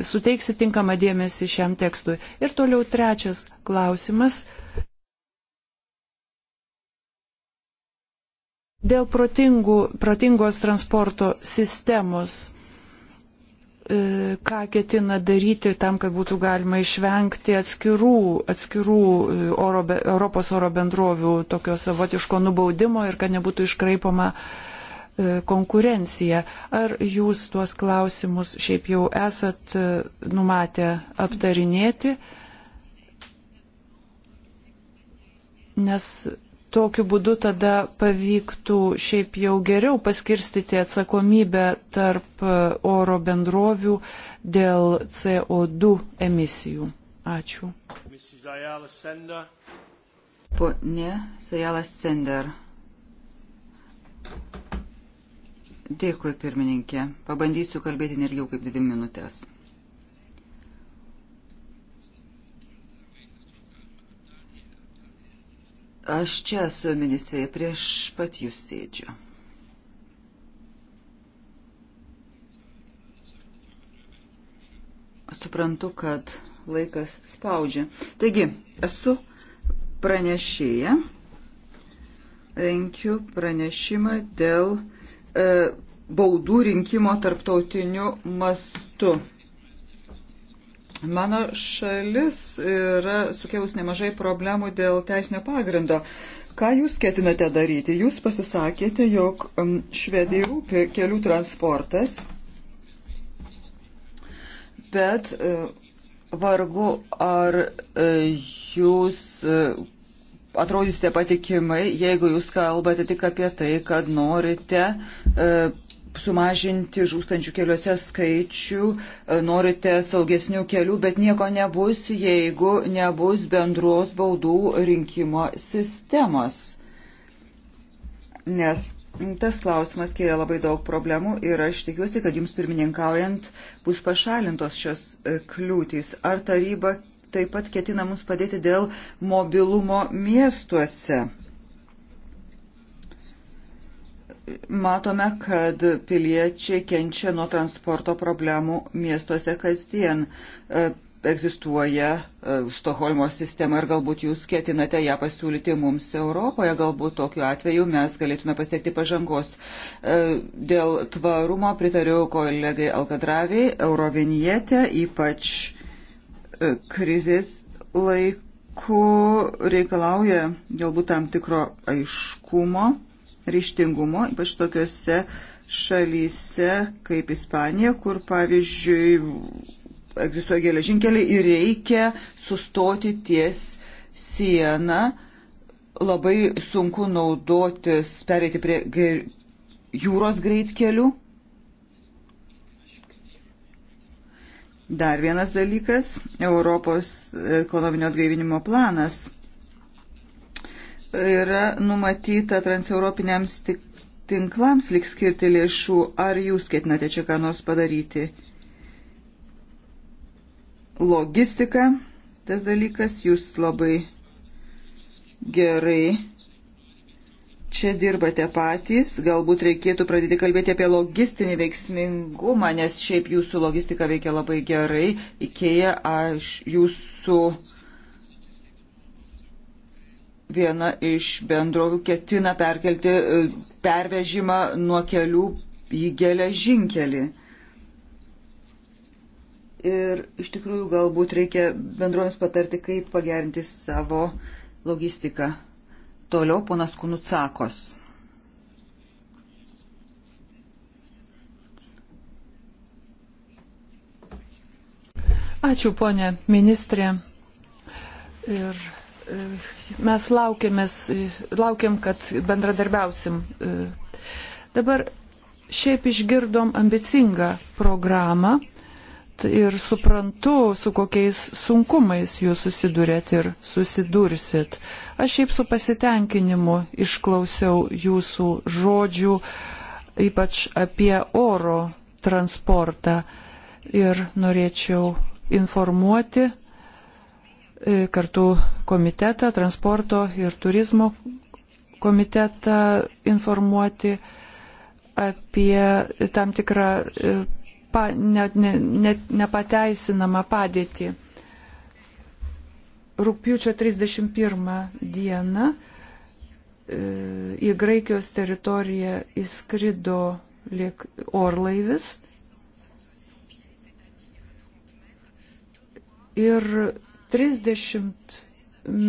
suteiksi tinkamą dėmesį šiam tekstui. Ir toliau trečias klausimas. Dėl protingų, protingos transporto sistemos, e, ką ketina daryti tam, kad būtų galima išvengti atskirų, atskirų e, oro, Europos oro bendrovių tokio savotiško nubaudimo ir kad nebūtų iškraipoma uh, E, konkurencija. Ar jūs tuos klausimus šiaip jau esat e, numatę aptarinėti? Nes tokiu būdu tada pavyktų šiaip jau geriau paskirstyti atsakomybę tarp e, oro bendrovių dėl CO2 emisijų. Ačiū. Pone Sajala Sender. Dėkui, pirmininkė. Pabandysiu kalbėti nergiau kaip dvi minutės. Aš čia esu ministrė, prieš pat jūs sėdžiu. Suprantu, kad laikas spaudžia. Taigi, esu pranešėja, renkiu pranešimą dėl E, baudų rinkimo tarptautiniu mastu. Mano šalis yra sukėlus nemažai problemų dėl teisinio pagrindo. Ką jūs ketinate daryti? Jūs pasisakėte, jog Švedijai rūpi kelių transportas, bet e, vargu ar e, jūs atrodysite patikimai, jeigu jūs kalbate tik apie tai, kad norite e, sumažinti žūstančių keliuose skaičių, e, norite saugesnių kelių, bet nieko nebus, jeigu nebus bendros baudų rinkimo sistemos. Nes tas klausimas kėlė labai daug problemų ir aš tikiuosi, kad jums pirmininkaujant bus pašalintos šios e, kliūtys. Ar taryba taip pat ketina mums padėti dėl mobilumo miestuose. Matome, kad piliečiai kenčia nuo transporto problemų miestuose kasdien. E, egzistuoja e, Stoholmo sistema ir galbūt jūs ketinate ją pasiūlyti mums Europoje, galbūt tokiu atveju mes galėtume pasiekti pažangos. E, dėl tvarumo pritariu kolegai Alkadraviai, Eurovinietė, ypač krizės laiku reikalauja galbūt tam tikro aiškumo, ryštingumo, ypač tokiuose šalyse kaip Ispanija, kur pavyzdžiui egzistuoja geležinkeliai ir reikia sustoti ties sieną, labai sunku naudotis, pereiti prie jūros greitkelių. Dar vienas dalykas - Europos ekonominio atgaivinimo planas yra numatyta transeuropiniams tinklams lik skirti lėšų. Ar jūs ketinate čia ką nors padaryti? Logistika, tas dalykas, jūs labai gerai čia dirbate patys, galbūt reikėtų pradėti kalbėti apie logistinį veiksmingumą, nes šiaip jūsų logistika veikia labai gerai. Ikėja, aš jūsų viena iš bendrovių ketina perkelti e, pervežimą nuo kelių į geležinkelį. Ir iš tikrųjų galbūt reikia bendrovėms patarti, kaip pagerinti savo logistiką. Toliau ponas Kunutsakos. Ačiū, ponė ministrė. Ir e, mes laukiamės, e, laukiam, kad bendradarbiausim. E, dabar šiaip išgirdom ambicingą programą ir suprantu, su kokiais sunkumais jūs susidurėt ir susidursit. Aš šiaip su pasitenkinimu išklausiau jūsų žodžių, ypač apie oro transportą ir norėčiau informuoti e, kartu komitetą, transporto ir turizmo komitetą informuoti apie tam tikrą e, pa, ne, ne, ne, nepateisinamą padėtį. Rūpiučio 31 dieną e, į Graikijos teritoriją įskrido orlaivis ir 30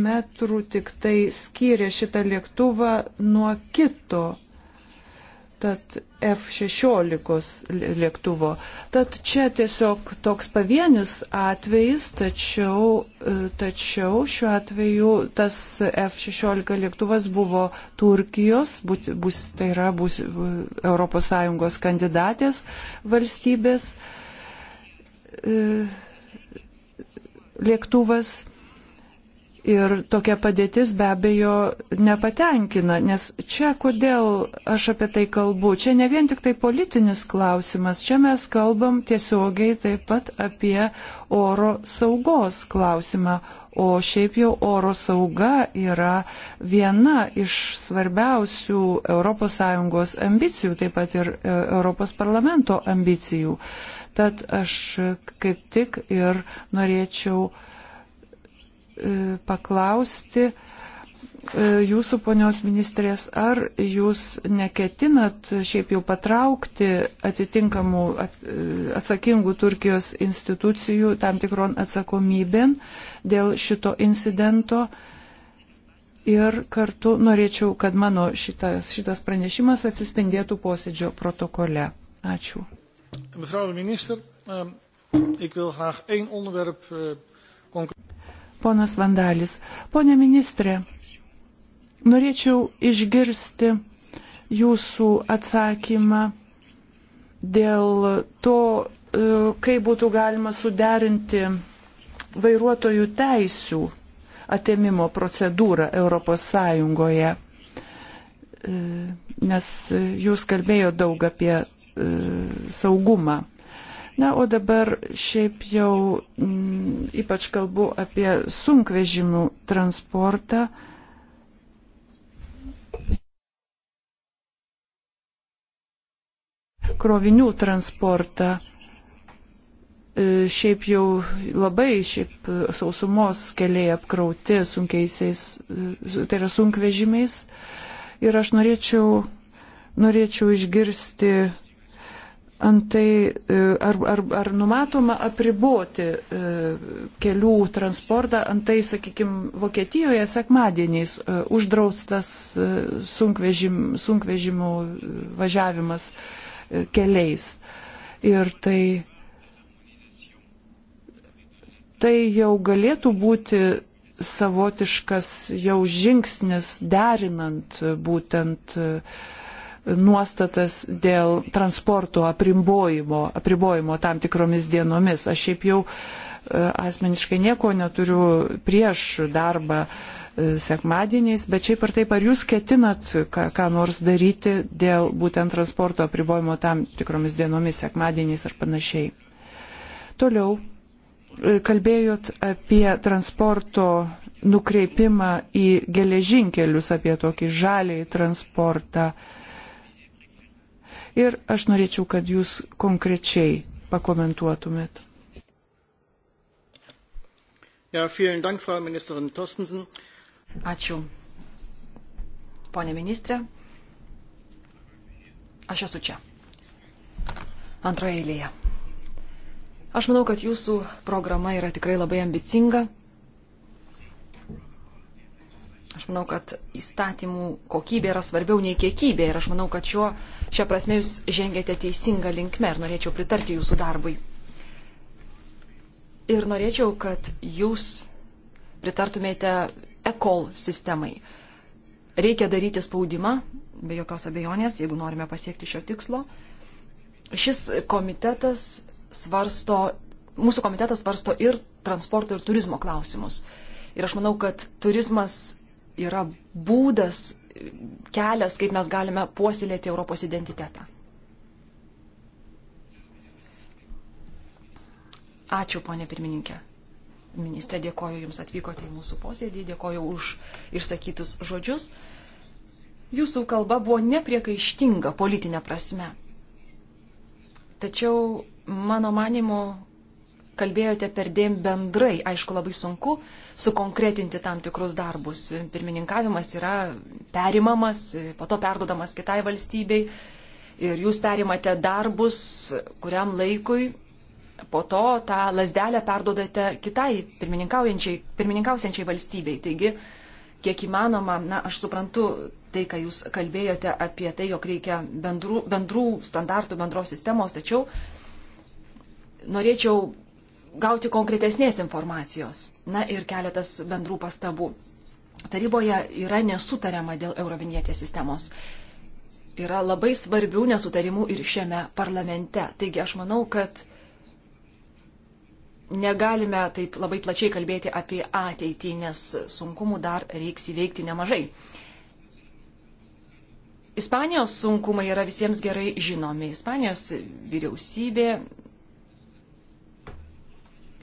metrų tik tai skyrė šitą lėktuvą nuo kito tad F-16 lėktuvo. Tad čia tiesiog toks pavienis atvejis, tačiau, e, tačiau šiuo atveju tas F-16 lėktuvas buvo Turkijos, būt, bus, tai yra bus, ES kandidatės valstybės e, lėktuvas. Ir tokia padėtis be abejo nepatenkina, nes čia kodėl aš apie tai kalbu, čia ne vien tik tai politinis klausimas, čia mes kalbam tiesiogiai taip pat apie oro saugos klausimą. O šiaip jau oro sauga yra viena iš svarbiausių ES ambicijų, taip pat ir ES parlamento ambicijų. Tad aš kaip tik ir norėčiau uh, E, paklausti e, jūsų ponios ministrės, ar jūs neketinat šiaip jau patraukti atitinkamų e, atsakingų Turkijos institucijų tam tikron atsakomybėn dėl šito incidento. Ir kartu norėčiau, kad mano šitas, šitas pranešimas atsispindėtų posėdžio protokole. Ačiū. Mevrouw de minister, um, ik wil graag één onderwerp uh, eh, concreet ponas Vandalis. Pone ministrė, norėčiau išgirsti jūsų atsakymą dėl to, e, kaip būtų galima suderinti vairuotojų teisių atėmimo procedūrą Europos Sąjungoje. E, nes jūs kalbėjo daug apie e, saugumą. Na, o dabar šiaip jau m, mm, ypač kalbu apie sunkvežimių transportą. Krovinių transportą. E, šiaip jau labai šiaip sausumos keliai apkrauti sunkiaisiais, e, tai yra sunkvežimiais. Ir aš norėčiau norėčiau išgirsti antai e, ar, ar, ar numatoma apriboti e, kelių transportą, antai, sakykime, Vokietijoje sekmadieniais e, uždraustas sunkvežim, sunkvežimų važiavimas keliais. Ir tai, tai jau galėtų būti savotiškas jau žingsnis derinant būtent uh, nuostatas dėl transporto apribojimo, apribojimo tam tikromis dienomis. Aš šiaip jau e, asmeniškai nieko neturiu prieš darbą e, sekmadieniais, bet šiaip ar taip, ar jūs ketinat ką, ką nors daryti dėl būtent transporto apribojimo tam tikromis dienomis, sekmadieniais ar panašiai? Toliau e, kalbėjot apie transporto nukreipimą į geležinkelius, apie tokį žalį transportą. Uh, ir aš norėčiau, kad jūs konkrečiai pakomentuotumėt. Ja, Dank, Frau Ačiū. Pone ministrė, aš esu čia. Antroje eilėje. Aš manau, kad jūsų programa yra tikrai labai ambicinga Aš manau, kad įstatymų kokybė yra svarbiau nei kiekybė ir aš manau, kad šiuo, šią prasme jūs žengėte teisingą linkmę ir norėčiau pritarti jūsų darbui. Ir norėčiau, kad jūs pritartumėte ECOL sistemai. Reikia daryti spaudimą, be jokios abejonės, jeigu norime pasiekti šio tikslo. Šis komitetas svarsto, mūsų komitetas svarsto ir transporto ir turizmo klausimus. Ir aš manau, kad turizmas yra būdas, kelias, kaip mes galime puoselėti Europos identitetą. Ačiū, ponė pirmininkė. Ministrė, dėkoju Jums atvykote į mūsų posėdį, dėkoju už išsakytus žodžius. Jūsų kalba buvo nepriekaištinga politinė prasme. Tačiau, mano manimu, kalbėjote per dėm bendrai. Aišku, labai sunku sukonkretinti tam tikrus darbus. Pirmininkavimas yra perimamas, po to perdodamas kitai valstybei. Ir jūs perimate darbus kuriam laikui, po to tą lasdelę perdodate kitai pirmininkausiančiai valstybei. Taigi, kiek įmanoma, na, aš suprantu tai, ką jūs kalbėjote apie tai, jog reikia bendrų, bendrų standartų, bendros sistemos, tačiau norėčiau gauti konkretesnės informacijos. Na ir keletas bendrų pastabų. Taryboje yra nesutariama dėl eurovinietės sistemos. Yra labai svarbių nesutarimų ir šiame parlamente. Taigi aš manau, kad negalime taip labai plačiai kalbėti apie ateitį, nes sunkumų dar reiks įveikti nemažai. Ispanijos sunkumai yra visiems gerai žinomi. Ispanijos vyriausybė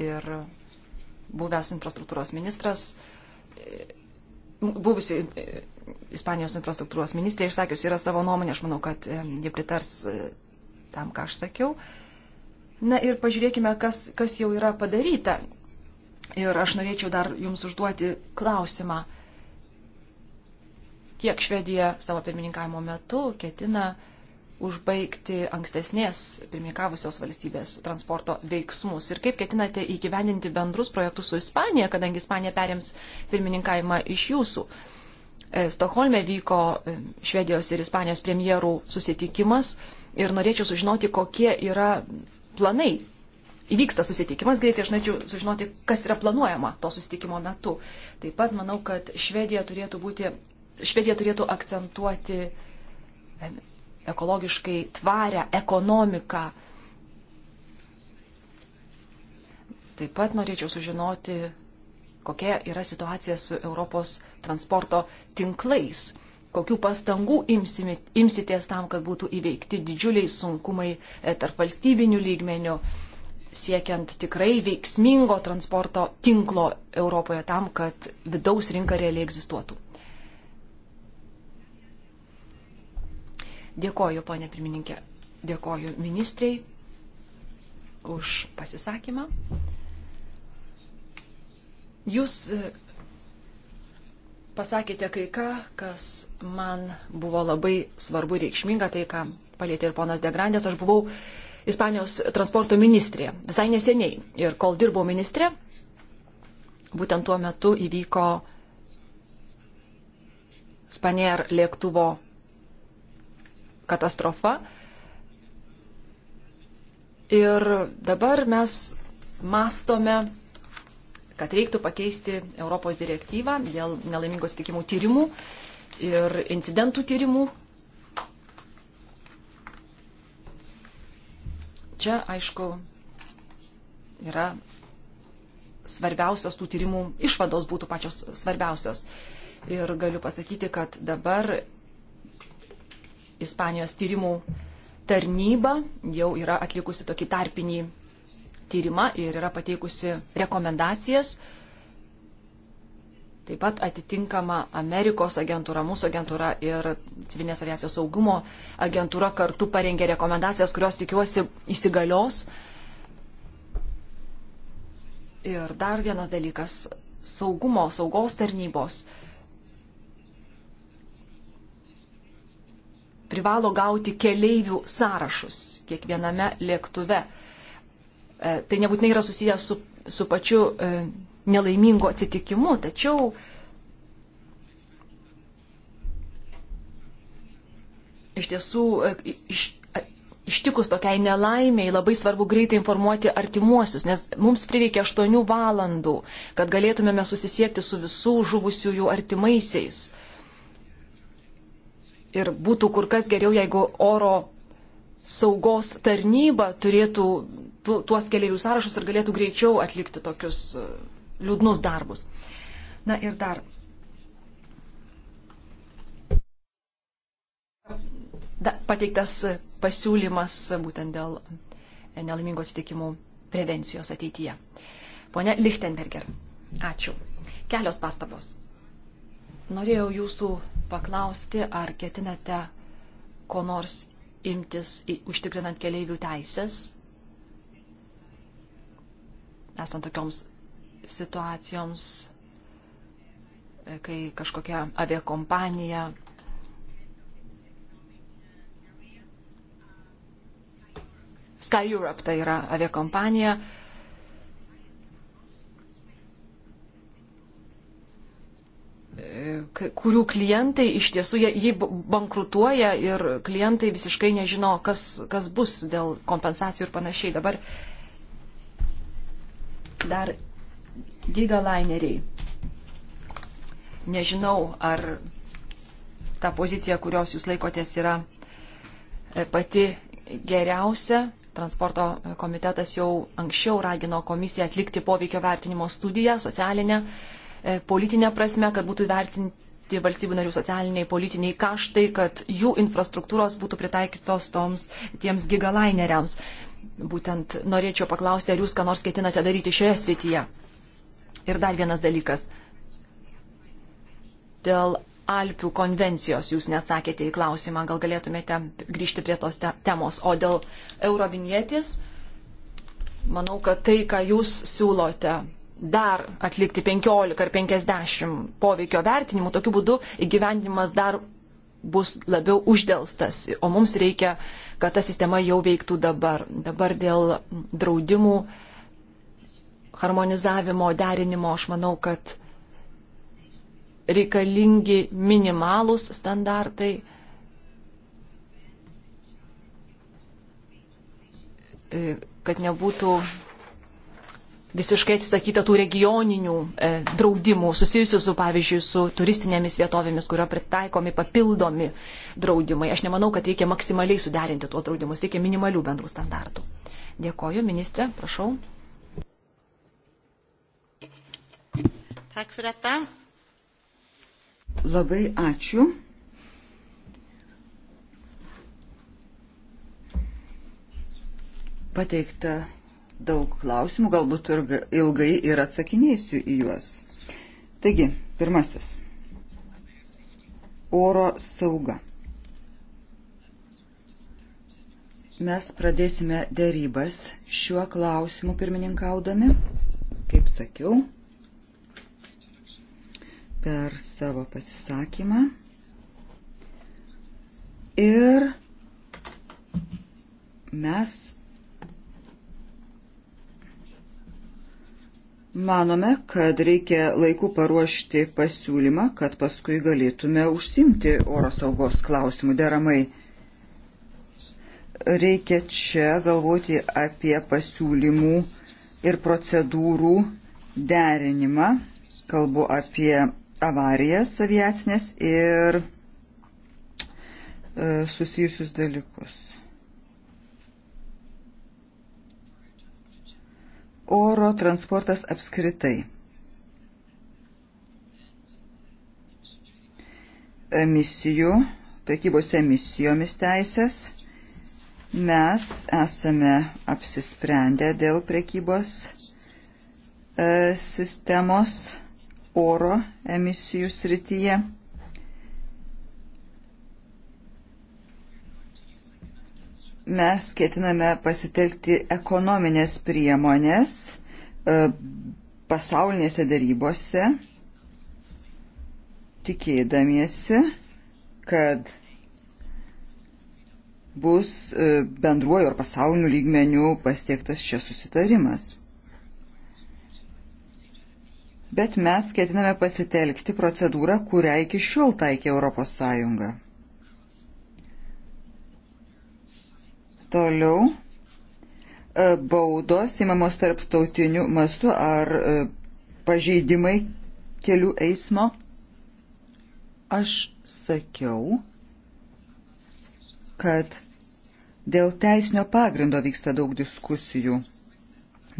ir buvęs infrastruktūros ministras, buvusi Ispanijos infrastruktūros ministrė išsakius yra savo nuomonė, aš manau, kad jie pritars e, tam, ką aš sakiau. Na ir pažiūrėkime, kas, kas jau yra padaryta. Ir aš norėčiau dar jums užduoti klausimą, kiek Švedija savo pirmininkavimo metu ketina uh, užbaigti ankstesnės pirmininkavusios valstybės transporto veiksmus ir kaip ketinate įgyvendinti bendrus projektus su Ispanija, kadangi Ispanija perėms pirmininkavimą iš jūsų. E, Stokholme vyko e, Švedijos ir Ispanijos premjerų susitikimas ir norėčiau sužinoti, kokie yra planai. Įvyksta susitikimas greitai, aš norėčiau sužinoti, kas yra planuojama to susitikimo metu. Taip pat manau, kad Švedija turėtų būti, Švedija turėtų akcentuoti ekologiškai tvarę ekonomiką. Taip pat norėčiau sužinoti, kokia yra situacija su Europos transporto tinklais, kokių pastangų imsitės tam, kad būtų įveikti didžiuliai sunkumai e, tarp valstybinių lygmenių, siekiant tikrai veiksmingo transporto tinklo Europoje tam, kad vidaus rinka realiai egzistuotų. Dėkoju, ponė pirmininkė, dėkoju ministrei už pasisakymą. Jūs e, pasakėte kai ką, kas man buvo labai svarbu ir reikšminga, tai ką palėtė ir ponas Degrandės. Aš buvau Ispanijos transporto ministrė visai neseniai. Ir kol dirbau ministrė, būtent tuo metu įvyko Spanier lėktuvo katastrofa. Ir dabar mes mastome, kad reiktų pakeisti Europos direktyvą dėl nelaimingų atsitikimų tyrimų ir incidentų tyrimų. Čia, aišku, yra svarbiausios tų tyrimų išvados būtų pačios svarbiausios. Ir galiu pasakyti, kad dabar Ispanijos tyrimų tarnyba jau yra atlikusi tokį tarpinį tyrimą ir yra pateikusi rekomendacijas. Taip pat atitinkama Amerikos agentūra, mūsų agentūra ir civilinės aviacijos saugumo agentūra kartu parengė rekomendacijas, kurios tikiuosi įsigalios. Ir dar vienas dalykas - saugumo, saugos tarnybos privalo gauti keleivių sąrašus kiekviename lėktuve. E, tai nebūtinai yra susijęs su, su pačiu e, nelaimingu atsitikimu, tačiau iš tiesų e, iš, ištikus tokiai nelaimiai labai svarbu greitai informuoti artimuosius, nes mums prireikia 8 valandų, kad galėtumėme susisiekti su visų žuvusiųjų artimaisiais ir būtų kur kas geriau, jeigu oro saugos tarnyba turėtų tuos keliaivių sąrašus ir galėtų greičiau atlikti tokius e, liūdnus darbus. Na ir dar. Da, pateiktas pasiūlymas būtent dėl nelaimingos įtikimų prevencijos ateityje. Pone Lichtenberger, ačiū. Kelios pastabos. Norėjau jūsų paklausti, ar ketinate ko nors imtis užtikrinant keleivių teisės, esant tokioms situacijoms, e, kai kažkokia aviekompanija Sky Europe tai yra aviekompanija, kompanija kurių klientai iš tiesų, jie, jie bankrutuoja ir klientai visiškai nežino, kas, kas bus dėl kompensacijų ir panašiai. Dabar dar gigalaineriai. Nežinau, ar ta pozicija, kurios jūs laikotės, yra e, pati geriausia. Transporto komitetas jau anksčiau ragino komisiją atlikti poveikio vertinimo studiją, socialinę E, politinė prasme, kad būtų vertinti valstybių narių socialiniai, politiniai kaštai, kad jų infrastruktūros būtų pritaikytos toms tiems gigalaineriams. Būtent norėčiau paklausti, ar jūs ką nors ketinate daryti šioje srityje. Ir dar vienas dalykas. Dėl Alpių konvencijos jūs neatsakėte į klausimą, gal galėtumėte grįžti prie tos te temos. O dėl eurovinietės, manau, kad tai, ką jūs siūlote, dar atlikti 15 ar 50 poveikio vertinimų, tokiu būdu įgyvendimas dar bus labiau uždėlstas, o mums reikia, kad ta sistema jau veiktų dabar. Dabar dėl draudimų, harmonizavimo, derinimo, aš manau, kad reikalingi minimalūs standartai. kad nebūtų visiškai atsisakyta tų regioninių e, draudimų susijusių su, pavyzdžiui, su turistinėmis vietovėmis, kurio pritaikomi papildomi draudimai. Aš nemanau, kad reikia maksimaliai suderinti tuos draudimus, reikia minimalių bendrų standartų. Dėkoju, ministrė, prašau. Labai ačiū. Pateikta daug klausimų, galbūt ir ilgai ir atsakinėsiu į juos. Taigi, pirmasis. Oro sauga. Mes pradėsime dėrybas šiuo klausimu pirmininkaudami, kaip sakiau, per savo pasisakymą. Ir mes Manome, kad reikia laiku paruošti pasiūlymą, kad paskui galėtume užsimti oro saugos klausimų deramai. Reikia čia galvoti apie pasiūlymų ir procedūrų derinimą. Kalbu apie avarijas aviacinės ir e, susijusius dalykus. oro transportas apskritai. Emisijų, prekybos emisijomis teisės. Mes esame apsisprendę dėl prekybos e, sistemos oro emisijų srityje. mes ketiname pasitelkti ekonominės priemonės e, pasaulinėse darybose, tikėdamiesi, kad bus e, bendruoju ar pasauliniu lygmeniu pasiektas šis susitarimas. Bet mes ketiname pasitelkti procedūrą, kurią iki šiol taikė Europos Sąjunga. Toliau e, baudos įmamos tarptautiniu mastu ar e, pažeidimai kelių eismo. Aš sakiau, kad dėl teisinio pagrindo vyksta daug diskusijų.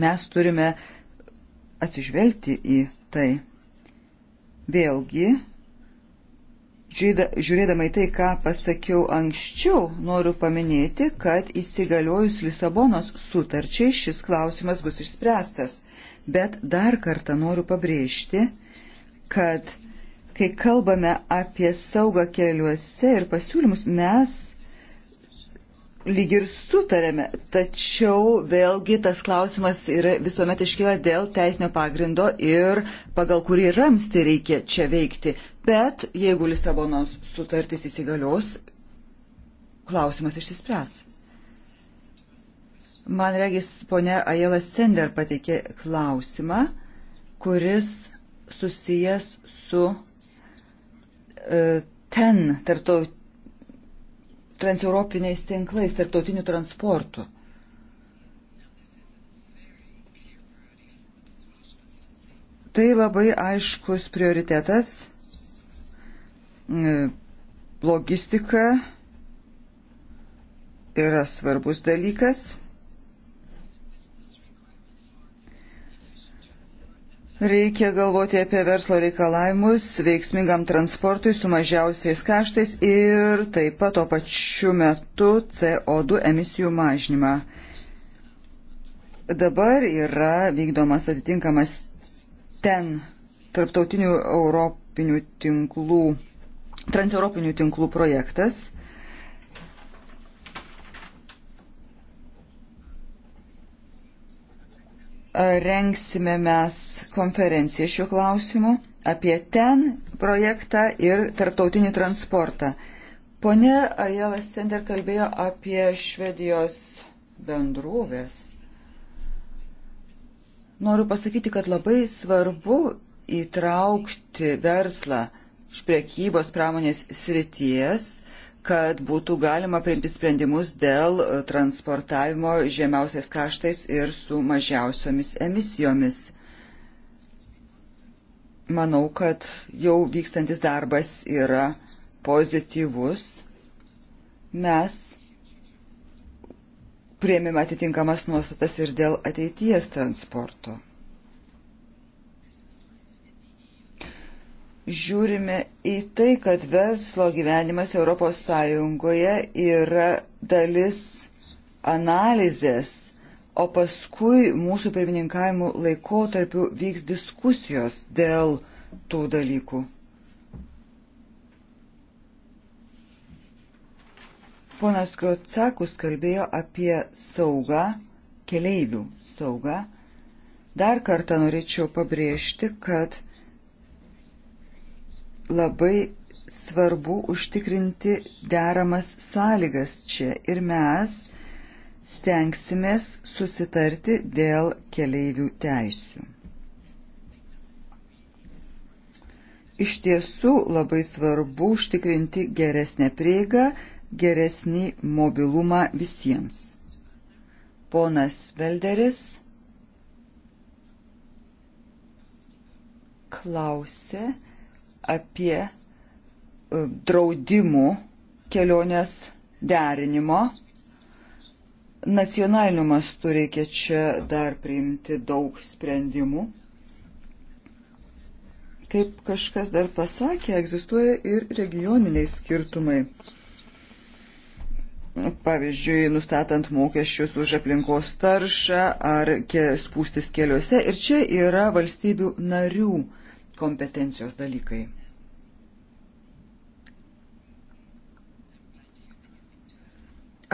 Mes turime atsižvelgti į tai. Vėlgi, Žiūrėdama į tai, ką pasakiau anksčiau, noriu paminėti, kad įsigaliojus Lisabonos sutarčiai šis klausimas bus išspręstas. Bet dar kartą noriu pabrėžti, kad kai kalbame apie saugą keliuose ir pasiūlymus, mes lyg ir sutarėme, tačiau vėlgi tas klausimas yra visuomet iškyla dėl teisinio pagrindo ir pagal kurį ramsti reikia čia veikti. Bet jeigu Lisabonos sutartis įsigalios, klausimas išsispręs. Man regis, ponia Ajela Sender pateikė klausimą, kuris susijęs su e, ten tarptau, transeuropiniais tinklais, tarptautiniu transportu. Tai labai aiškus prioritetas Mm, logistika yra svarbus dalykas. Reikia galvoti apie verslo reikalavimus veiksmingam transportui su mažiausiais kaštais ir taip pat tuo pačiu metu CO2 emisijų mažinimą. Dabar yra vykdomas atitinkamas ten tarptautinių europinių tinklų transeuropinių tinklų projektas. Rengsime mes konferenciją šiuo klausimu apie ten projektą ir tarptautinį transportą. Pone Ajela Sender kalbėjo apie Švedijos bendrovės. Noriu pasakyti, kad labai svarbu įtraukti verslą prekybos pramonės srities, kad būtų galima priimti sprendimus dėl e, transportavimo žemiausiais kaštais ir su mažiausiomis emisijomis. Manau, kad jau vykstantis darbas yra pozityvus. Mes priėmėme atitinkamas nuostatas ir dėl ateities transporto. žiūrime į tai, kad verslo gyvenimas ES yra dalis analizės, o paskui mūsų pirmininkavimų laikotarpiu vyks diskusijos dėl tų dalykų. Ponas Krotsakus kalbėjo apie saugą, keleivių saugą. Dar kartą norėčiau pabrėžti, kad labai svarbu užtikrinti deramas sąlygas čia ir mes stengsimės susitarti dėl keleivių teisių. Iš tiesų labai svarbu užtikrinti geresnę prieigą, geresnį mobilumą visiems. Ponas Velderis klausė, apie e, draudimų kelionės derinimo. Nacionaliniu mastu reikia čia dar priimti daug sprendimų. Kaip kažkas dar pasakė, egzistuoja ir regioniniai skirtumai. Pavyzdžiui, nustatant mokesčius už aplinkos taršą ar spūstis keliuose. Ir čia yra valstybių narių kompetencijos dalykai.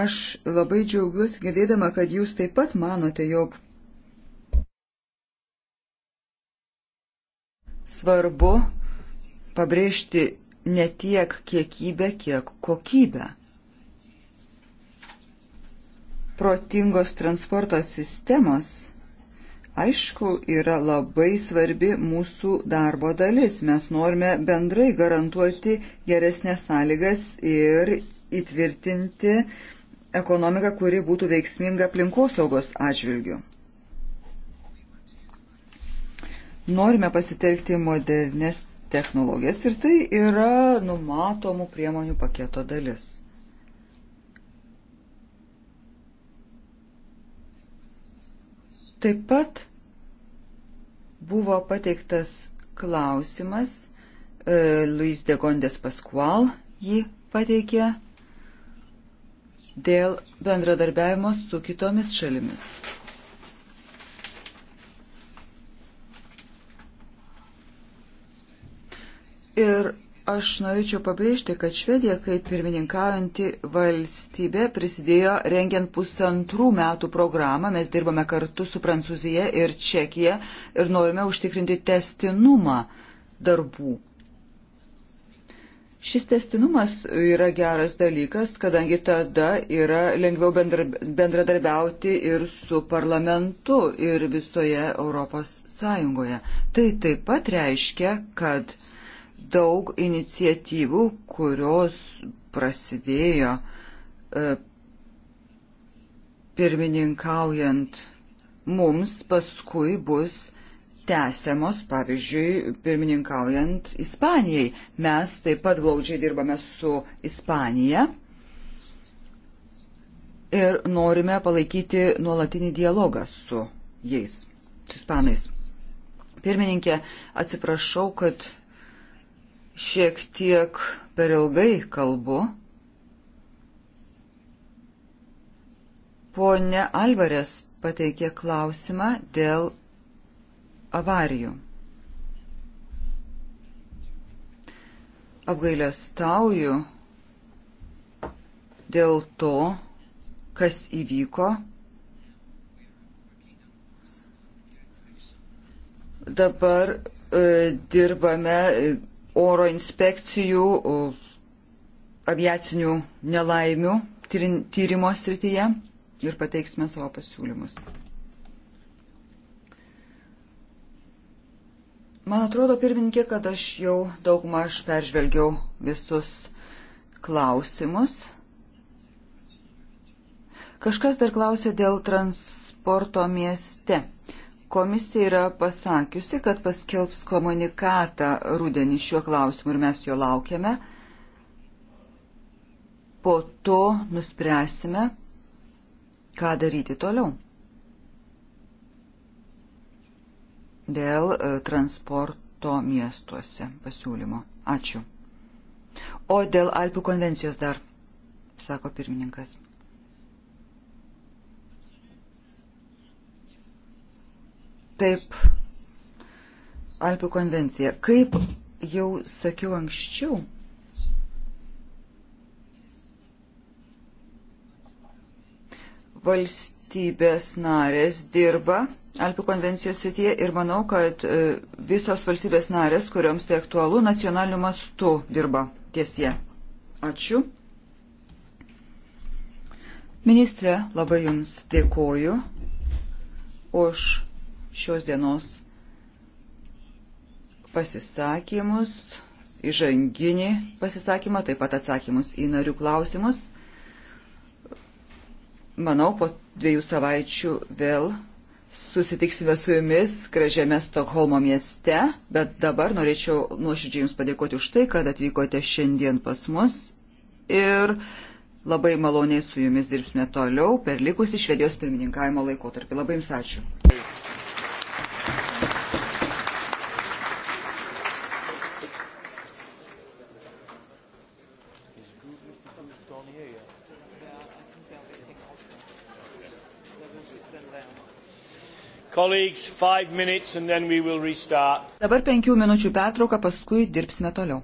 Aš labai džiaugiuosi girdėdama, kad jūs taip pat manote, jog svarbu pabrėžti ne tiek kiekybę, kiek kokybę. Protingos transporto sistemos, aišku, yra labai svarbi mūsų darbo dalis. Mes norime bendrai garantuoti geresnės sąlygas ir įtvirtinti uh, ekonomiką, kuri būtų veiksminga aplinkosaugos atžvilgių. Norime pasitelkti modernes technologijas ir tai yra numatomų priemonių paketo dalis. Taip pat buvo pateiktas klausimas, e, Luis de Gondes Pasqual jį pateikė dėl bendradarbiavimo su kitomis šalimis. Ir aš norėčiau pabrėžti, kad Švedija kaip pirmininkaujanti valstybė prisidėjo rengiant pusantrų metų programą. Mes dirbame kartu su Prancūzija ir Čekija ir norime užtikrinti testinumą darbų. Šis testinumas yra geras dalykas, kadangi tada yra lengviau bendradarbiauti ir su parlamentu ir visoje Europos Sąjungoje. Tai taip pat reiškia, kad daug iniciatyvų, kurios prasidėjo e, pirmininkaujant mums, paskui bus tęsiamos, pavyzdžiui, pirmininkaujant Ispanijai. Mes taip pat glaudžiai dirbame su Ispanija ir norime palaikyti nuolatinį dialogą su jais, su Ispanais. Pirmininkė, atsiprašau, kad šiek tiek per ilgai kalbu. Pone Alvarės pateikė klausimą dėl avarijų. Apgailestauju dėl to, kas įvyko. Dabar e, dirbame e, oro inspekcijų e, aviacinių nelaimių tyrimo srityje ir pateiksime savo pasiūlymus. Man atrodo, pirmininkė, kad aš jau daug maž peržvelgiau visus klausimus. Kažkas dar klausė dėl transporto mieste. Komisija yra pasakiusi, kad paskelbs komunikatą rudenį šiuo klausimu ir mes jo laukiame. Po to nuspręsime, ką daryti toliau. dėl e, transporto miestuose pasiūlymo. Ačiū. O dėl Alpių konvencijos dar, sako pirmininkas. Taip, Alpių konvencija. Kaip jau sakiau anksčiau, valstybė valstybės narės dirba Alpių konvencijos srityje ir manau, kad e, visos valstybės narės, kuriuoms tai aktualu, nacionaliniu mastu dirba tiesie. Ačiū. Ministrė, labai Jums dėkoju už šios dienos pasisakymus, įžanginį pasisakymą, taip pat atsakymus į narių klausimus manau, po dviejų savaičių vėl susitiksime su jumis gražiame Stokholmo mieste, bet dabar norėčiau nuoširdžiai jums padėkoti už tai, kad atvykote šiandien pas mus ir labai maloniai su jumis dirbsime toliau per likusį Švedijos pirmininkavimo laikotarpį. Labai jums ačiū. Dabar penkių minučių pertrauka, paskui dirbsime toliau.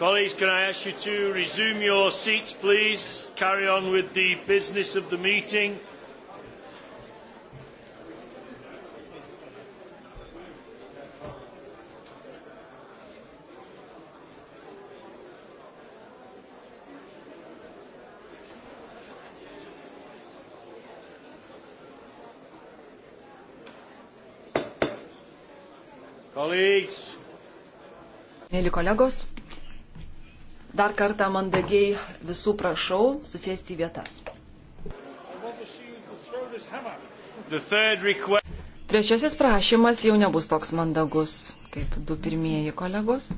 Colleagues, can I ask you to resume your seats, please? Carry on with the business of the meeting. Colleagues. Mėly kolegos, Dar kartą mandagiai visų prašau susėsti į vietas. Trečiasis prašymas jau nebus toks mandagus kaip du pirmieji kolegos.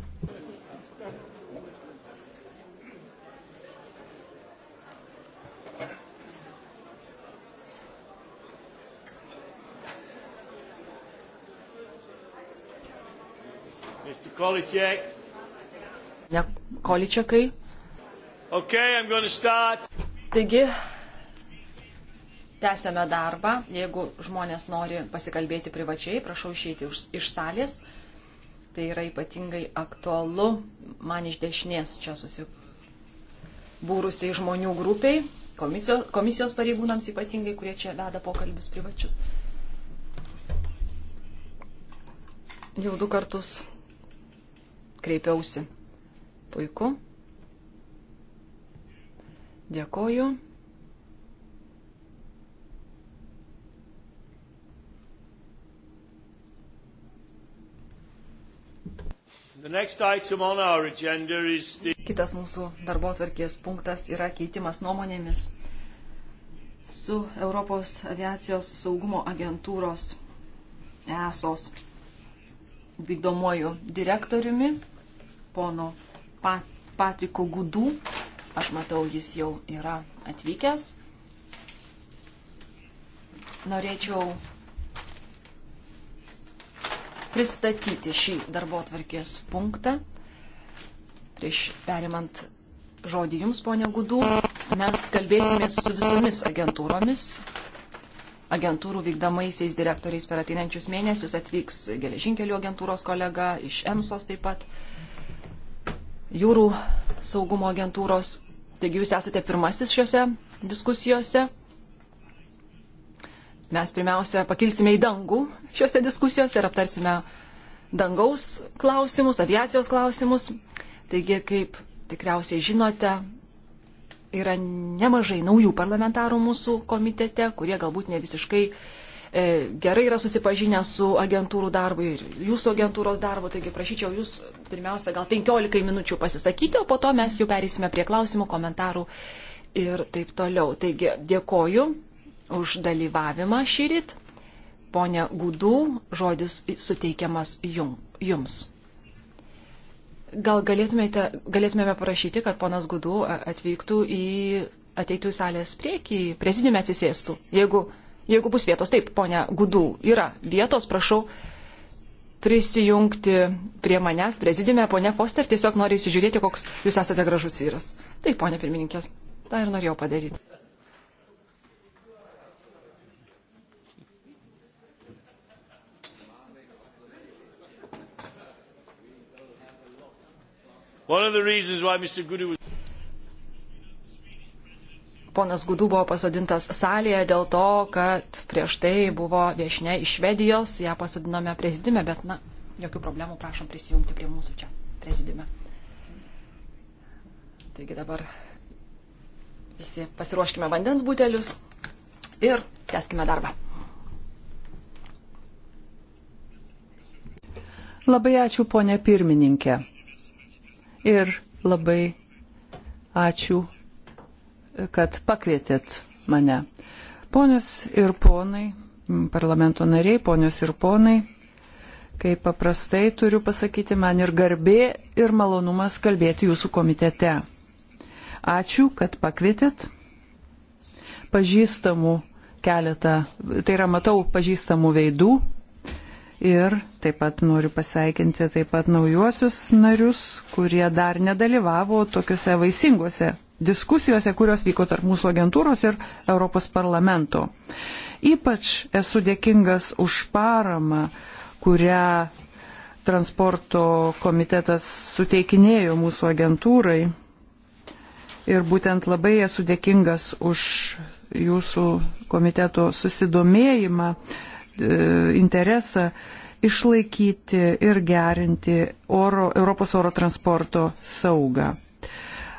Mr. Kolicek. Količiakai. Okay, Taigi, tęsėme darbą. Jeigu žmonės nori pasikalbėti privačiai, prašau išeiti iš, iš salės. Tai yra ypatingai aktualu man iš dešinės čia susibūrusiai žmonių grupiai, komisijos, komisijos pareigūnams ypatingai, kurie čia veda pokalbius privačius. Jau du kartus kreipiausi Puiku. Dėkoju. The... Kitas mūsų darbo atvarkės punktas yra keitimas nuomonėmis su Europos aviacijos saugumo agentūros ESOS vykdomuoju direktoriumi, pono Pat, Patriko Gudų. Aš matau, jis jau yra atvykęs. Norėčiau pristatyti šį darbo atvarkės punktą. Prieš perimant žodį jums, ponia Gudų, mes kalbėsime su visomis agentūromis. Agentūrų vykdomaisiais direktoriais per ateinančius mėnesius atvyks geležinkelių agentūros kolega iš EMSOS taip pat jūrų saugumo agentūros. Taigi jūs esate pirmasis šiuose diskusijose. Mes pirmiausia pakilsime į dangų šiuose diskusijose ir aptarsime dangaus klausimus, aviacijos klausimus. Taigi, kaip tikriausiai žinote, yra nemažai naujų parlamentarų mūsų komitete, kurie galbūt ne visiškai uh, E, gerai yra susipažinę su agentūrų darbu ir jūsų agentūros darbu, taigi prašyčiau jūs pirmiausia gal 15 minučių pasisakyti, o po to mes jau perėsime prie klausimų, komentarų ir taip toliau. Taigi dėkoju už dalyvavimą šį rytą. Pone Gudų, žodis suteikiamas jums. Gal galėtumėme parašyti, kad ponas Gudų atvyktų į ateitų į salės priekį, prezidiume atsisėstų, jeigu Jeigu bus vietos, taip, ponia Gudų, yra vietos, prašau prisijungti prie manęs, prezidime, ponia Foster, tiesiog noriu įsižiūrėti, koks jūs esate gražus vyras. Taip, ponia pirmininkės, tą ir norėjau padaryti. One of the reasons why Mr. Goody was ponas Gudų buvo pasodintas salėje dėl to, kad prieš tai buvo viešne iš Švedijos, ją pasodinome prezidime, bet, na, jokių problemų, prašom prisijungti prie mūsų čia prezidime. Taigi dabar visi pasiruoškime vandens butelius ir tęskime darbą. Labai ačiū, ponė pirmininkė. Ir labai ačiū kad pakvietėt mane. Ponios ir ponai, parlamento nariai, ponios ir ponai, kaip paprastai turiu pasakyti, man ir garbė, ir malonumas kalbėti jūsų komitete. Ačiū, kad pakvietėt. Pažįstamų keletą, tai yra matau pažįstamų veidų. Ir taip pat noriu pasveikinti taip pat naujuosius narius, kurie dar nedalyvavo tokiuose vaisinguose diskusijose, kurios vyko tarp mūsų agentūros ir Europos parlamento. Ypač esu dėkingas už paramą, kurią transporto komitetas suteikinėjo mūsų agentūrai. Ir būtent labai esu dėkingas už jūsų komiteto susidomėjimą, e, interesą išlaikyti ir gerinti oro, Europos oro transporto saugą.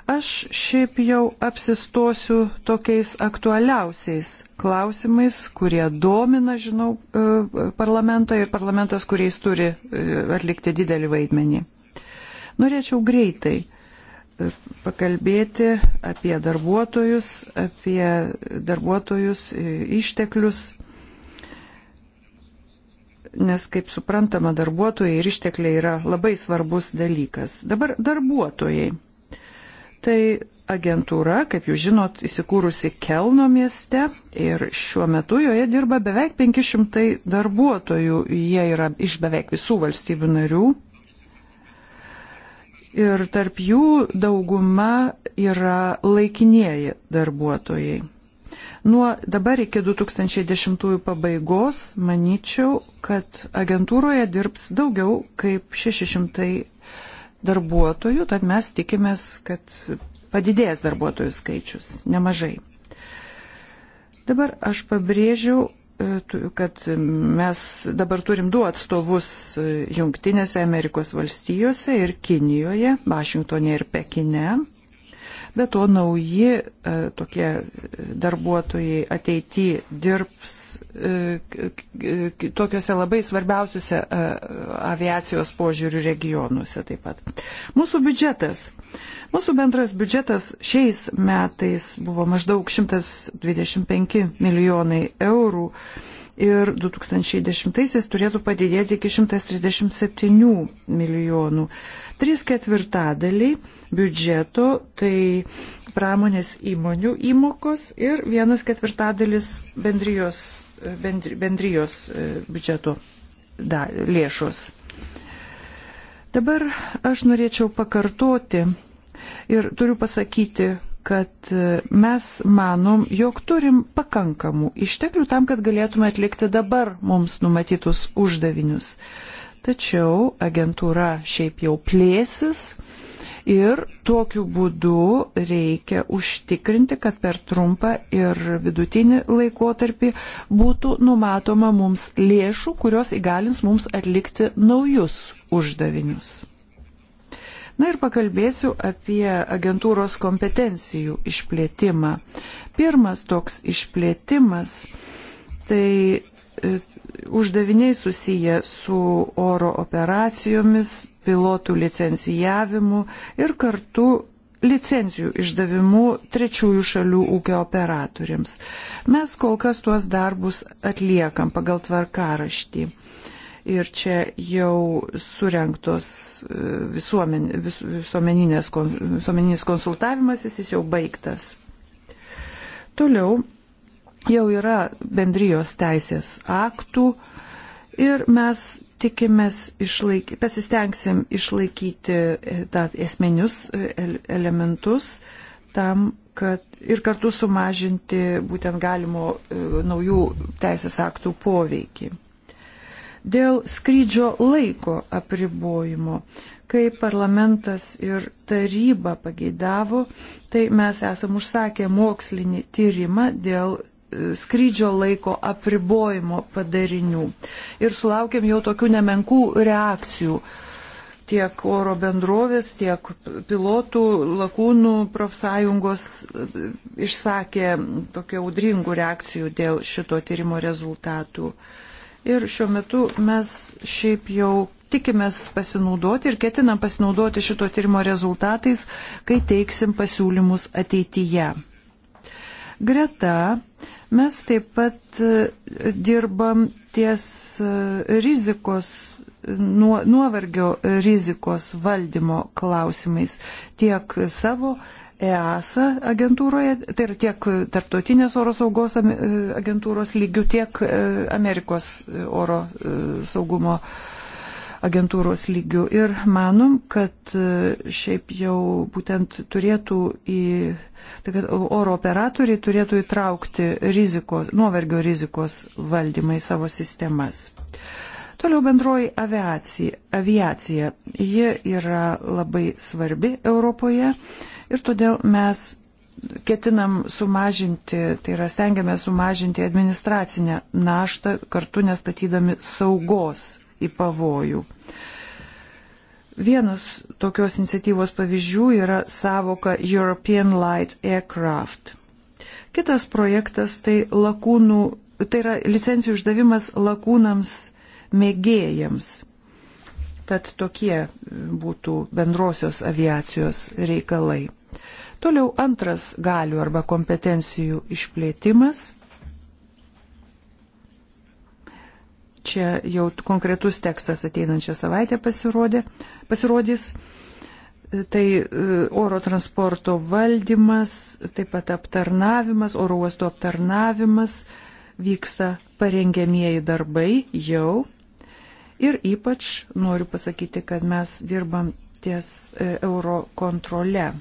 Aš šiaip jau apsistosiu tokiais aktualiausiais klausimais, kurie domina, žinau, e, parlamentą ir parlamentas, kuriais turi e, atlikti didelį vaidmenį. Norėčiau greitai e, pakalbėti apie darbuotojus, apie darbuotojus išteklius, nes, kaip suprantama, darbuotojai ir ištekliai yra labai svarbus dalykas. Dabar darbuotojai Tai agentūra, kaip jūs žinot, įsikūrusi Kelno mieste ir šiuo metu joje dirba beveik 500 darbuotojų, jie yra iš beveik visų valstybių narių. Ir tarp jų dauguma yra laikinieji darbuotojai. Nuo dabar iki 2010 pabaigos manyčiau, kad agentūroje dirbs daugiau kaip 600 darbuotojų, tad mes tikimės, kad padidės darbuotojų skaičius nemažai. Dabar aš pabrėžiau, e, kad mes dabar turim du atstovus e, Junktinėse Amerikos valstijose ir Kinijoje, Vašingtonė ir Pekine. Be to, nauji e, tokie darbuotojai ateityje dirbs e, tokiuose labai svarbiausiuose e, aviacijos požiūrių regionuose taip pat. Mūsų biudžetas. Mūsų bendras biudžetas šiais metais buvo maždaug 125 milijonai eurų ir 2010-aisiais turėtų padidėti iki 137 milijonų. Trys ketvirtadaliai biudžeto tai pramonės įmonių įmokos ir vienas ketvirtadalis bendrijos, bendri, bendrijos e, biudžeto da, lėšos. Dabar aš norėčiau pakartoti ir turiu pasakyti kad e, mes manom, jog turim pakankamų išteklių tam, kad galėtume atlikti dabar mums numatytus uždavinius. Tačiau agentūra šiaip jau plėsis ir tokiu būdu reikia užtikrinti, kad per trumpą ir vidutinį laikotarpį būtų numatoma mums lėšų, kurios įgalins mums atlikti naujus uždavinius. Na ir pakalbėsiu apie agentūros kompetencijų išplėtimą. Pirmas toks išplėtimas tai e, uždaviniai susiję su oro operacijomis, pilotų licencijavimu ir kartu licencijų išdavimu trečiųjų šalių ūkio operatoriams. Mes kol kas tuos darbus atliekam pagal tvarkaraštį ir čia jau surenktos e, visuomen, vis, visuomeninės, visuomeninis konsultavimas, jis jau baigtas. Toliau jau yra bendrijos teisės aktų ir mes tikimės išlaikyti, pasistengsim išlaikyti e, tą esminius e, elementus tam, kad ir kartu sumažinti būtent galimo naujų teisės aktų poveikį. Dėl skrydžio laiko apribojimo, kai parlamentas ir taryba pageidavo, tai mes esam užsakę mokslinį tyrimą dėl e, skrydžio laiko apribojimo padarinių. Ir sulaukėm jau tokių nemenkų reakcijų tiek oro bendrovės, tiek pilotų, lakūnų profsąjungos e, išsakė tokių audringų reakcijų dėl šito tyrimo rezultatų. Ir šiuo metu mes šiaip jau tikimės pasinaudoti ir ketinam pasinaudoti šito tyrimo rezultatais, kai teiksim pasiūlymus ateityje. Greta mes taip pat e, dirbam ties e, rizikos, nuo, nuovargio rizikos valdymo klausimais tiek savo EASA agentūroje, tai yra tiek tarptautinės oro saugos e, agentūros lygių, tiek e, Amerikos e, oro saugumo agentūros lygių. Ir manom, kad šiaip jau būtent turėtų į, tai kad oro operatoriai turėtų įtraukti riziko, nuovergio rizikos valdymą į savo sistemas. Toliau bendroji aviacija. aviacija. Ji yra labai svarbi Europoje. Uh, Ir todėl mes ketinam sumažinti, tai yra stengiamės sumažinti administracinę naštą kartu nestatydami saugos į pavojų. Vienas tokios iniciatyvos pavyzdžių yra savoka European Light Aircraft. Kitas projektas tai lakūnų, tai yra licencijų išdavimas lakūnams mėgėjams. Tad tokie būtų bendrosios aviacijos reikalai. Toliau antras galių arba kompetencijų išplėtimas. Čia jau konkretus tekstas ateinančią savaitę pasirodė, pasirodys tai e, oro transporto valdymas, taip pat aptarnavimas, oro uosto aptarnavimas, vyksta parengėmieji darbai jau. Ir ypač noriu pasakyti, kad mes dirbam ties e, euro kontrole.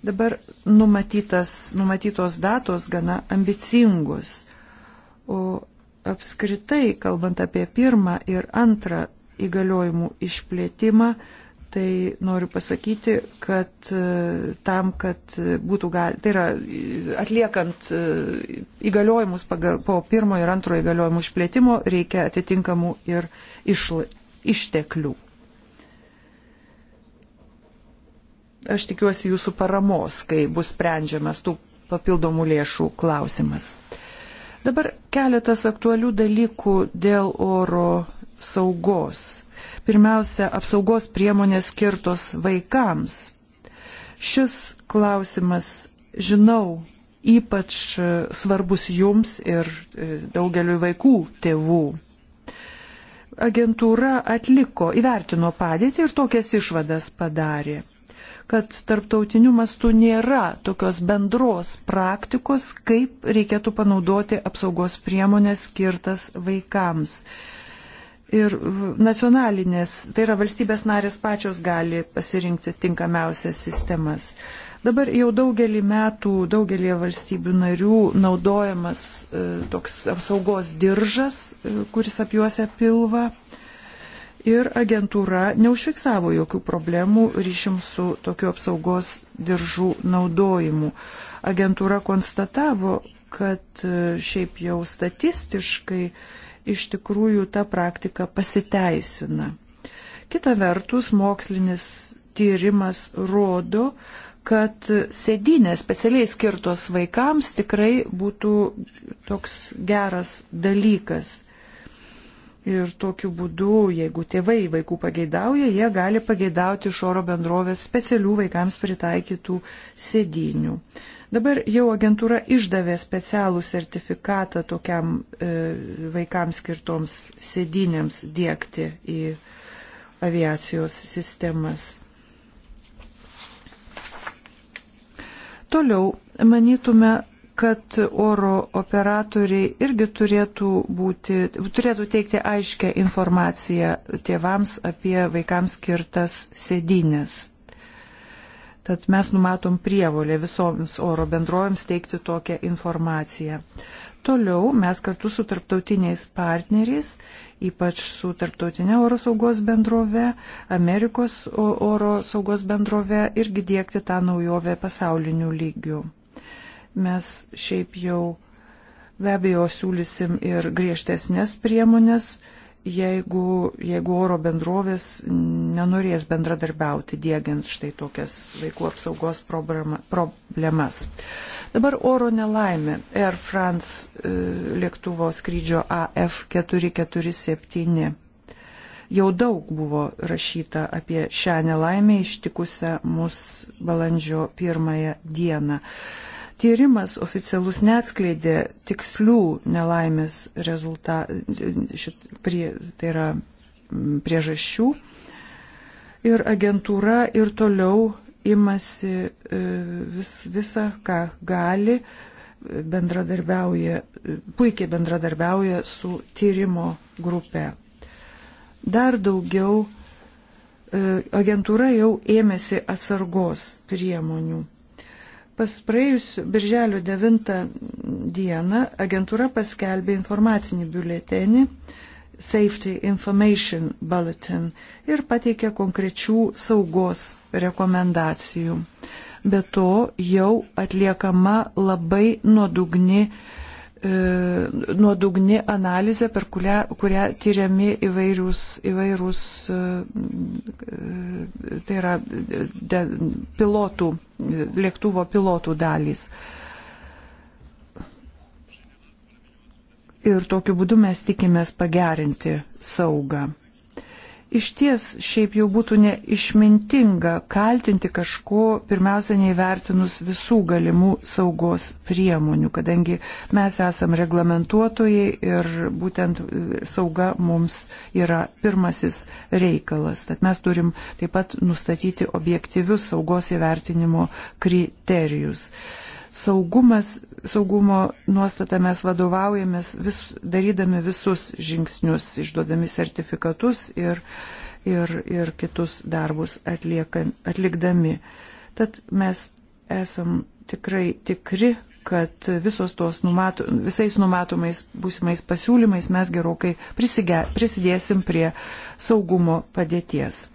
Dabar numatytas, numatytos datos gana ambicingos. O apskritai, kalbant apie pirmą ir antrą įgaliojimų išplėtimą, tai noriu pasakyti, kad e, tam, kad būtų gal, tai yra atliekant e, įgaliojimus pagal, po pirmo ir antro įgaliojimų išplėtimo reikia atitinkamų ir išla, išteklių. aš tikiuosi jūsų paramos, kai bus sprendžiamas tų papildomų lėšų klausimas. Dabar keletas aktualių dalykų dėl oro saugos. Pirmiausia, apsaugos priemonės skirtos vaikams. Šis klausimas, žinau, ypač svarbus jums ir e, daugeliu vaikų tėvų. Agentūra atliko, įvertino padėtį ir tokias išvadas padarė kad tarptautiniu mastu nėra tokios bendros praktikos, kaip reikėtų panaudoti apsaugos priemonės skirtas vaikams. Ir nacionalinės, tai yra valstybės narės pačios gali pasirinkti tinkamiausias sistemas. Dabar jau daugelį metų, daugelį valstybių narių naudojamas e, toks apsaugos diržas, e, kuris apjuosia pilvą ir agentūra neužfiksavo jokių problemų ryšim su tokiu apsaugos diržų naudojimu. Agentūra konstatavo, kad e, šiaip jau statistiškai iš tikrųjų ta praktika pasiteisina. Kita vertus, mokslinis tyrimas rodo, kad sėdinės specialiai skirtos vaikams tikrai būtų toks geras dalykas. Ir tokiu būdu, jeigu tėvai vaikų pageidauja, jie gali pageidauti iš oro bendrovės specialių vaikams pritaikytų sėdynių. Dabar jau agentūra išdavė specialų sertifikatą tokiam e, vaikams skirtoms sėdynėms dėkti į aviacijos sistemas. Toliau, manytume, kad oro operatoriai irgi turėtų, būti, turėtų teikti aiškę informaciją tėvams apie vaikams skirtas sėdynės. Tad mes numatom prievolę visoms oro bendrojams teikti tokią informaciją. Toliau mes kartu su tarptautiniais partneriais, ypač su tarptautinė oro saugos bendrove, Amerikos oro saugos bendrove irgi dėkti tą naujovę pasauliniu lygiu. Mes šiaip jau be abejo siūlysim ir griežtesnės priemonės, jeigu, jeigu oro bendrovės nenorės bendradarbiauti, dėgiant štai tokias vaikų apsaugos problemas. Dabar oro nelaimė. Air France e, lėktuvo skrydžio AF447. Jau daug buvo rašyta apie šią nelaimę ištikusią mus balandžio pirmąją dieną. Uh, Tyrimas oficialus neatskleidė tikslių nelaimės rezultatų, tai yra priežasčių. Ir agentūra ir toliau imasi e, vis, visą, ką gali, bendradarbiauja, puikiai bendradarbiauja su tyrimo grupė. Dar daugiau e, agentūra jau ėmėsi atsargos priemonių Pas praėjus birželio 9 dieną agentūra paskelbė informacinį biuletenį Safety Information Bulletin ir pateikė konkrečių saugos rekomendacijų. Be to jau atliekama labai nuodugni uh, E, nuodugni analizė, per kurią, kurią tyriami įvairūs, įvairūs e, e, tai yra de, pilotų, lėktuvo pilotų dalys. Ir tokiu būdu mes tikimės pagerinti saugą. Iš ties šiaip jau būtų neišmintinga kaltinti kažko, pirmiausia, neįvertinus visų galimų saugos priemonių, kadangi mes esam reglamentuotojai ir būtent e, sauga mums yra pirmasis reikalas. Tad mes turim taip pat nustatyti objektyvius saugos įvertinimo kriterijus. Saugumas saugumo nuostatą mes vadovaujamės vis, darydami visus žingsnius, išduodami sertifikatus ir, ir, ir kitus darbus atliekan, atlikdami. Tad mes esam tikrai tikri, kad visos tos numato, visais numatomais būsimais pasiūlymais mes gerokai prisige, prisidėsim prie saugumo padėties.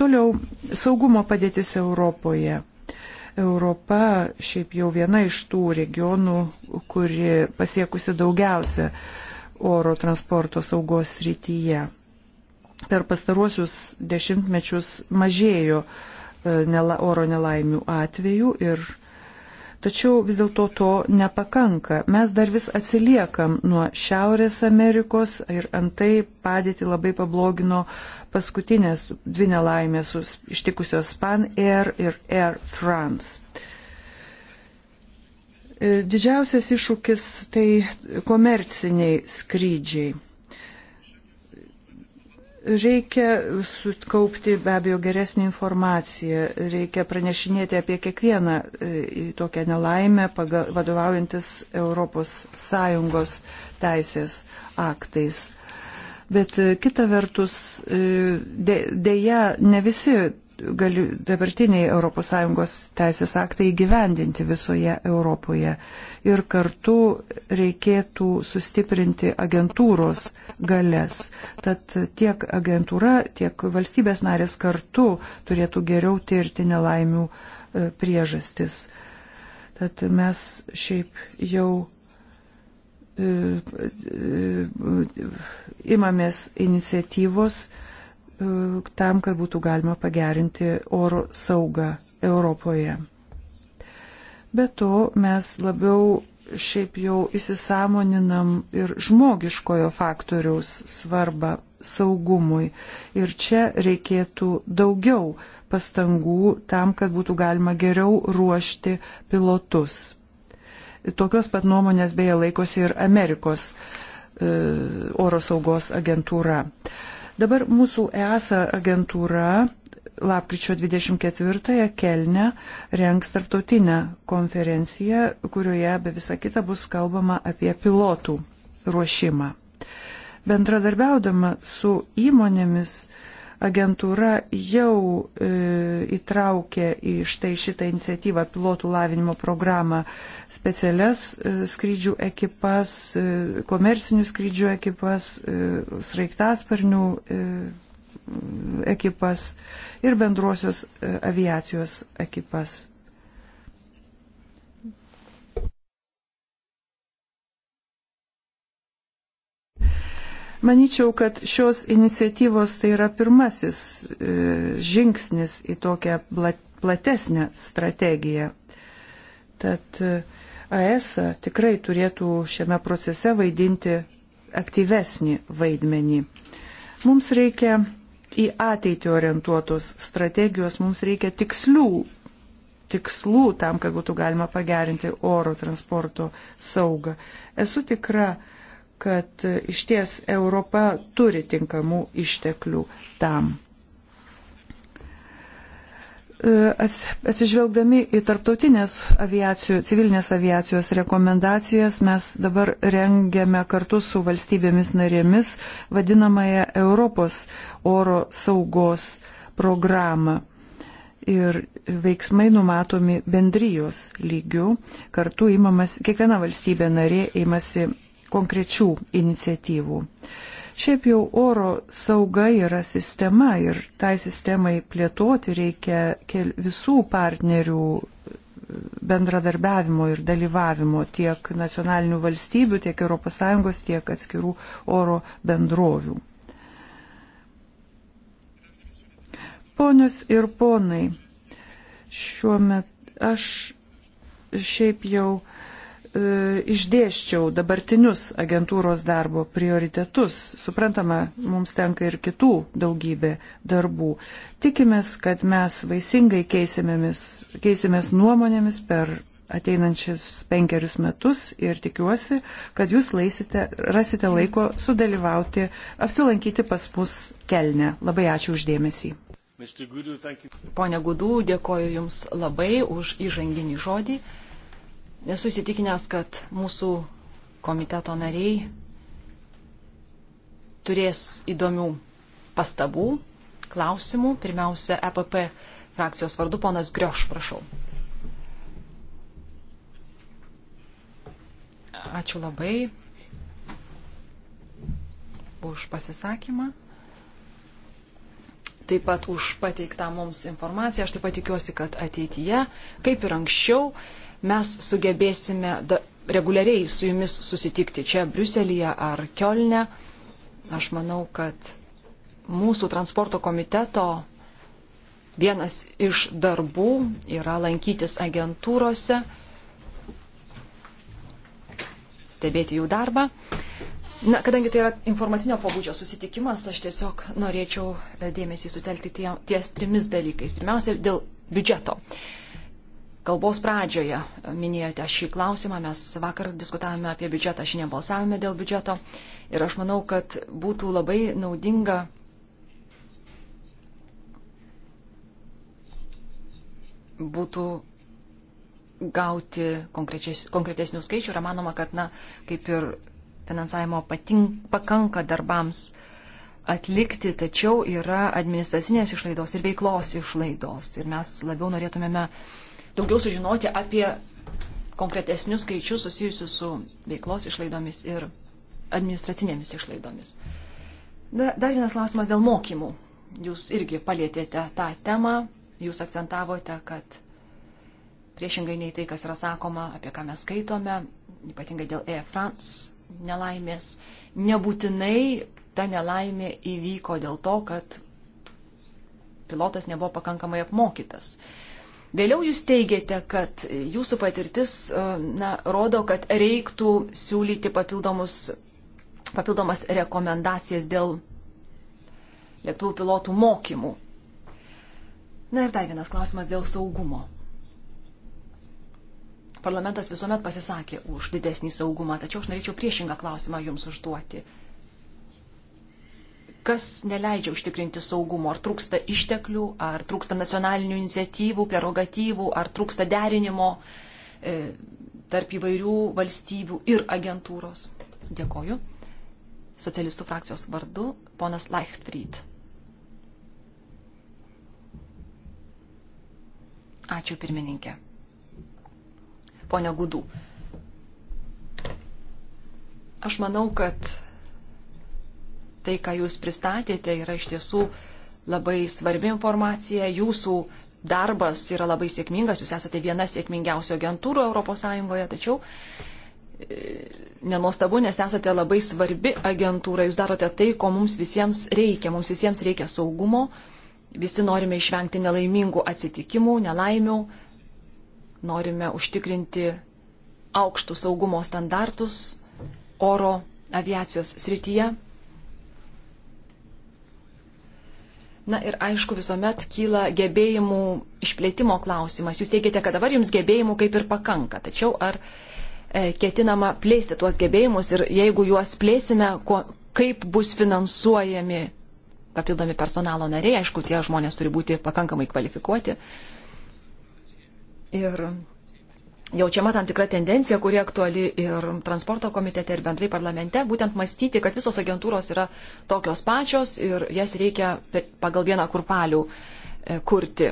Toliau saugumo padėtis Europoje. Europa šiaip jau viena iš tų regionų, kuri pasiekusi daugiausia oro transporto saugos srityje. Per pastaruosius dešimtmečius mažėjo e, oro nelaimių atvejų ir Tačiau vis dėlto to nepakanka. Mes dar vis atsiliekam nuo Šiaurės Amerikos ir antai padėti labai pablogino paskutinės dvi nelaimės ištikusios Span Air ir Air France. E, didžiausias iššūkis tai komerciniai skrydžiai Reikia sukaupti be abejo geresnį informaciją, reikia pranešinėti apie kiekvieną e, tokią nelaimę, pagal, vadovaujantis ES teisės aktais. Bet e, kita vertus, e, dėja, ne visi gali, dabartiniai ES teisės aktai įgyvendinti visoje Europoje. Ir kartu reikėtų sustiprinti agentūros galės. Tad tiek agentūra, tiek valstybės narės kartu turėtų geriau tirti nelaimių e, priežastis. Tad mes šiaip jau e, e, imamės iniciatyvos tam, kad būtų galima pagerinti oro saugą Europoje. Be to, mes labiau šiaip jau įsisamoninam ir žmogiškojo faktoriaus svarbą saugumui. Ir čia reikėtų daugiau pastangų tam, kad būtų galima geriau ruošti pilotus. Tokios pat nuomonės beje laikosi ir Amerikos e, oro saugos agentūra. Dabar mūsų EASA agentūra lapkričio 24-ąją Kelne rengs tarptautinę konferenciją, kurioje be visą kitą bus kalbama apie pilotų ruošimą. Bendradarbiaudama su įmonėmis, agentūra jau e, įtraukė į štai šitą iniciatyvą pilotų lavinimo programą specialias e, skrydžių ekipas, e, komersinių skrydžių ekipas, e, sraigtasparnių e, ekipas ir bendruosios e, aviacijos ekipas. Maničiau, kad šios iniciatyvos tai yra pirmasis e, žingsnis į tokią platesnę strategiją. Tad AESA e tikrai turėtų šiame procese vaidinti aktyvesnį vaidmenį. Mums reikia į ateitį orientuotos strategijos, mums reikia tikslių tikslų tam, kad būtų galima pagerinti oro transporto saugą. Esu tikra, kad iš ties Europa turi tinkamų išteklių tam. E, atsižvelgdami į tarptautinės aviacijos, civilinės aviacijos rekomendacijas, mes dabar rengiame kartu su valstybėmis narėmis vadinamąją Europos oro saugos programą. Ir veiksmai numatomi bendrijos lygių, kartu įmamas, kiekviena valstybė narė įmasi konkrečių iniciatyvų. Uh, Šiaip jau oro sauga yra sistema ir tai sistemai plėtoti reikia visų partnerių e, bendradarbiavimo ir dalyvavimo tiek nacionalinių valstybių, tiek ES, tiek atskirų oro bendrovių. Ponios ir ponai, šiuo metu aš šiaip jau uh, E, išdėščiau dabartinius agentūros darbo prioritetus. Suprantama, mums tenka ir kitų daugybė darbų. Tikimės, kad mes vaisingai keisimės nuomonėmis per ateinančius penkerius metus ir tikiuosi, kad jūs laisite, rasite laiko sudalyvauti, apsilankyti pas mus kelne. Labai ačiū uždėmesį. Pone Gudų, dėkoju Jums labai už įžanginį žodį. Esu įsitikinęs, kad mūsų komiteto nariai turės įdomių pastabų, klausimų. Pirmiausia, EPP frakcijos vardu ponas Grioš, prašau. Ačiū labai už pasisakymą. Taip pat už pateiktą mums informaciją. Aš taip pat tikiuosi, kad ateityje, kaip ir anksčiau, mes sugebėsime da, reguliariai su jumis susitikti čia Briuselėje ar Kielne. Aš manau, kad mūsų transporto komiteto vienas iš darbų yra lankytis agentūrose, stebėti jų darbą. Na, kadangi tai yra informacinio pobūdžio susitikimas, aš tiesiog norėčiau dėmesį sutelkti tie, ties trimis dalykais. Pirmiausia, dėl biudžeto. Uh, kalbos pradžioje minėjote šį klausimą. Mes vakar diskutavome apie biudžetą, šiandien balsavome dėl biudžeto. Ir aš manau, kad būtų labai naudinga būtų gauti konkretesnių skaičių. Yra manoma, kad, na, kaip ir finansavimo patink, pakanka darbams atlikti, tačiau yra administracinės išlaidos ir veiklos išlaidos. Ir mes labiau norėtumėme uh, daugiau sužinoti apie konkretesnius skaičius susijusius su veiklos išlaidomis ir administracinėmis išlaidomis. Dar vienas klausimas dėl mokymų. Jūs irgi palėtėte tą temą, jūs akcentavote, kad priešingai nei tai, kas yra sakoma, apie ką mes skaitome, ypatingai dėl Air e France nelaimės, nebūtinai ta nelaimė įvyko dėl to, kad pilotas nebuvo pakankamai apmokytas. Vėliau jūs teigiate, kad jūsų patirtis e, na, rodo, kad reiktų siūlyti papildomas rekomendacijas dėl lėktuvų pilotų mokymų. Na ir dar vienas klausimas dėl saugumo. Parlamentas visuomet pasisakė už didesnį saugumą, tačiau aš norėčiau priešingą klausimą jums užduoti kas neleidžia užtikrinti saugumo, ar trūksta išteklių, ar trūksta nacionalinių iniciatyvų, prerogatyvų, ar trūksta derinimo e, tarp įvairių valstybių ir agentūros. Dėkoju. Socialistų frakcijos vardu ponas Leichtfried. Ačiū pirmininkė. Pone Gudų. Aš manau, kad tai, ką jūs pristatėte, yra iš tiesų labai svarbi informacija. Jūsų darbas yra labai sėkmingas, jūs esate viena sėkmingiausių agentūrų ES, tačiau e, nenostabu, nes esate labai svarbi agentūra, jūs darote tai, ko mums visiems reikia. Mums visiems reikia saugumo, visi norime išvengti nelaimingų atsitikimų, nelaimių, norime užtikrinti aukštų saugumo standartus oro aviacijos srityje. Na ir aišku, visuomet kyla gebėjimų išplėtimo klausimas. Jūs teigiate, kad dabar jums gebėjimų kaip ir pakanka. Tačiau ar e, ketinama plėsti tuos gebėjimus ir jeigu juos plėsime, ko, kaip bus finansuojami papildomi personalo nariai, aišku, tie žmonės turi būti pakankamai kvalifikuoti. Ir jaučiama tam tikra tendencija, kuri aktuali ir transporto komitete, ir bendrai parlamente, būtent mąstyti, kad visos agentūros yra tokios pačios ir jas reikia pagal vieną kurpalių e, kurti.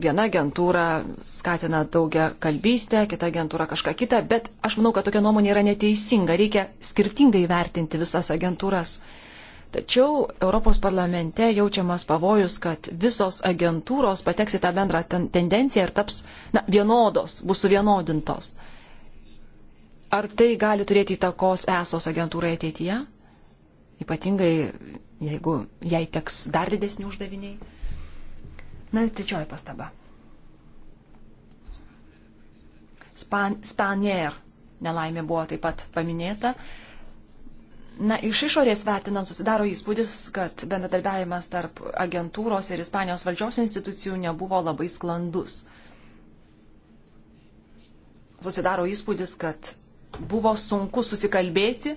Viena agentūra skatina daugia kalbystę, kita agentūra kažką kitą, bet aš manau, kad tokia nuomonė yra neteisinga. Reikia skirtingai vertinti visas agentūras. Tačiau Europos parlamente jaučiamas pavojus, kad visos agentūros pateks į tą bendrą ten, tendenciją ir taps na, vienodos, bus suvienodintos. Ar tai gali turėti įtakos esos agentūrai ateityje? Ypatingai, jeigu jai teks dar didesni uždaviniai. Na ir trečioji pastaba. Span, Spanier nelaimė buvo taip pat paminėta. Na, iš išorės vertinant susidaro įspūdis, kad bendradarbiavimas tarp agentūros ir Ispanijos valdžios institucijų nebuvo labai sklandus. Susidaro įspūdis, kad buvo sunku susikalbėti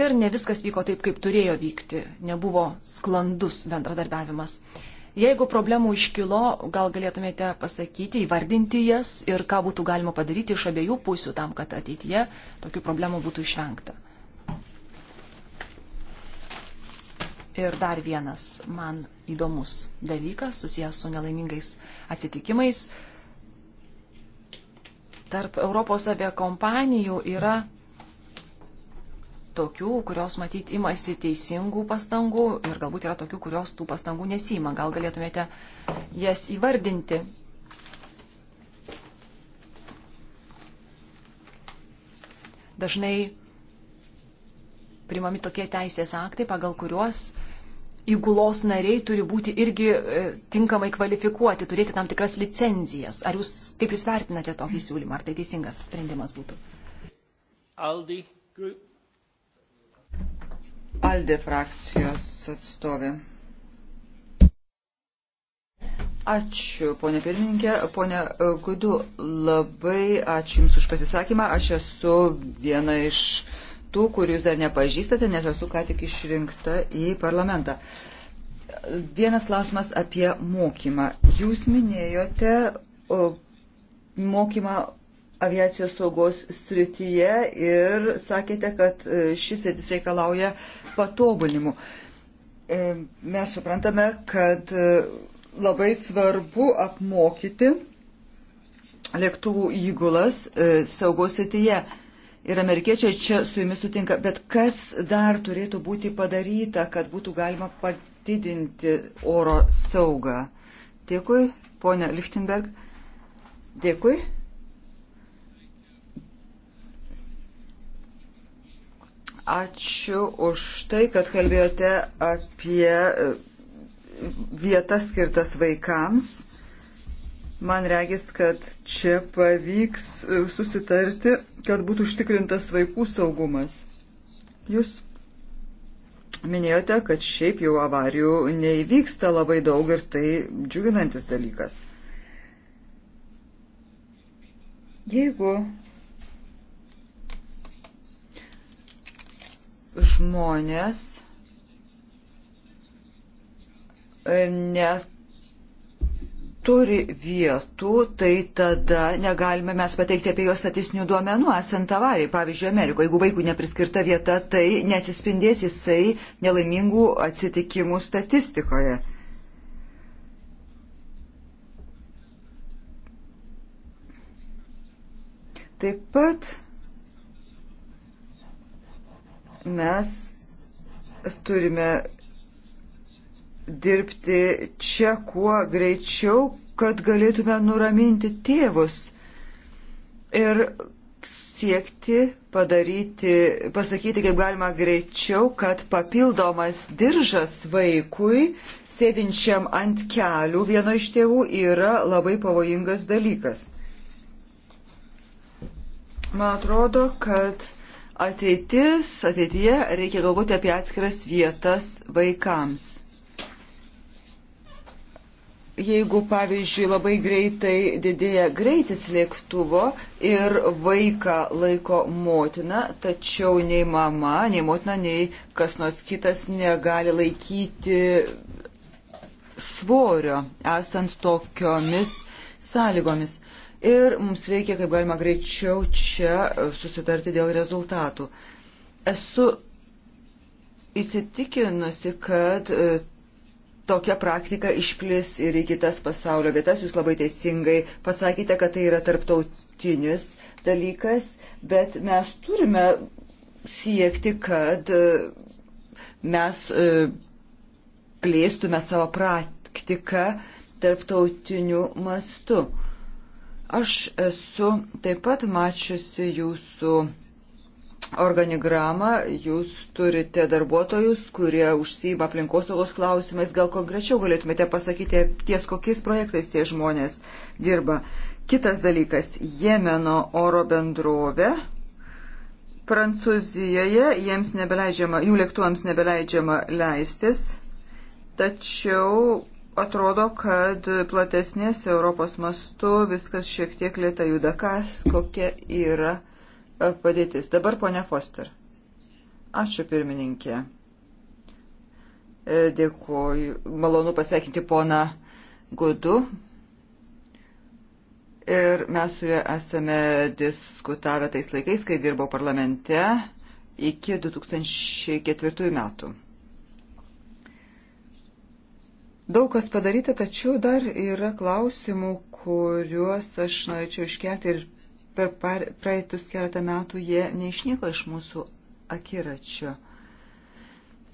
ir ne viskas vyko taip, kaip turėjo vykti. Nebuvo sklandus bendradarbiavimas. Jeigu problemų iškilo, gal galėtumėte pasakyti, įvardinti jas ir ką būtų galima padaryti iš abiejų pusių tam, kad ateityje tokių problemų būtų išvengta. Ir dar vienas man įdomus dalykas susijęs su nelaimingais atsitikimais. Tarp Europos aviakompanijų yra tokių, kurios matyt imasi teisingų pastangų ir galbūt yra tokių, kurios tų pastangų nesima. Gal galėtumėte jas įvardinti? Dažnai primami tokie teisės aktai, pagal kuriuos įgulos nariai turi būti irgi e, tinkamai kvalifikuoti, turėti tam tikras licenzijas. Ar jūs, kaip jūs vertinate tokį siūlymą, ar tai teisingas sprendimas būtų? Aldi, Aldi frakcijos atstovė. Ačiū, ponė pirmininkė. Pone e, Gudu, labai ačiū Jums už pasisakymą. Aš esu viena iš uh, tų, kurius dar nepažįstate, nes esu ką tik išrinkta į parlamentą. Vienas klausimas apie mokymą. Jūs minėjote mokymą aviacijos saugos srityje ir sakėte, kad e, šis sritis reikalauja patobulinimų. E, mes suprantame, kad e, labai svarbu apmokyti lėktuvų įgulas saugos srityje ir amerikiečiai čia su jumis sutinka, bet kas dar turėtų būti padaryta, kad būtų galima padidinti oro saugą? Dėkui, ponia Lichtenberg. Dėkui. Ačiū už tai, kad kalbėjote apie vietas skirtas vaikams. Man regis, kad čia pavyks e, susitarti, kad būtų užtikrintas vaikų saugumas. Jūs minėjote, kad šiaip jau avarijų neįvyksta labai daug ir tai džiuginantis dalykas. Jeigu žmonės e, net turi vietų, tai tada negalime mes pateikti apie juos statistinių duomenų esant avariai. Pavyzdžiui, Amerikoje, jeigu vaikų nepriskirta vieta, tai neatsispindės jisai nelaimingų atsitikimų statistikoje. Taip pat mes turime dirbti čia kuo greičiau, kad galėtume nuraminti tėvus ir siekti padaryti, pasakyti kaip galima greičiau, kad papildomas diržas vaikui, sėdinčiam ant kelių vieno iš tėvų, yra labai pavojingas dalykas. Man atrodo, kad ateitis, ateityje reikia galvoti apie atskiras vietas vaikams Jeigu, pavyzdžiui, labai greitai didėja greitis lėktuvo ir vaiką laiko motina, tačiau nei mama, nei motina, nei kas nors kitas negali laikyti svorio esant tokiomis sąlygomis. Ir mums reikia, kaip galima greičiau, čia susitarti dėl rezultatų. Esu įsitikinusi, kad e, tokia praktika išplis ir į kitas pasaulio vietas. Jūs labai teisingai pasakėte, kad tai yra tarptautinis dalykas, bet mes turime siekti, kad e, mes e, plėstume savo praktiką tarptautiniu mastu. Aš esu taip pat mačiusi jūsų organigramą, jūs turite darbuotojus, kurie užsima aplinkosaugos klausimais, gal konkrečiau galėtumėte pasakyti, ties kokiais projektais tie žmonės dirba. Kitas dalykas - Jemeno oro bendrovė. Prancūzijoje jiems nebeleidžiama, jų lėktuvams nebeleidžiama leistis, tačiau atrodo, kad platesnės Europos mastu viskas šiek tiek lėta juda. Kas, kokia yra E, padėtis. Dabar ponia Foster. Ačiū pirmininkė. E, Dėkuoju. Malonu pasveikinti poną Gudu. Ir mes su juo esame diskutavę tais laikais, kai dirbau parlamente iki 2004 metų. Daug kas padaryta, tačiau dar yra klausimų, kuriuos aš norėčiau iškelti ir per praeitus keletą metų jie neišnyko iš mūsų akiračio.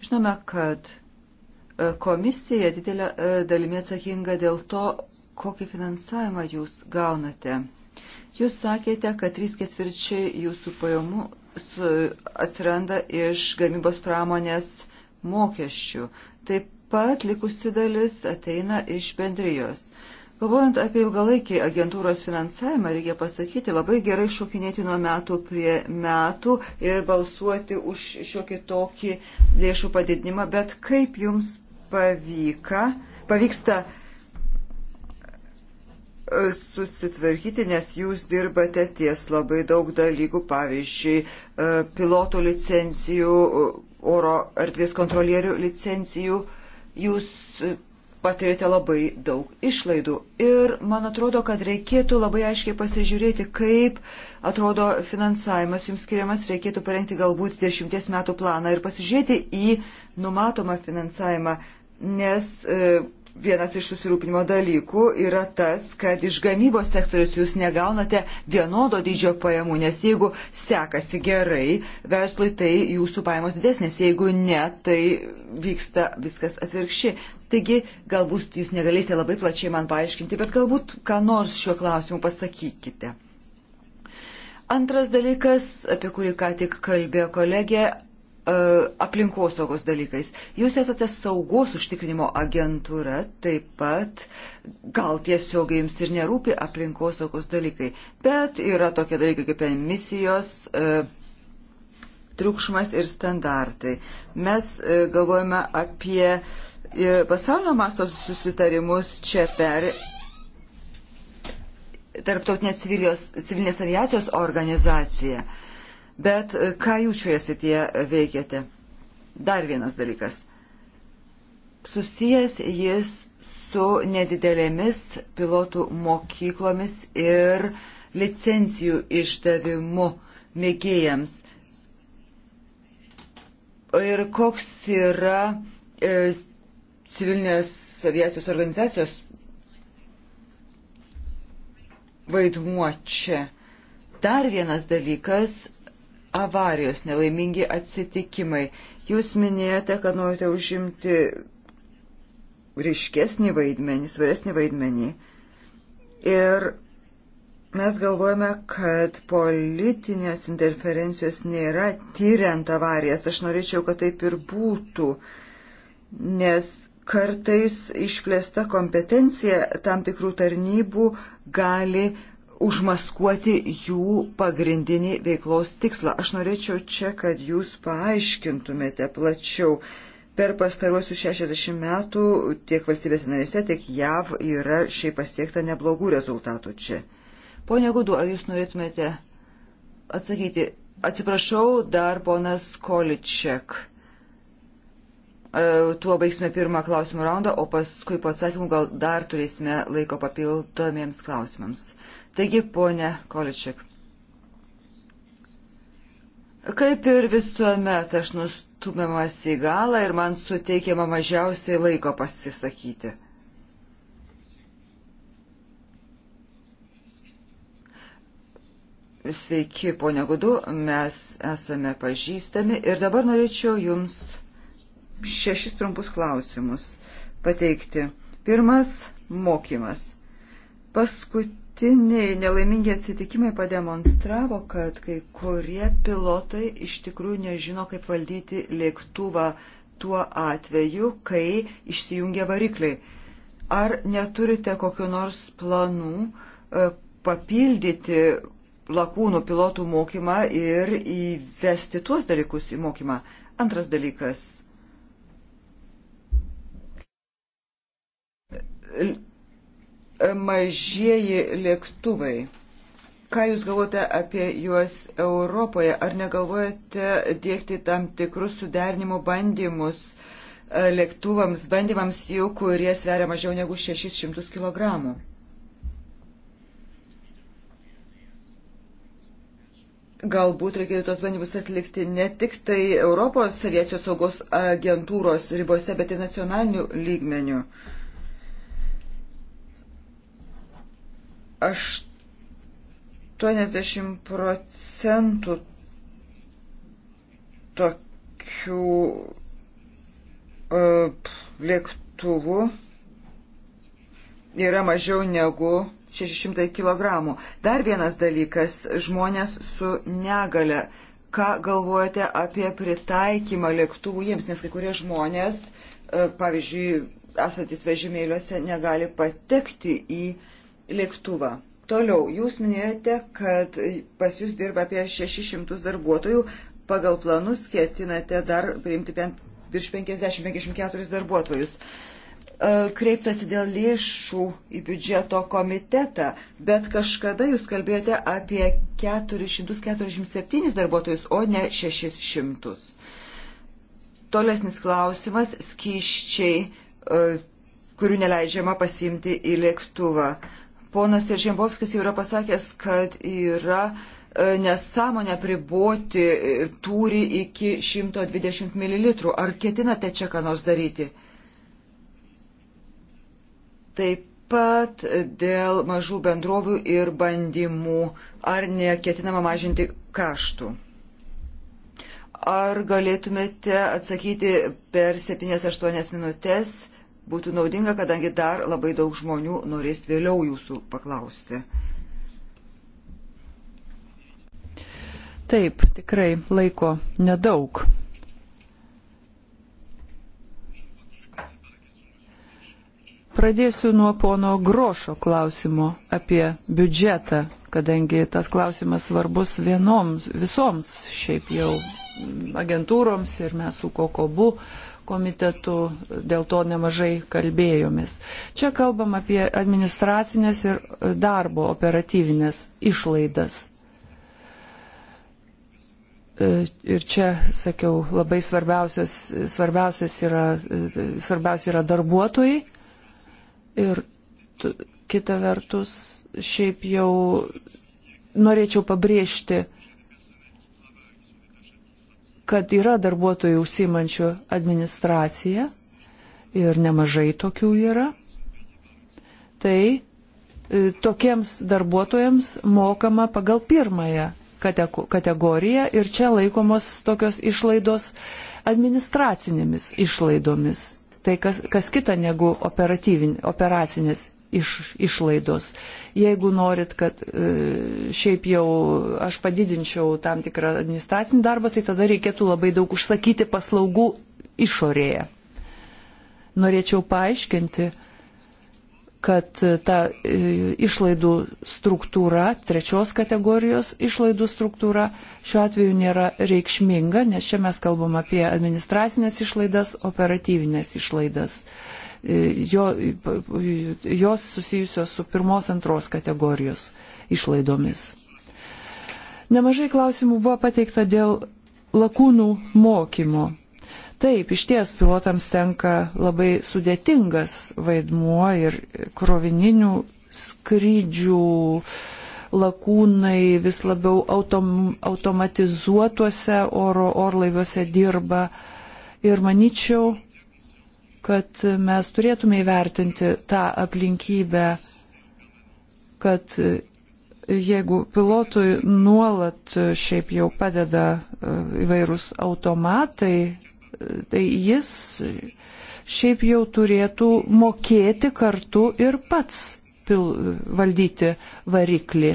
Žinome, kad e, komisija didelė e, dalimi atsakinga dėl to, kokį finansavimą jūs gaunate. Jūs sakėte, kad 3 ketvirčiai jūsų pajamų atsiranda iš gamybos pramonės mokesčių. Taip pat likusi dalis ateina iš bendrijos. Galvojant apie ilgalaikį agentūros finansavimą, reikia pasakyti, labai gerai šokinėti nuo metų prie metų ir balsuoti už šiokį tokį lėšų padidinimą, bet kaip jums pavyka, pavyksta e, susitvarkyti, nes jūs dirbate ties labai daug dalykų, pavyzdžiui, e, pilotų licencijų, e, oro erdvės kontrolierių licencijų, jūs patirėte labai daug išlaidų. Ir man atrodo, kad reikėtų labai aiškiai pasižiūrėti, kaip atrodo finansavimas jums skiriamas, reikėtų parengti galbūt dešimties metų planą ir pasižiūrėti į numatomą finansavimą, nes e, vienas iš susirūpinimo dalykų yra tas, kad iš gamybos sektorius jūs negaunate vienodo dydžio pajamų, nes jeigu sekasi gerai verslui, tai jūsų pajamos didesnės, jeigu ne, tai vyksta viskas atvirkščiai. Taigi, galbūt jūs negalėsite labai plačiai man paaiškinti, bet galbūt ką nors šiuo klausimu pasakykite. Antras dalykas, apie kurį ką tik kalbėjo kolegė, e, aplinkosaugos dalykais. Jūs esate saugos užtikrinimo agentūra, taip pat gal tiesiog jums ir nerūpi aplinkosaugos dalykai, bet yra tokie dalykai kaip emisijos, e, triukšmas ir standartai. Mes e, galvojame apie pasaulio masto susitarimus čia per Tarptautinė civilinės aviacijos organizacija. Bet e, ką jūs šioje srityje veikiate? Dar vienas dalykas. Susijęs jis su nedidelėmis pilotų mokyklomis ir licencijų išdavimu mėgėjams. Ir koks yra e, civilinės aviacijos organizacijos vaidmuo čia. Dar vienas dalykas - avarijos, nelaimingi atsitikimai. Jūs minėjote, kad norite užimti ryškesnį vaidmenį, svaresnį vaidmenį. Ir mes galvojame, kad politinės interferencijos nėra tyriant avarijas. Aš norėčiau, kad taip ir būtų, nes kartais išplėsta kompetencija tam tikrų tarnybų gali užmaskuoti jų pagrindinį veiklos tikslą. Aš norėčiau čia, kad jūs paaiškintumėte plačiau. Per pastaruosius 60 metų tiek valstybės narėse, tiek JAV yra šiaip pasiekta neblogų rezultatų čia. Pone Gudu, ar jūs norėtumėte atsakyti? Atsiprašau, dar ponas Količek E, tuo baigsime pirmą klausimų raundą, o paskui po atsakymų gal dar turėsime laiko papildomiems klausimams. Taigi, ponė Količik. Kaip ir visuomet, aš nustumiamas į galą ir man suteikiama mažiausiai laiko pasisakyti. Sveiki, ponia Gudu, mes esame pažįstami ir dabar norėčiau Jums šešis trumpus klausimus pateikti. Pirmas - mokymas. Paskutiniai nelaimingi atsitikimai pademonstravo, kad kai kurie pilotai iš tikrųjų nežino, kaip valdyti lėktuvą tuo atveju, kai išsijungia varikliai. Ar neturite kokiu nors planų e, papildyti lakūnų pilotų mokymą ir įvesti tuos dalykus į mokymą? Antras dalykas mažieji lėktuvai. Ką Jūs galvojate apie juos Europoje? Ar negalvojate dėkti tam tikrus suderinimo bandymus e, lėktuvams, bandymams jų, kurie sveria mažiau negu 600 kg? Galbūt reikėtų tos bandymus atlikti ne tik tai Europos aviacijos saugos agentūros ribose, bet ir nacionalinių lygmenių. Uh, 80 procentų tokių uh, lėktuvų yra mažiau negu 600 kg. Dar vienas dalykas - žmonės su negale. Ką galvojate apie pritaikymą lėktuvų jiems, nes kai kurie žmonės, uh, pavyzdžiui, esantis vežimėliuose, negali patekti į uh, lėktuvą. Toliau, jūs minėjote, kad pas jūs dirba apie 600 darbuotojų, pagal planus ketinate dar priimti virš 50-54 darbuotojus. E, kreiptasi dėl lėšų į biudžeto komitetą, bet kažkada jūs kalbėjote apie 447 darbuotojus, o ne 600. Tolesnis klausimas - skyščiai, e, kurių neleidžiama pasimti į lėktuvą. Ponas Žembovskis jau yra pasakęs, kad yra e, nesąmonę priboti e, turi iki 120 ml. Ar ketinate čia ką nors daryti? Taip pat dėl mažų bendrovių ir bandymų. Ar neketinama mažinti kaštų? Ar galėtumėte atsakyti per 7-8 minutės? būtų naudinga, kadangi dar labai daug žmonių norės vėliau jūsų paklausti. Taip, tikrai laiko nedaug. Pradėsiu nuo pono Grošo klausimo apie biudžetą, kadangi tas klausimas svarbus vienoms, visoms šiaip jau agentūroms ir mes su Kokobu uh, komitetu dėl to nemažai kalbėjomės. Čia kalbam apie administracinės ir darbo operatyvinės išlaidas. E, ir čia, sakiau, labai svarbiausias, svarbiausias yra, e, svarbiausia yra darbuotojai. Ir kita vertus, šiaip jau norėčiau pabrėžti, kad yra darbuotojų užsimančių administraciją ir nemažai tokių yra, tai e, tokiems darbuotojams mokama pagal pirmąją kategoriją ir čia laikomos tokios išlaidos administracinėmis išlaidomis. Tai kas, kas kita negu operacinės iš, išlaidos. Jeigu norit, kad e, šiaip jau aš padidinčiau tam tikrą administracinį darbą, tai tada reikėtų labai daug užsakyti paslaugų išorėje. Norėčiau paaiškinti, kad e, ta e, išlaidų struktūra, trečios kategorijos išlaidų struktūra šiuo atveju nėra reikšminga, nes čia mes kalbam apie administracinės išlaidas, operatyvinės išlaidas. E, jo, jos susijusios su pirmos, antros kategorijos išlaidomis. Nemažai klausimų buvo pateikta dėl lakūnų mokymo. Taip, iš ties pilotams tenka labai sudėtingas vaidmuo ir krovininių skrydžių lakūnai vis labiau autom, automatizuotuose oro orlaiviuose dirba. Ir manyčiau, kad mes turėtume įvertinti tą aplinkybę, kad jeigu pilotui nuolat šiaip jau padeda e, įvairūs automatai, e, tai jis šiaip jau turėtų mokėti kartu ir pats pil, valdyti variklį.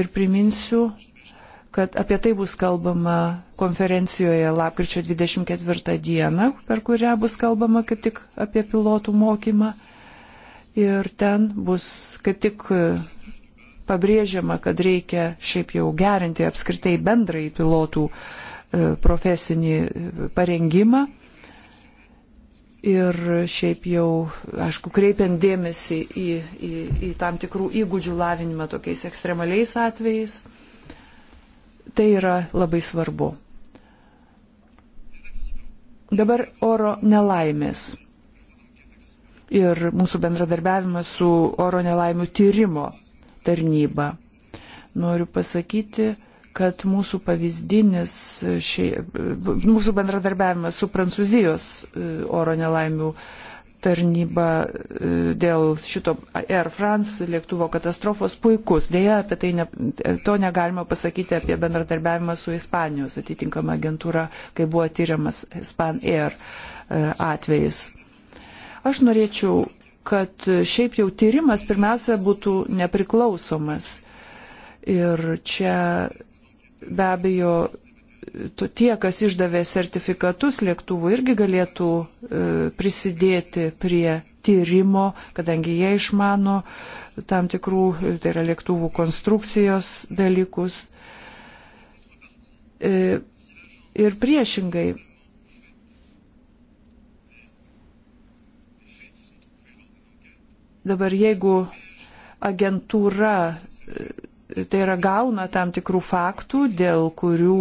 Ir priminsiu, kad apie tai bus kalbama konferencijoje lapkričio 24 dieną, per kurią bus kalbama kaip tik apie pilotų mokymą. Ir ten bus kaip tik pabrėžiama, kad reikia šiaip jau gerinti apskritai bendrai pilotų e, profesinį parengimą. Ir šiaip jau, aišku, kreipiant dėmesį į, į, į tam tikrų įgūdžių lavinimą tokiais ekstremaliais atvejais. Tai yra labai svarbu. Dabar oro nelaimės ir mūsų bendradarbiavimas su oro nelaimių tyrimo tarnyba. Noriu pasakyti, kad mūsų pavyzdinis, šie, mūsų bendradarbiavimas su Prancūzijos e, oro nelaimių tarnyba e, dėl šito Air France lėktuvo katastrofos puikus. Deja, apie tai ne, to negalima pasakyti apie bendradarbiavimą su Ispanijos atitinkama agentūra, kai buvo tyriamas Span Air e, atvejis. Aš norėčiau, kad šiaip jau tyrimas pirmiausia būtų nepriklausomas. Ir čia be abejo tie, kas išdavė sertifikatus lėktuvų, irgi galėtų e, prisidėti prie tyrimo, kadangi jie išmano tam tikrų, e, tai yra lėktuvų konstrukcijos dalykus. E, ir priešingai, dabar jeigu agentūra tai yra gauna tam tikrų faktų, dėl kurių,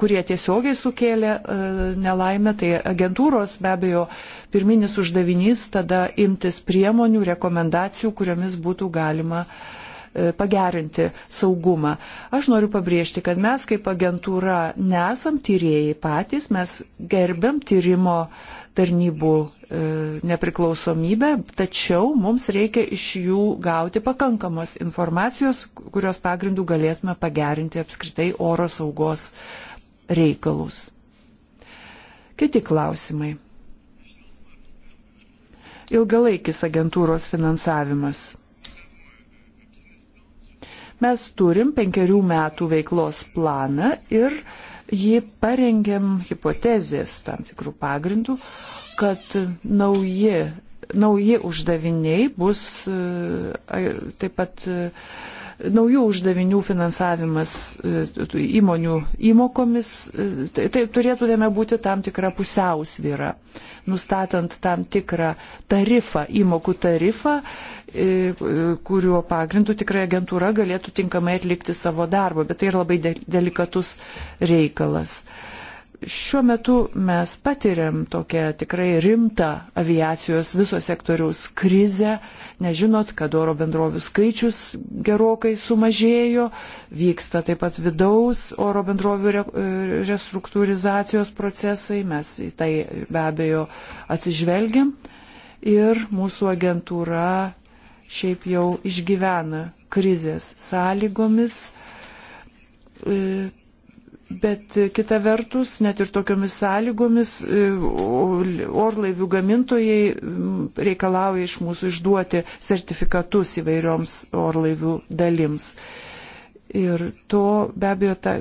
kurie tiesiogiai sukėlė e, nelaimę, tai agentūros be abejo pirminis uždavinys tada imtis priemonių, rekomendacijų, kuriomis būtų galima e, pagerinti saugumą. Aš noriu pabrėžti, kad mes kaip agentūra nesam tyrėjai patys, mes gerbiam tyrimo uh, tarnybų e, nepriklausomybę, tačiau mums reikia iš jų gauti pakankamos informacijos, kurios pagrindų galėtume pagerinti apskritai oro saugos reikalus. Kiti klausimai. Ilgalaikis agentūros finansavimas. Mes turim penkerių metų veiklos planą ir jį parengėm hipotezės tam tikrų pagrindų, kad nauji, nauji uždaviniai bus e, taip pat e, naujų uždavinių finansavimas e, įmonių įmokomis, tai, tai turėtume būti tam tikra pusiausvyra, nustatant tam tikrą tarifą, įmokų tarifą, kuriuo pagrindu tikrai agentūra galėtų tinkamai atlikti savo darbą, bet tai yra labai delikatus reikalas. Uh, Šiuo metu mes patiriam tokią tikrai rimtą aviacijos viso sektoriaus krizę. Nežinot, kad oro bendrovių skaičius gerokai sumažėjo, vyksta taip pat vidaus oro bendrovių e, restruktūrizacijos procesai, mes į tai be abejo atsižvelgiam. Ir mūsų agentūra šiaip jau išgyvena krizės sąlygomis e, Bet e, kita vertus, net ir tokiomis sąlygomis e, orlaivių gamintojai reikalauja iš mūsų išduoti sertifikatus įvairioms orlaivių dalims. Ir to be abejo ta,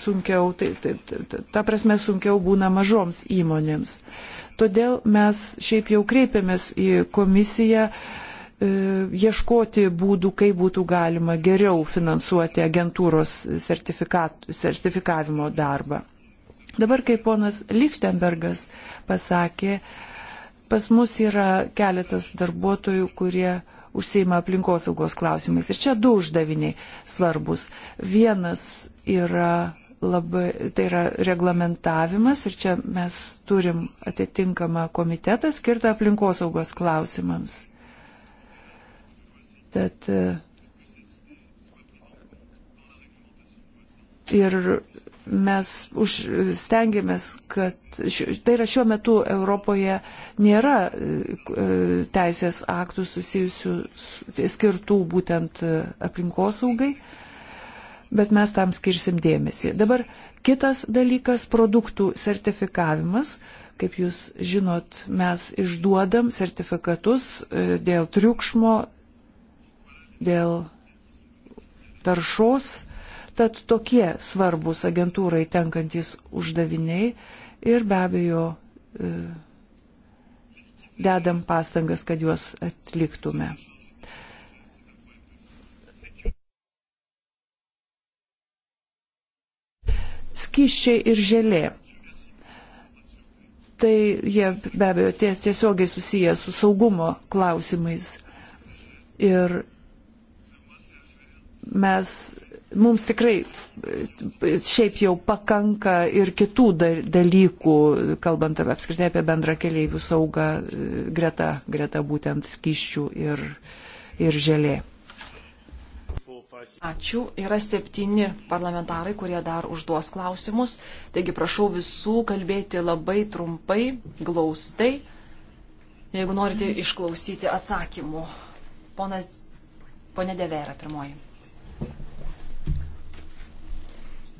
sunkiau, tai, tai, ta, ta prasme sunkiau būna mažoms įmonėms. Todėl mes šiaip jau kreipiamės į komisiją E, ieškoti būdų, kaip būtų galima geriau finansuoti agentūros sertifikavimo darbą. Dabar, kaip ponas Lichtenbergas pasakė, pas mus yra keletas darbuotojų, kurie užsieima aplinkosaugos klausimais. Ir čia du uždaviniai svarbus. Vienas yra labai, tai yra reglamentavimas ir čia mes turim atitinkamą komitetą skirtą aplinkosaugos klausimams. Tad e, ir mes už, stengiamės, kad ši, tai yra šiuo metu Europoje nėra e, teisės aktų susijusių skirtų būtent e, aplinkosaugai, bet mes tam skirsim dėmesį. Dabar kitas dalykas - produktų sertifikavimas. Kaip jūs žinot, mes išduodam sertifikatus dėl triukšmo dėl taršos, tad tokie svarbus agentūrai tenkantis uždaviniai ir be abejo e, dedam pastangas, kad juos atliktume. Skiščiai ir želė. Tai jie be abejo tiesiogiai susiję su saugumo klausimais. Ir mes, mums tikrai šiaip jau pakanka ir kitų dalykų, kalbant apie, apskritai apie bendrą keliaivių saugą greta, greta būtent skyščių ir, ir želė. Ačiū. Yra septyni parlamentarai, kurie dar užduos klausimus. Taigi prašau visų kalbėti labai trumpai, glaustai, jeigu norite išklausyti atsakymų. Ponas, ponė Devera pirmoji.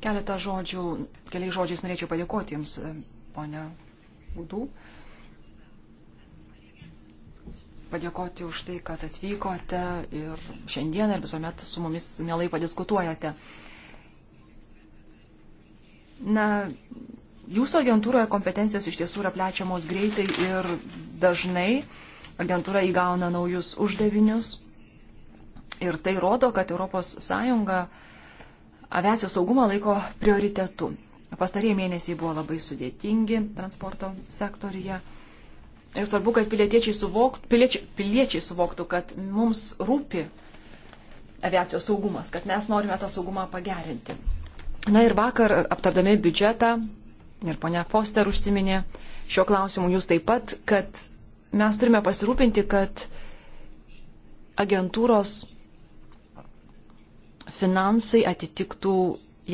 Keletą žodžių, keliais žodžiais norėčiau padėkoti Jums, e, ponia Gudų. Padėkoti už tai, kad atvykote ir šiandien ir visuomet su mumis mielai padiskutuojate. Na, jūsų agentūroje kompetencijos iš tiesų yra plečiamos greitai ir dažnai. Agentūra įgauna naujus uždavinius. Ir tai rodo, kad ES aviacijos saugumą laiko prioritetu. Pastarieji mėnesiai buvo labai sudėtingi transporto sektorija. Ir svarbu, kad piliečiai suvoktų, piliečiai, piliečiai suvoktų, kad mums rūpi aviacijos saugumas, kad mes norime tą saugumą pagerinti. Na ir vakar aptardami biudžetą, ir ponia Foster užsiminė šiuo klausimu jūs taip pat, kad mes turime pasirūpinti, kad agentūros finansai atitiktų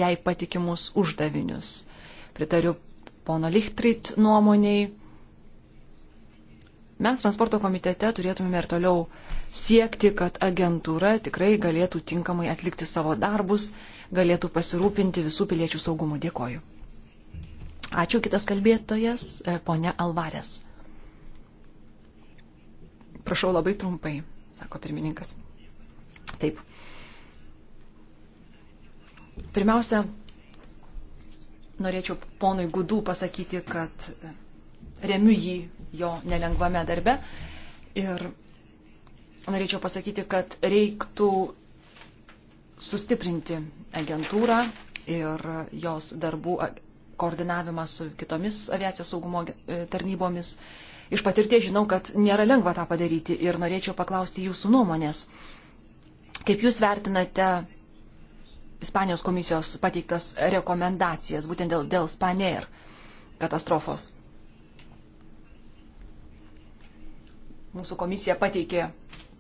jai patikimus uždavinius. Pritariu pono Lichtrit nuomoniai. Mes transporto komitete turėtumėme ir toliau siekti, kad agentūra tikrai galėtų tinkamai atlikti savo darbus, galėtų pasirūpinti visų piliečių saugumu. Dėkoju. Ačiū kitas kalbėtojas, e, ponia Alvarės. Prašau labai trumpai, sako pirmininkas. Taip. Pirmiausia, norėčiau ponui Gudų pasakyti, kad remiu jį jo nelengvame darbe ir norėčiau pasakyti, kad reiktų sustiprinti agentūrą ir jos darbų koordinavimą su kitomis aviacijos saugumo e, tarnybomis. Iš patirties žinau, kad nėra lengva tą padaryti ir norėčiau paklausti jūsų nuomonės. Kaip jūs vertinate Ispanijos komisijos pateiktas rekomendacijas, būtent dėl, dėl Spanair katastrofos. Mūsų komisija pateikė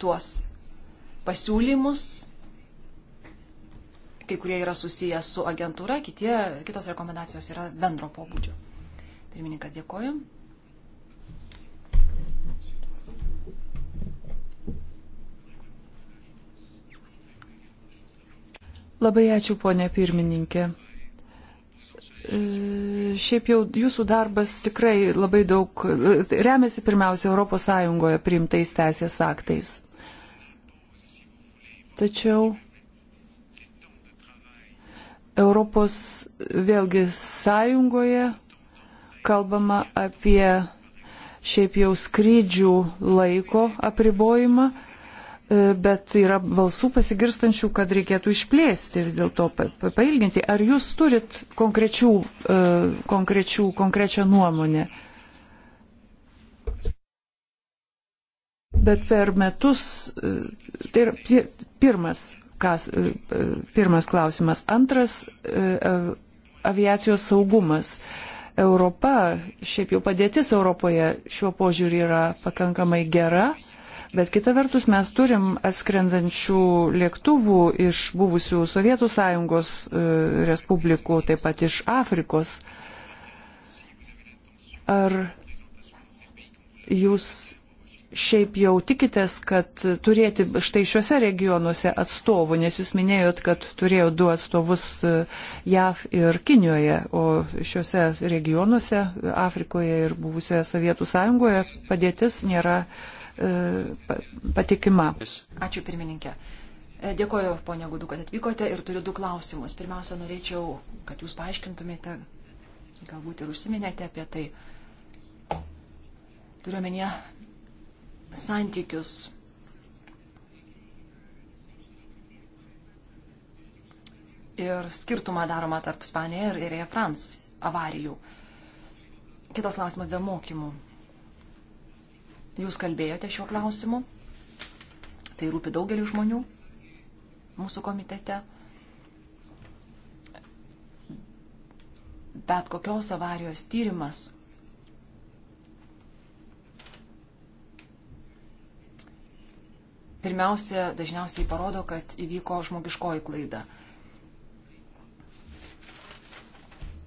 tuos pasiūlymus, kai kurie yra susijęs su agentūra, kitie, kitos rekomendacijos yra bendro pobūdžio. Pirmininkas, dėkoju. Labai ačiū, ponė pirmininkė. E, šiaip jau jūsų darbas tikrai labai daug e, remiasi pirmiausia ES priimtais teisės aktais. Tačiau Europos vėlgi sąjungoje kalbama apie šiaip jau skrydžių laiko apribojimą E, bet yra balsų pasigirstančių, kad reikėtų išplėsti vis dėlto, pailginti. Ar jūs turit konkrečių, e, konkrečių, konkrečią nuomonę? Bet per metus, e, tai yra pirmas, kas, pirmas klausimas. Antras, aviacijos saugumas. Europa, šiaip jau padėtis Europoje šiuo požiūriu yra pakankamai gera Bet kita vertus mes turim atskrendančių lėktuvų iš buvusių Sovietų sąjungos e, respublikų, taip pat iš Afrikos. Ar jūs šiaip jau tikitės, kad turėti štai šiuose regionuose atstovų, nes jūs minėjot, kad turėjo du atstovus e, JAV ir Kinijoje, o šiuose regionuose, Afrikoje ir buvusioje Sovietų sąjungoje padėtis nėra E, patikima. Ačiū pirmininkė. E, dėkoju, ponia Gudu, kad atvykote ir turiu du klausimus. Pirmiausia, norėčiau, kad jūs paaiškintumėte, galbūt ir užsiminėte apie tai. Turiuomenė santykius. Ir skirtumą daroma tarp Spanija ir Air France avarijų. Kitas klausimas dėl mokymų. Jūs kalbėjote šiuo klausimu. Tai rūpi daugeliu žmonių mūsų komitete. Bet kokios avarijos tyrimas pirmiausia, dažniausiai parodo, kad įvyko žmogiškoji klaida.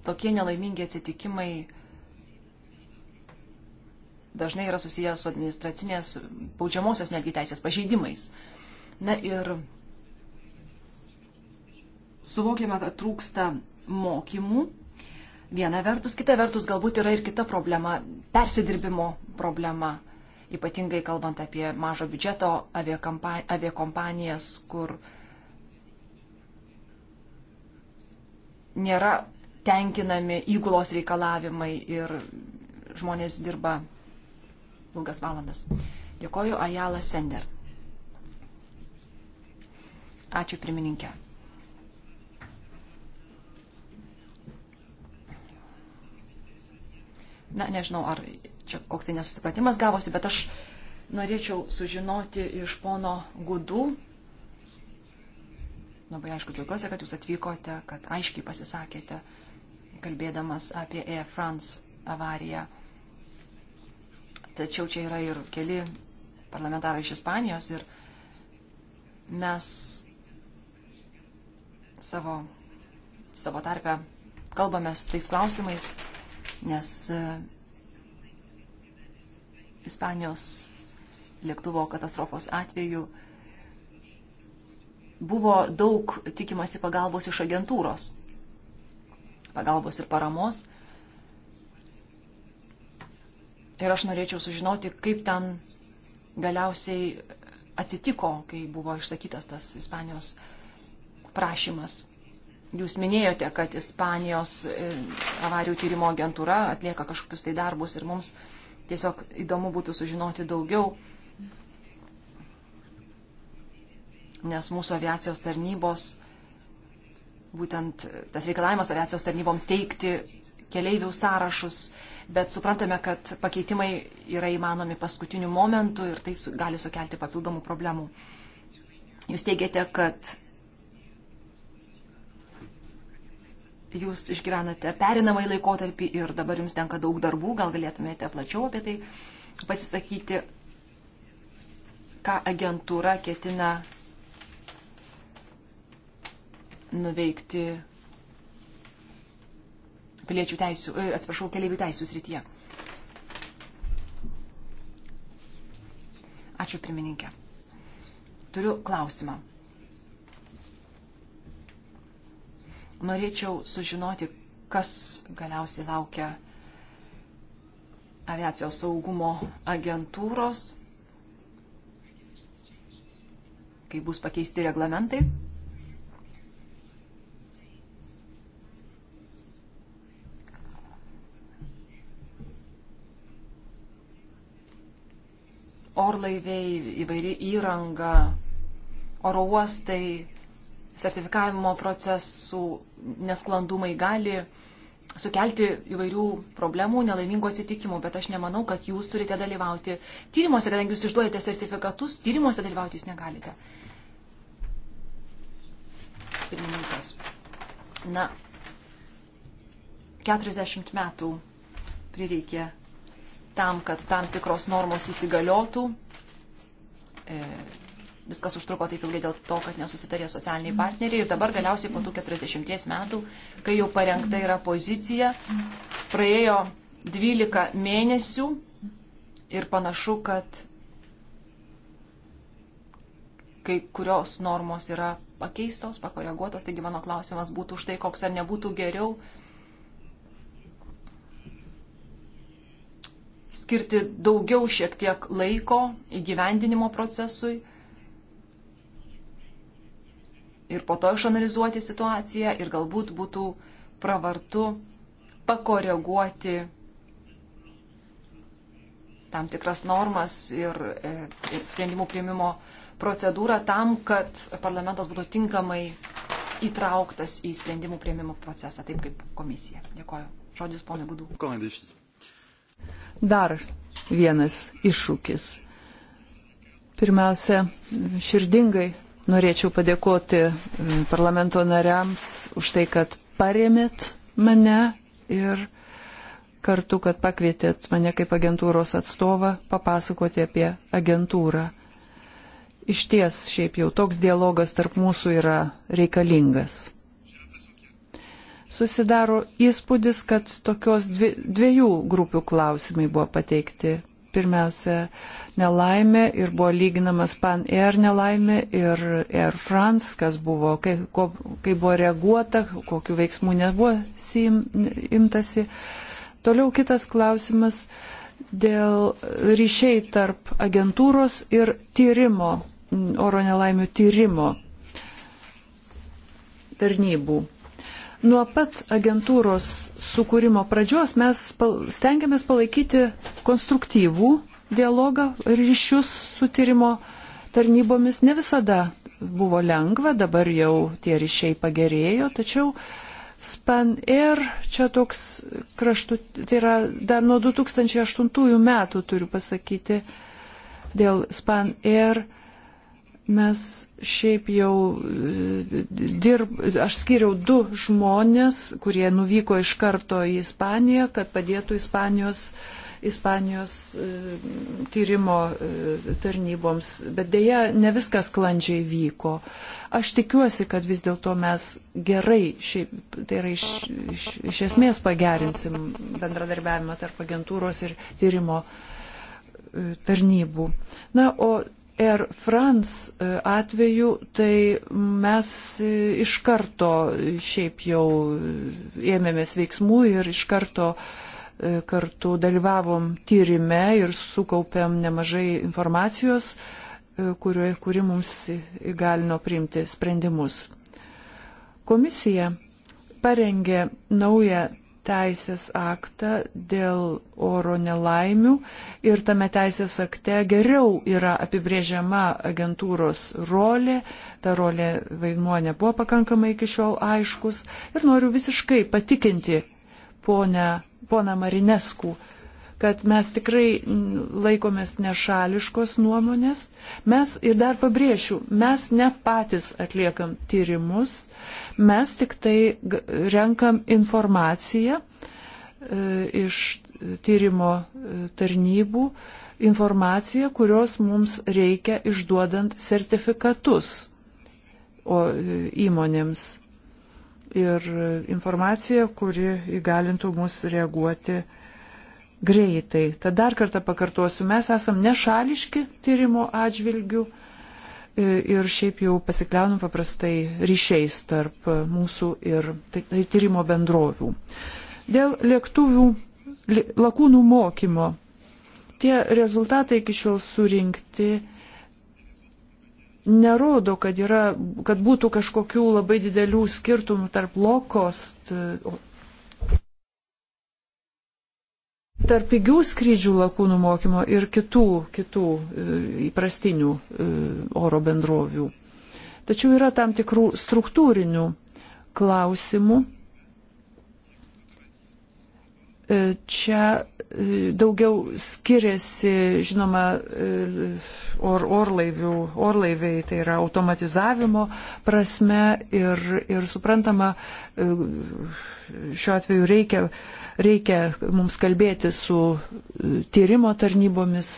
Tokie nelaimingi atsitikimai dažnai yra susijęs su administracinės baudžiamosios netgi teisės pažeidimais. Na ir suvokiame, kad trūksta mokymų. Viena vertus, kita vertus galbūt yra ir kita problema - persidirbimo problema, ypatingai kalbant apie mažo biudžeto aviekompanijas, kur nėra tenkinami įgulos reikalavimai ir žmonės dirba ilgas valandas. Dėkoju Ajala Sender. Ačiū pirmininkė. Na, nežinau, ar čia koks tai nesusipratimas gavosi, bet aš norėčiau sužinoti iš pono Gudų. Labai aišku, džiaugiuosi, kad jūs atvykote, kad aiškiai pasisakėte, kalbėdamas apie Air France avariją. Tačiau čia yra ir keli parlamentarai iš Ispanijos ir mes savo, savo tarpę kalbame su tais klausimais, nes e, Ispanijos lėktuvo katastrofos atveju buvo daug tikimasi pagalbos iš agentūros, pagalbos ir paramos. Ir aš norėčiau sužinoti, kaip ten galiausiai atsitiko, kai buvo išsakytas tas Ispanijos prašymas. Jūs minėjote, kad Ispanijos e, avarijų tyrimo agentūra atlieka kažkokius tai darbus ir mums tiesiog įdomu būtų sužinoti daugiau, nes mūsų aviacijos tarnybos, būtent tas reikalavimas aviacijos tarnyboms teikti keleivių sąrašus bet suprantame, kad pakeitimai yra įmanomi paskutiniu momentu ir tai gali sukelti papildomų problemų. Jūs teigiate, kad jūs išgyvenate perinamai laikotarpį ir dabar jums tenka daug darbų, gal galėtumėte plačiau apie tai pasisakyti, ką agentūra ketina nuveikti piliečių teisų, e, atsiprašau, keliaivių teisų srityje. Ačiū pirmininkė. Turiu klausimą. Norėčiau sužinoti, kas galiausiai laukia aviacijos saugumo agentūros, kai bus pakeisti reglamentai. orlaiviai, įvairi įranga, oro uostai, sertifikavimo procesų nesklandumai gali sukelti įvairių problemų, nelaimingų atsitikimų, bet aš nemanau, kad jūs turite dalyvauti tyrimuose, kadangi jūs išduojate sertifikatus, tyrimuose dalyvauti jūs negalite. Pirmininkas. Na, 40 metų prireikė tam, kad tam tikros normos įsigaliotų. E, viskas užtruko taip ilgai dėl to, kad nesusitarė socialiniai partneriai ir dabar galiausiai po tų 40 metų, kai jau parengta yra pozicija, praėjo 12 mėnesių ir panašu, kad kai kurios normos yra pakeistos, pakoreguotos, taigi mano klausimas būtų už tai, koks ar nebūtų geriau skirti daugiau šiek tiek laiko įgyvendinimo procesui ir po to išanalizuoti situaciją ir galbūt būtų pravartu pakoreguoti tam tikras normas ir, ir e, e, sprendimų prieimimo procedūrą tam, kad parlamentas būtų tinkamai įtrauktas į sprendimų prieimimo procesą, taip kaip komisija. Dėkoju. Žodis ponui Būdu dar vienas iššūkis. Pirmiausia, širdingai norėčiau padėkoti e, parlamento nariams už tai, kad paremėt mane ir kartu, kad pakvietėt mane kaip agentūros atstovą papasakoti apie agentūrą. Iš ties šiaip jau toks dialogas tarp mūsų yra reikalingas susidaro įspūdis, kad tokios dvi, dviejų grupių klausimai buvo pateikti. Pirmiausia, nelaimė ir buvo lyginamas Pan Air nelaimė ir Air France, kas buvo, kaip, ko, kaip buvo reaguota, kokiu veiksmu nebuvo sim, imtasi. Toliau kitas klausimas dėl ryšiai tarp agentūros ir tyrimo, oro nelaimių tyrimo tarnybų Nuo pat agentūros sukūrimo pradžios mes stengiamės palaikyti konstruktyvų dialogą ir ryšius su tyrimo tarnybomis. Ne visada buvo lengva, dabar jau tie ryšiai pagerėjo, tačiau Span Air čia toks kraštų, tai yra dar nuo 2008 metų turiu pasakyti dėl Span Air Mes šiaip jau e, dirb, aš skiriau du žmonės, kurie nuvyko iš karto į Ispaniją, kad padėtų Ispanijos, Ispanijos e, tyrimo e, tarnyboms. Bet dėja, ne viskas klandžiai vyko. Aš tikiuosi, kad vis dėlto mes gerai, šiaip, tai yra iš, iš, iš esmės pagerinsim bendradarbiavimą tarp agentūros ir tyrimo tarnybų. Na, o Air France e, atveju, tai mes e, iš karto šiaip jau ėmėmės veiksmų ir iš karto e, kartu dalyvavom tyrime ir sukaupėm nemažai informacijos, kurio, kuri mums įgalino priimti sprendimus. Komisija parengė naują teisės aktą dėl oro nelaimių ir tame teisės akte geriau yra apibrėžiama agentūros rolė, ta rolė vaidmuo nebuvo pakankamai iki šiol aiškus ir noriu visiškai patikinti ponę, poną Marineskų, kad mes tikrai laikomės nešališkos nuomonės. Mes ir dar pabrėšiu, mes ne patys atliekam tyrimus, mes tik tai renkam informaciją e, iš tyrimo e, tarnybų, informaciją, kurios mums reikia išduodant sertifikatus e, įmonėms. Ir informacija, kuri įgalintų mus reaguoti uh, greitai. Tad dar kartą pakartosiu, mes esam nešališki tyrimo atžvilgių e, ir šiaip jau pasikliaunam paprastai ryšiais tarp mūsų ir tyrimo bendrovių. Dėl lėktuvių lakūnų mokymo. Tie rezultatai iki šiol surinkti nerodo, kad, yra, kad būtų kažkokių labai didelių skirtumų tarp lokost tarp pigių skrydžių lakūnų mokymo ir kitų, kitų e, įprastinių e, oro bendrovių. Tačiau yra tam tikrų struktūrinių klausimų, E, čia e, daugiau skiriasi, žinoma, e, or, orlaivių, orlaiviai, tai yra automatizavimo prasme ir, ir suprantama, šiuo atveju reikia, reikia mums kalbėti su tyrimo tarnybomis,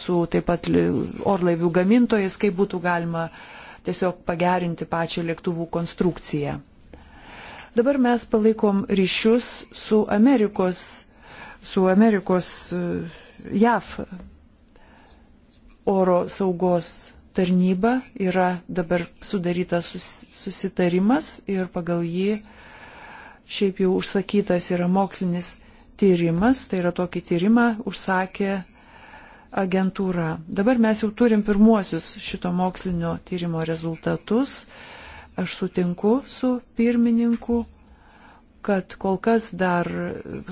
su taip pat orlaivių gamintojais, kaip būtų galima tiesiog pagerinti pačią lėktuvų konstrukciją. Dabar mes palaikom ryšius su Amerikos, su Amerikos e, JAF oro saugos tarnyba yra dabar sudarytas susitarimas ir pagal jį šiaip jau užsakytas yra mokslinis tyrimas, tai yra tokį tyrimą užsakė agentūra. Dabar mes jau turim pirmuosius šito mokslinio tyrimo rezultatus Aš sutinku su pirmininku, kad kol kas dar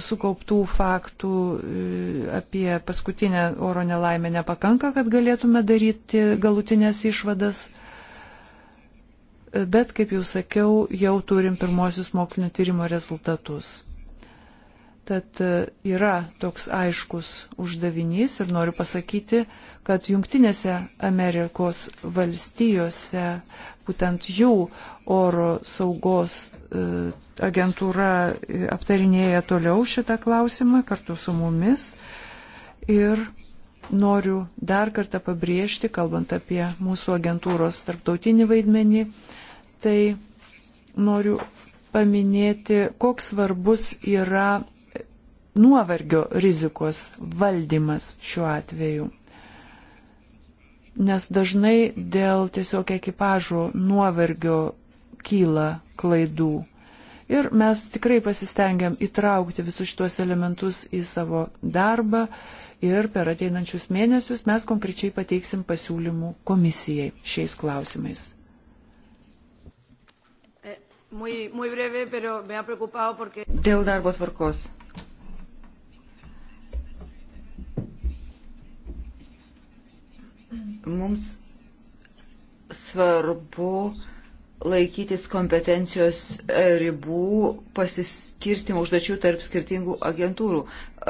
sukauptų faktų e, apie paskutinę oro nelaimę nepakanka, kad galėtume daryti galutinės išvadas. Bet, kaip jau sakiau, jau turim pirmosius mokslinio tyrimo rezultatus. Tad e, yra toks aiškus uždavinys ir noriu pasakyti, kad Junktinėse Amerikos valstijose būtent jų oro saugos e, agentūra e, aptarinėja toliau šitą klausimą kartu su mumis. Ir noriu dar kartą pabrėžti, kalbant apie mūsų agentūros tarptautinį vaidmenį, tai noriu paminėti, koks svarbus yra nuovargio rizikos valdymas šiuo atveju nes dažnai dėl tiesiog ekipažų nuovargio kyla klaidų. Ir mes tikrai pasistengiam įtraukti visus šitos elementus į savo darbą ir per ateinančius mėnesius mes konkrečiai pateiksim pasiūlymų komisijai šiais klausimais. Eh, dėl darbo tvarkos. mums svarbu laikytis kompetencijos e, ribų pasiskirstimo užduočių tarp skirtingų agentūrų.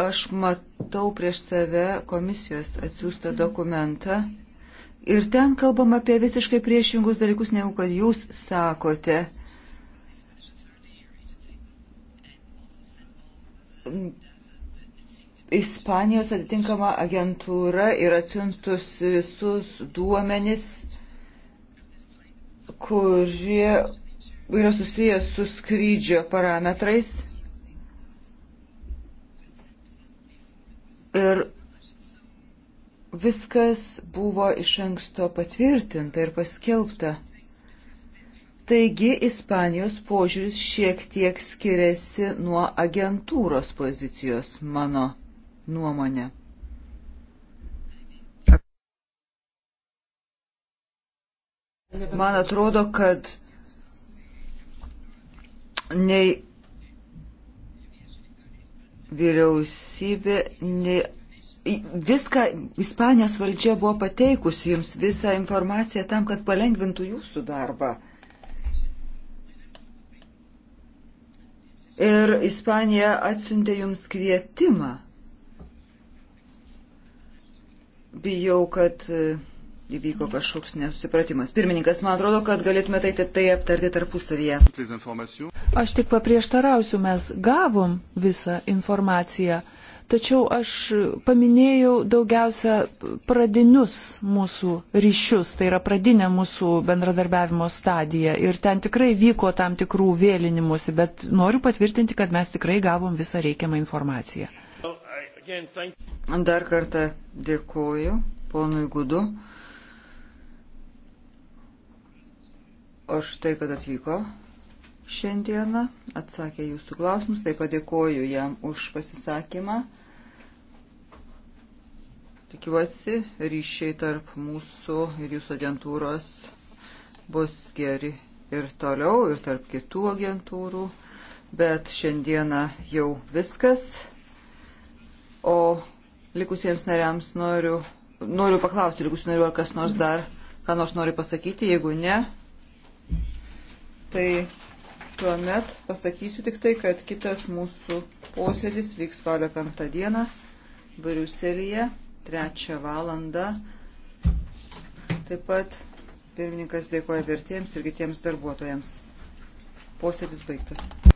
Aš matau prieš save komisijos atsiųstą dokumentą ir ten kalbam apie visiškai priešingus dalykus, negu kad jūs sakote. Ispanijos atitinkama agentūra yra atsiuntus visus duomenis, kurie yra susijęs su skrydžio parametrais. Ir viskas buvo iš anksto patvirtinta ir paskelbta. Taigi Ispanijos požiūris šiek tiek skiriasi nuo agentūros pozicijos mano nuomonę. Man atrodo, kad nei vyriausybė, nei viską Ispanijos valdžia buvo pateikusi jums visą informaciją tam, kad palengvintų jūsų darbą. Ir Ispanija atsiuntė jums kvietimą. Bijau, kad e, įvyko kažkoks nesusipratimas. Pirmininkas, man atrodo, kad galėtume tai, tai aptarti tarpusavyje. Aš tik paprieštarausiu, mes gavom visą informaciją, tačiau aš paminėjau daugiausia pradinius mūsų ryšius, tai yra pradinė mūsų bendradarbiavimo stadija ir ten tikrai vyko tam tikrų vėlinimuose, bet noriu patvirtinti, kad mes tikrai gavom visą reikiamą informaciją. Dar kartą dėkoju ponui Gudu už tai, kad atvyko šiandieną, atsakė jūsų klausimus, taip pat dėkoju jam už pasisakymą. Tikiuosi, ryšiai tarp mūsų ir jūsų agentūros bus geri ir toliau, ir tarp kitų agentūrų, bet šiandieną jau viskas. O likusiems nariams noriu, noriu paklausti likusių narių, ar kas nors dar, ką nors nori pasakyti. Jeigu ne, tai tuomet pasakysiu tik tai, kad kitas mūsų posėdis vyks spalio 5 dieną Briuselėje 3 valandą. Taip pat pirmininkas dėkoja vertėjams ir kitiems darbuotojams. Posėdis baigtas.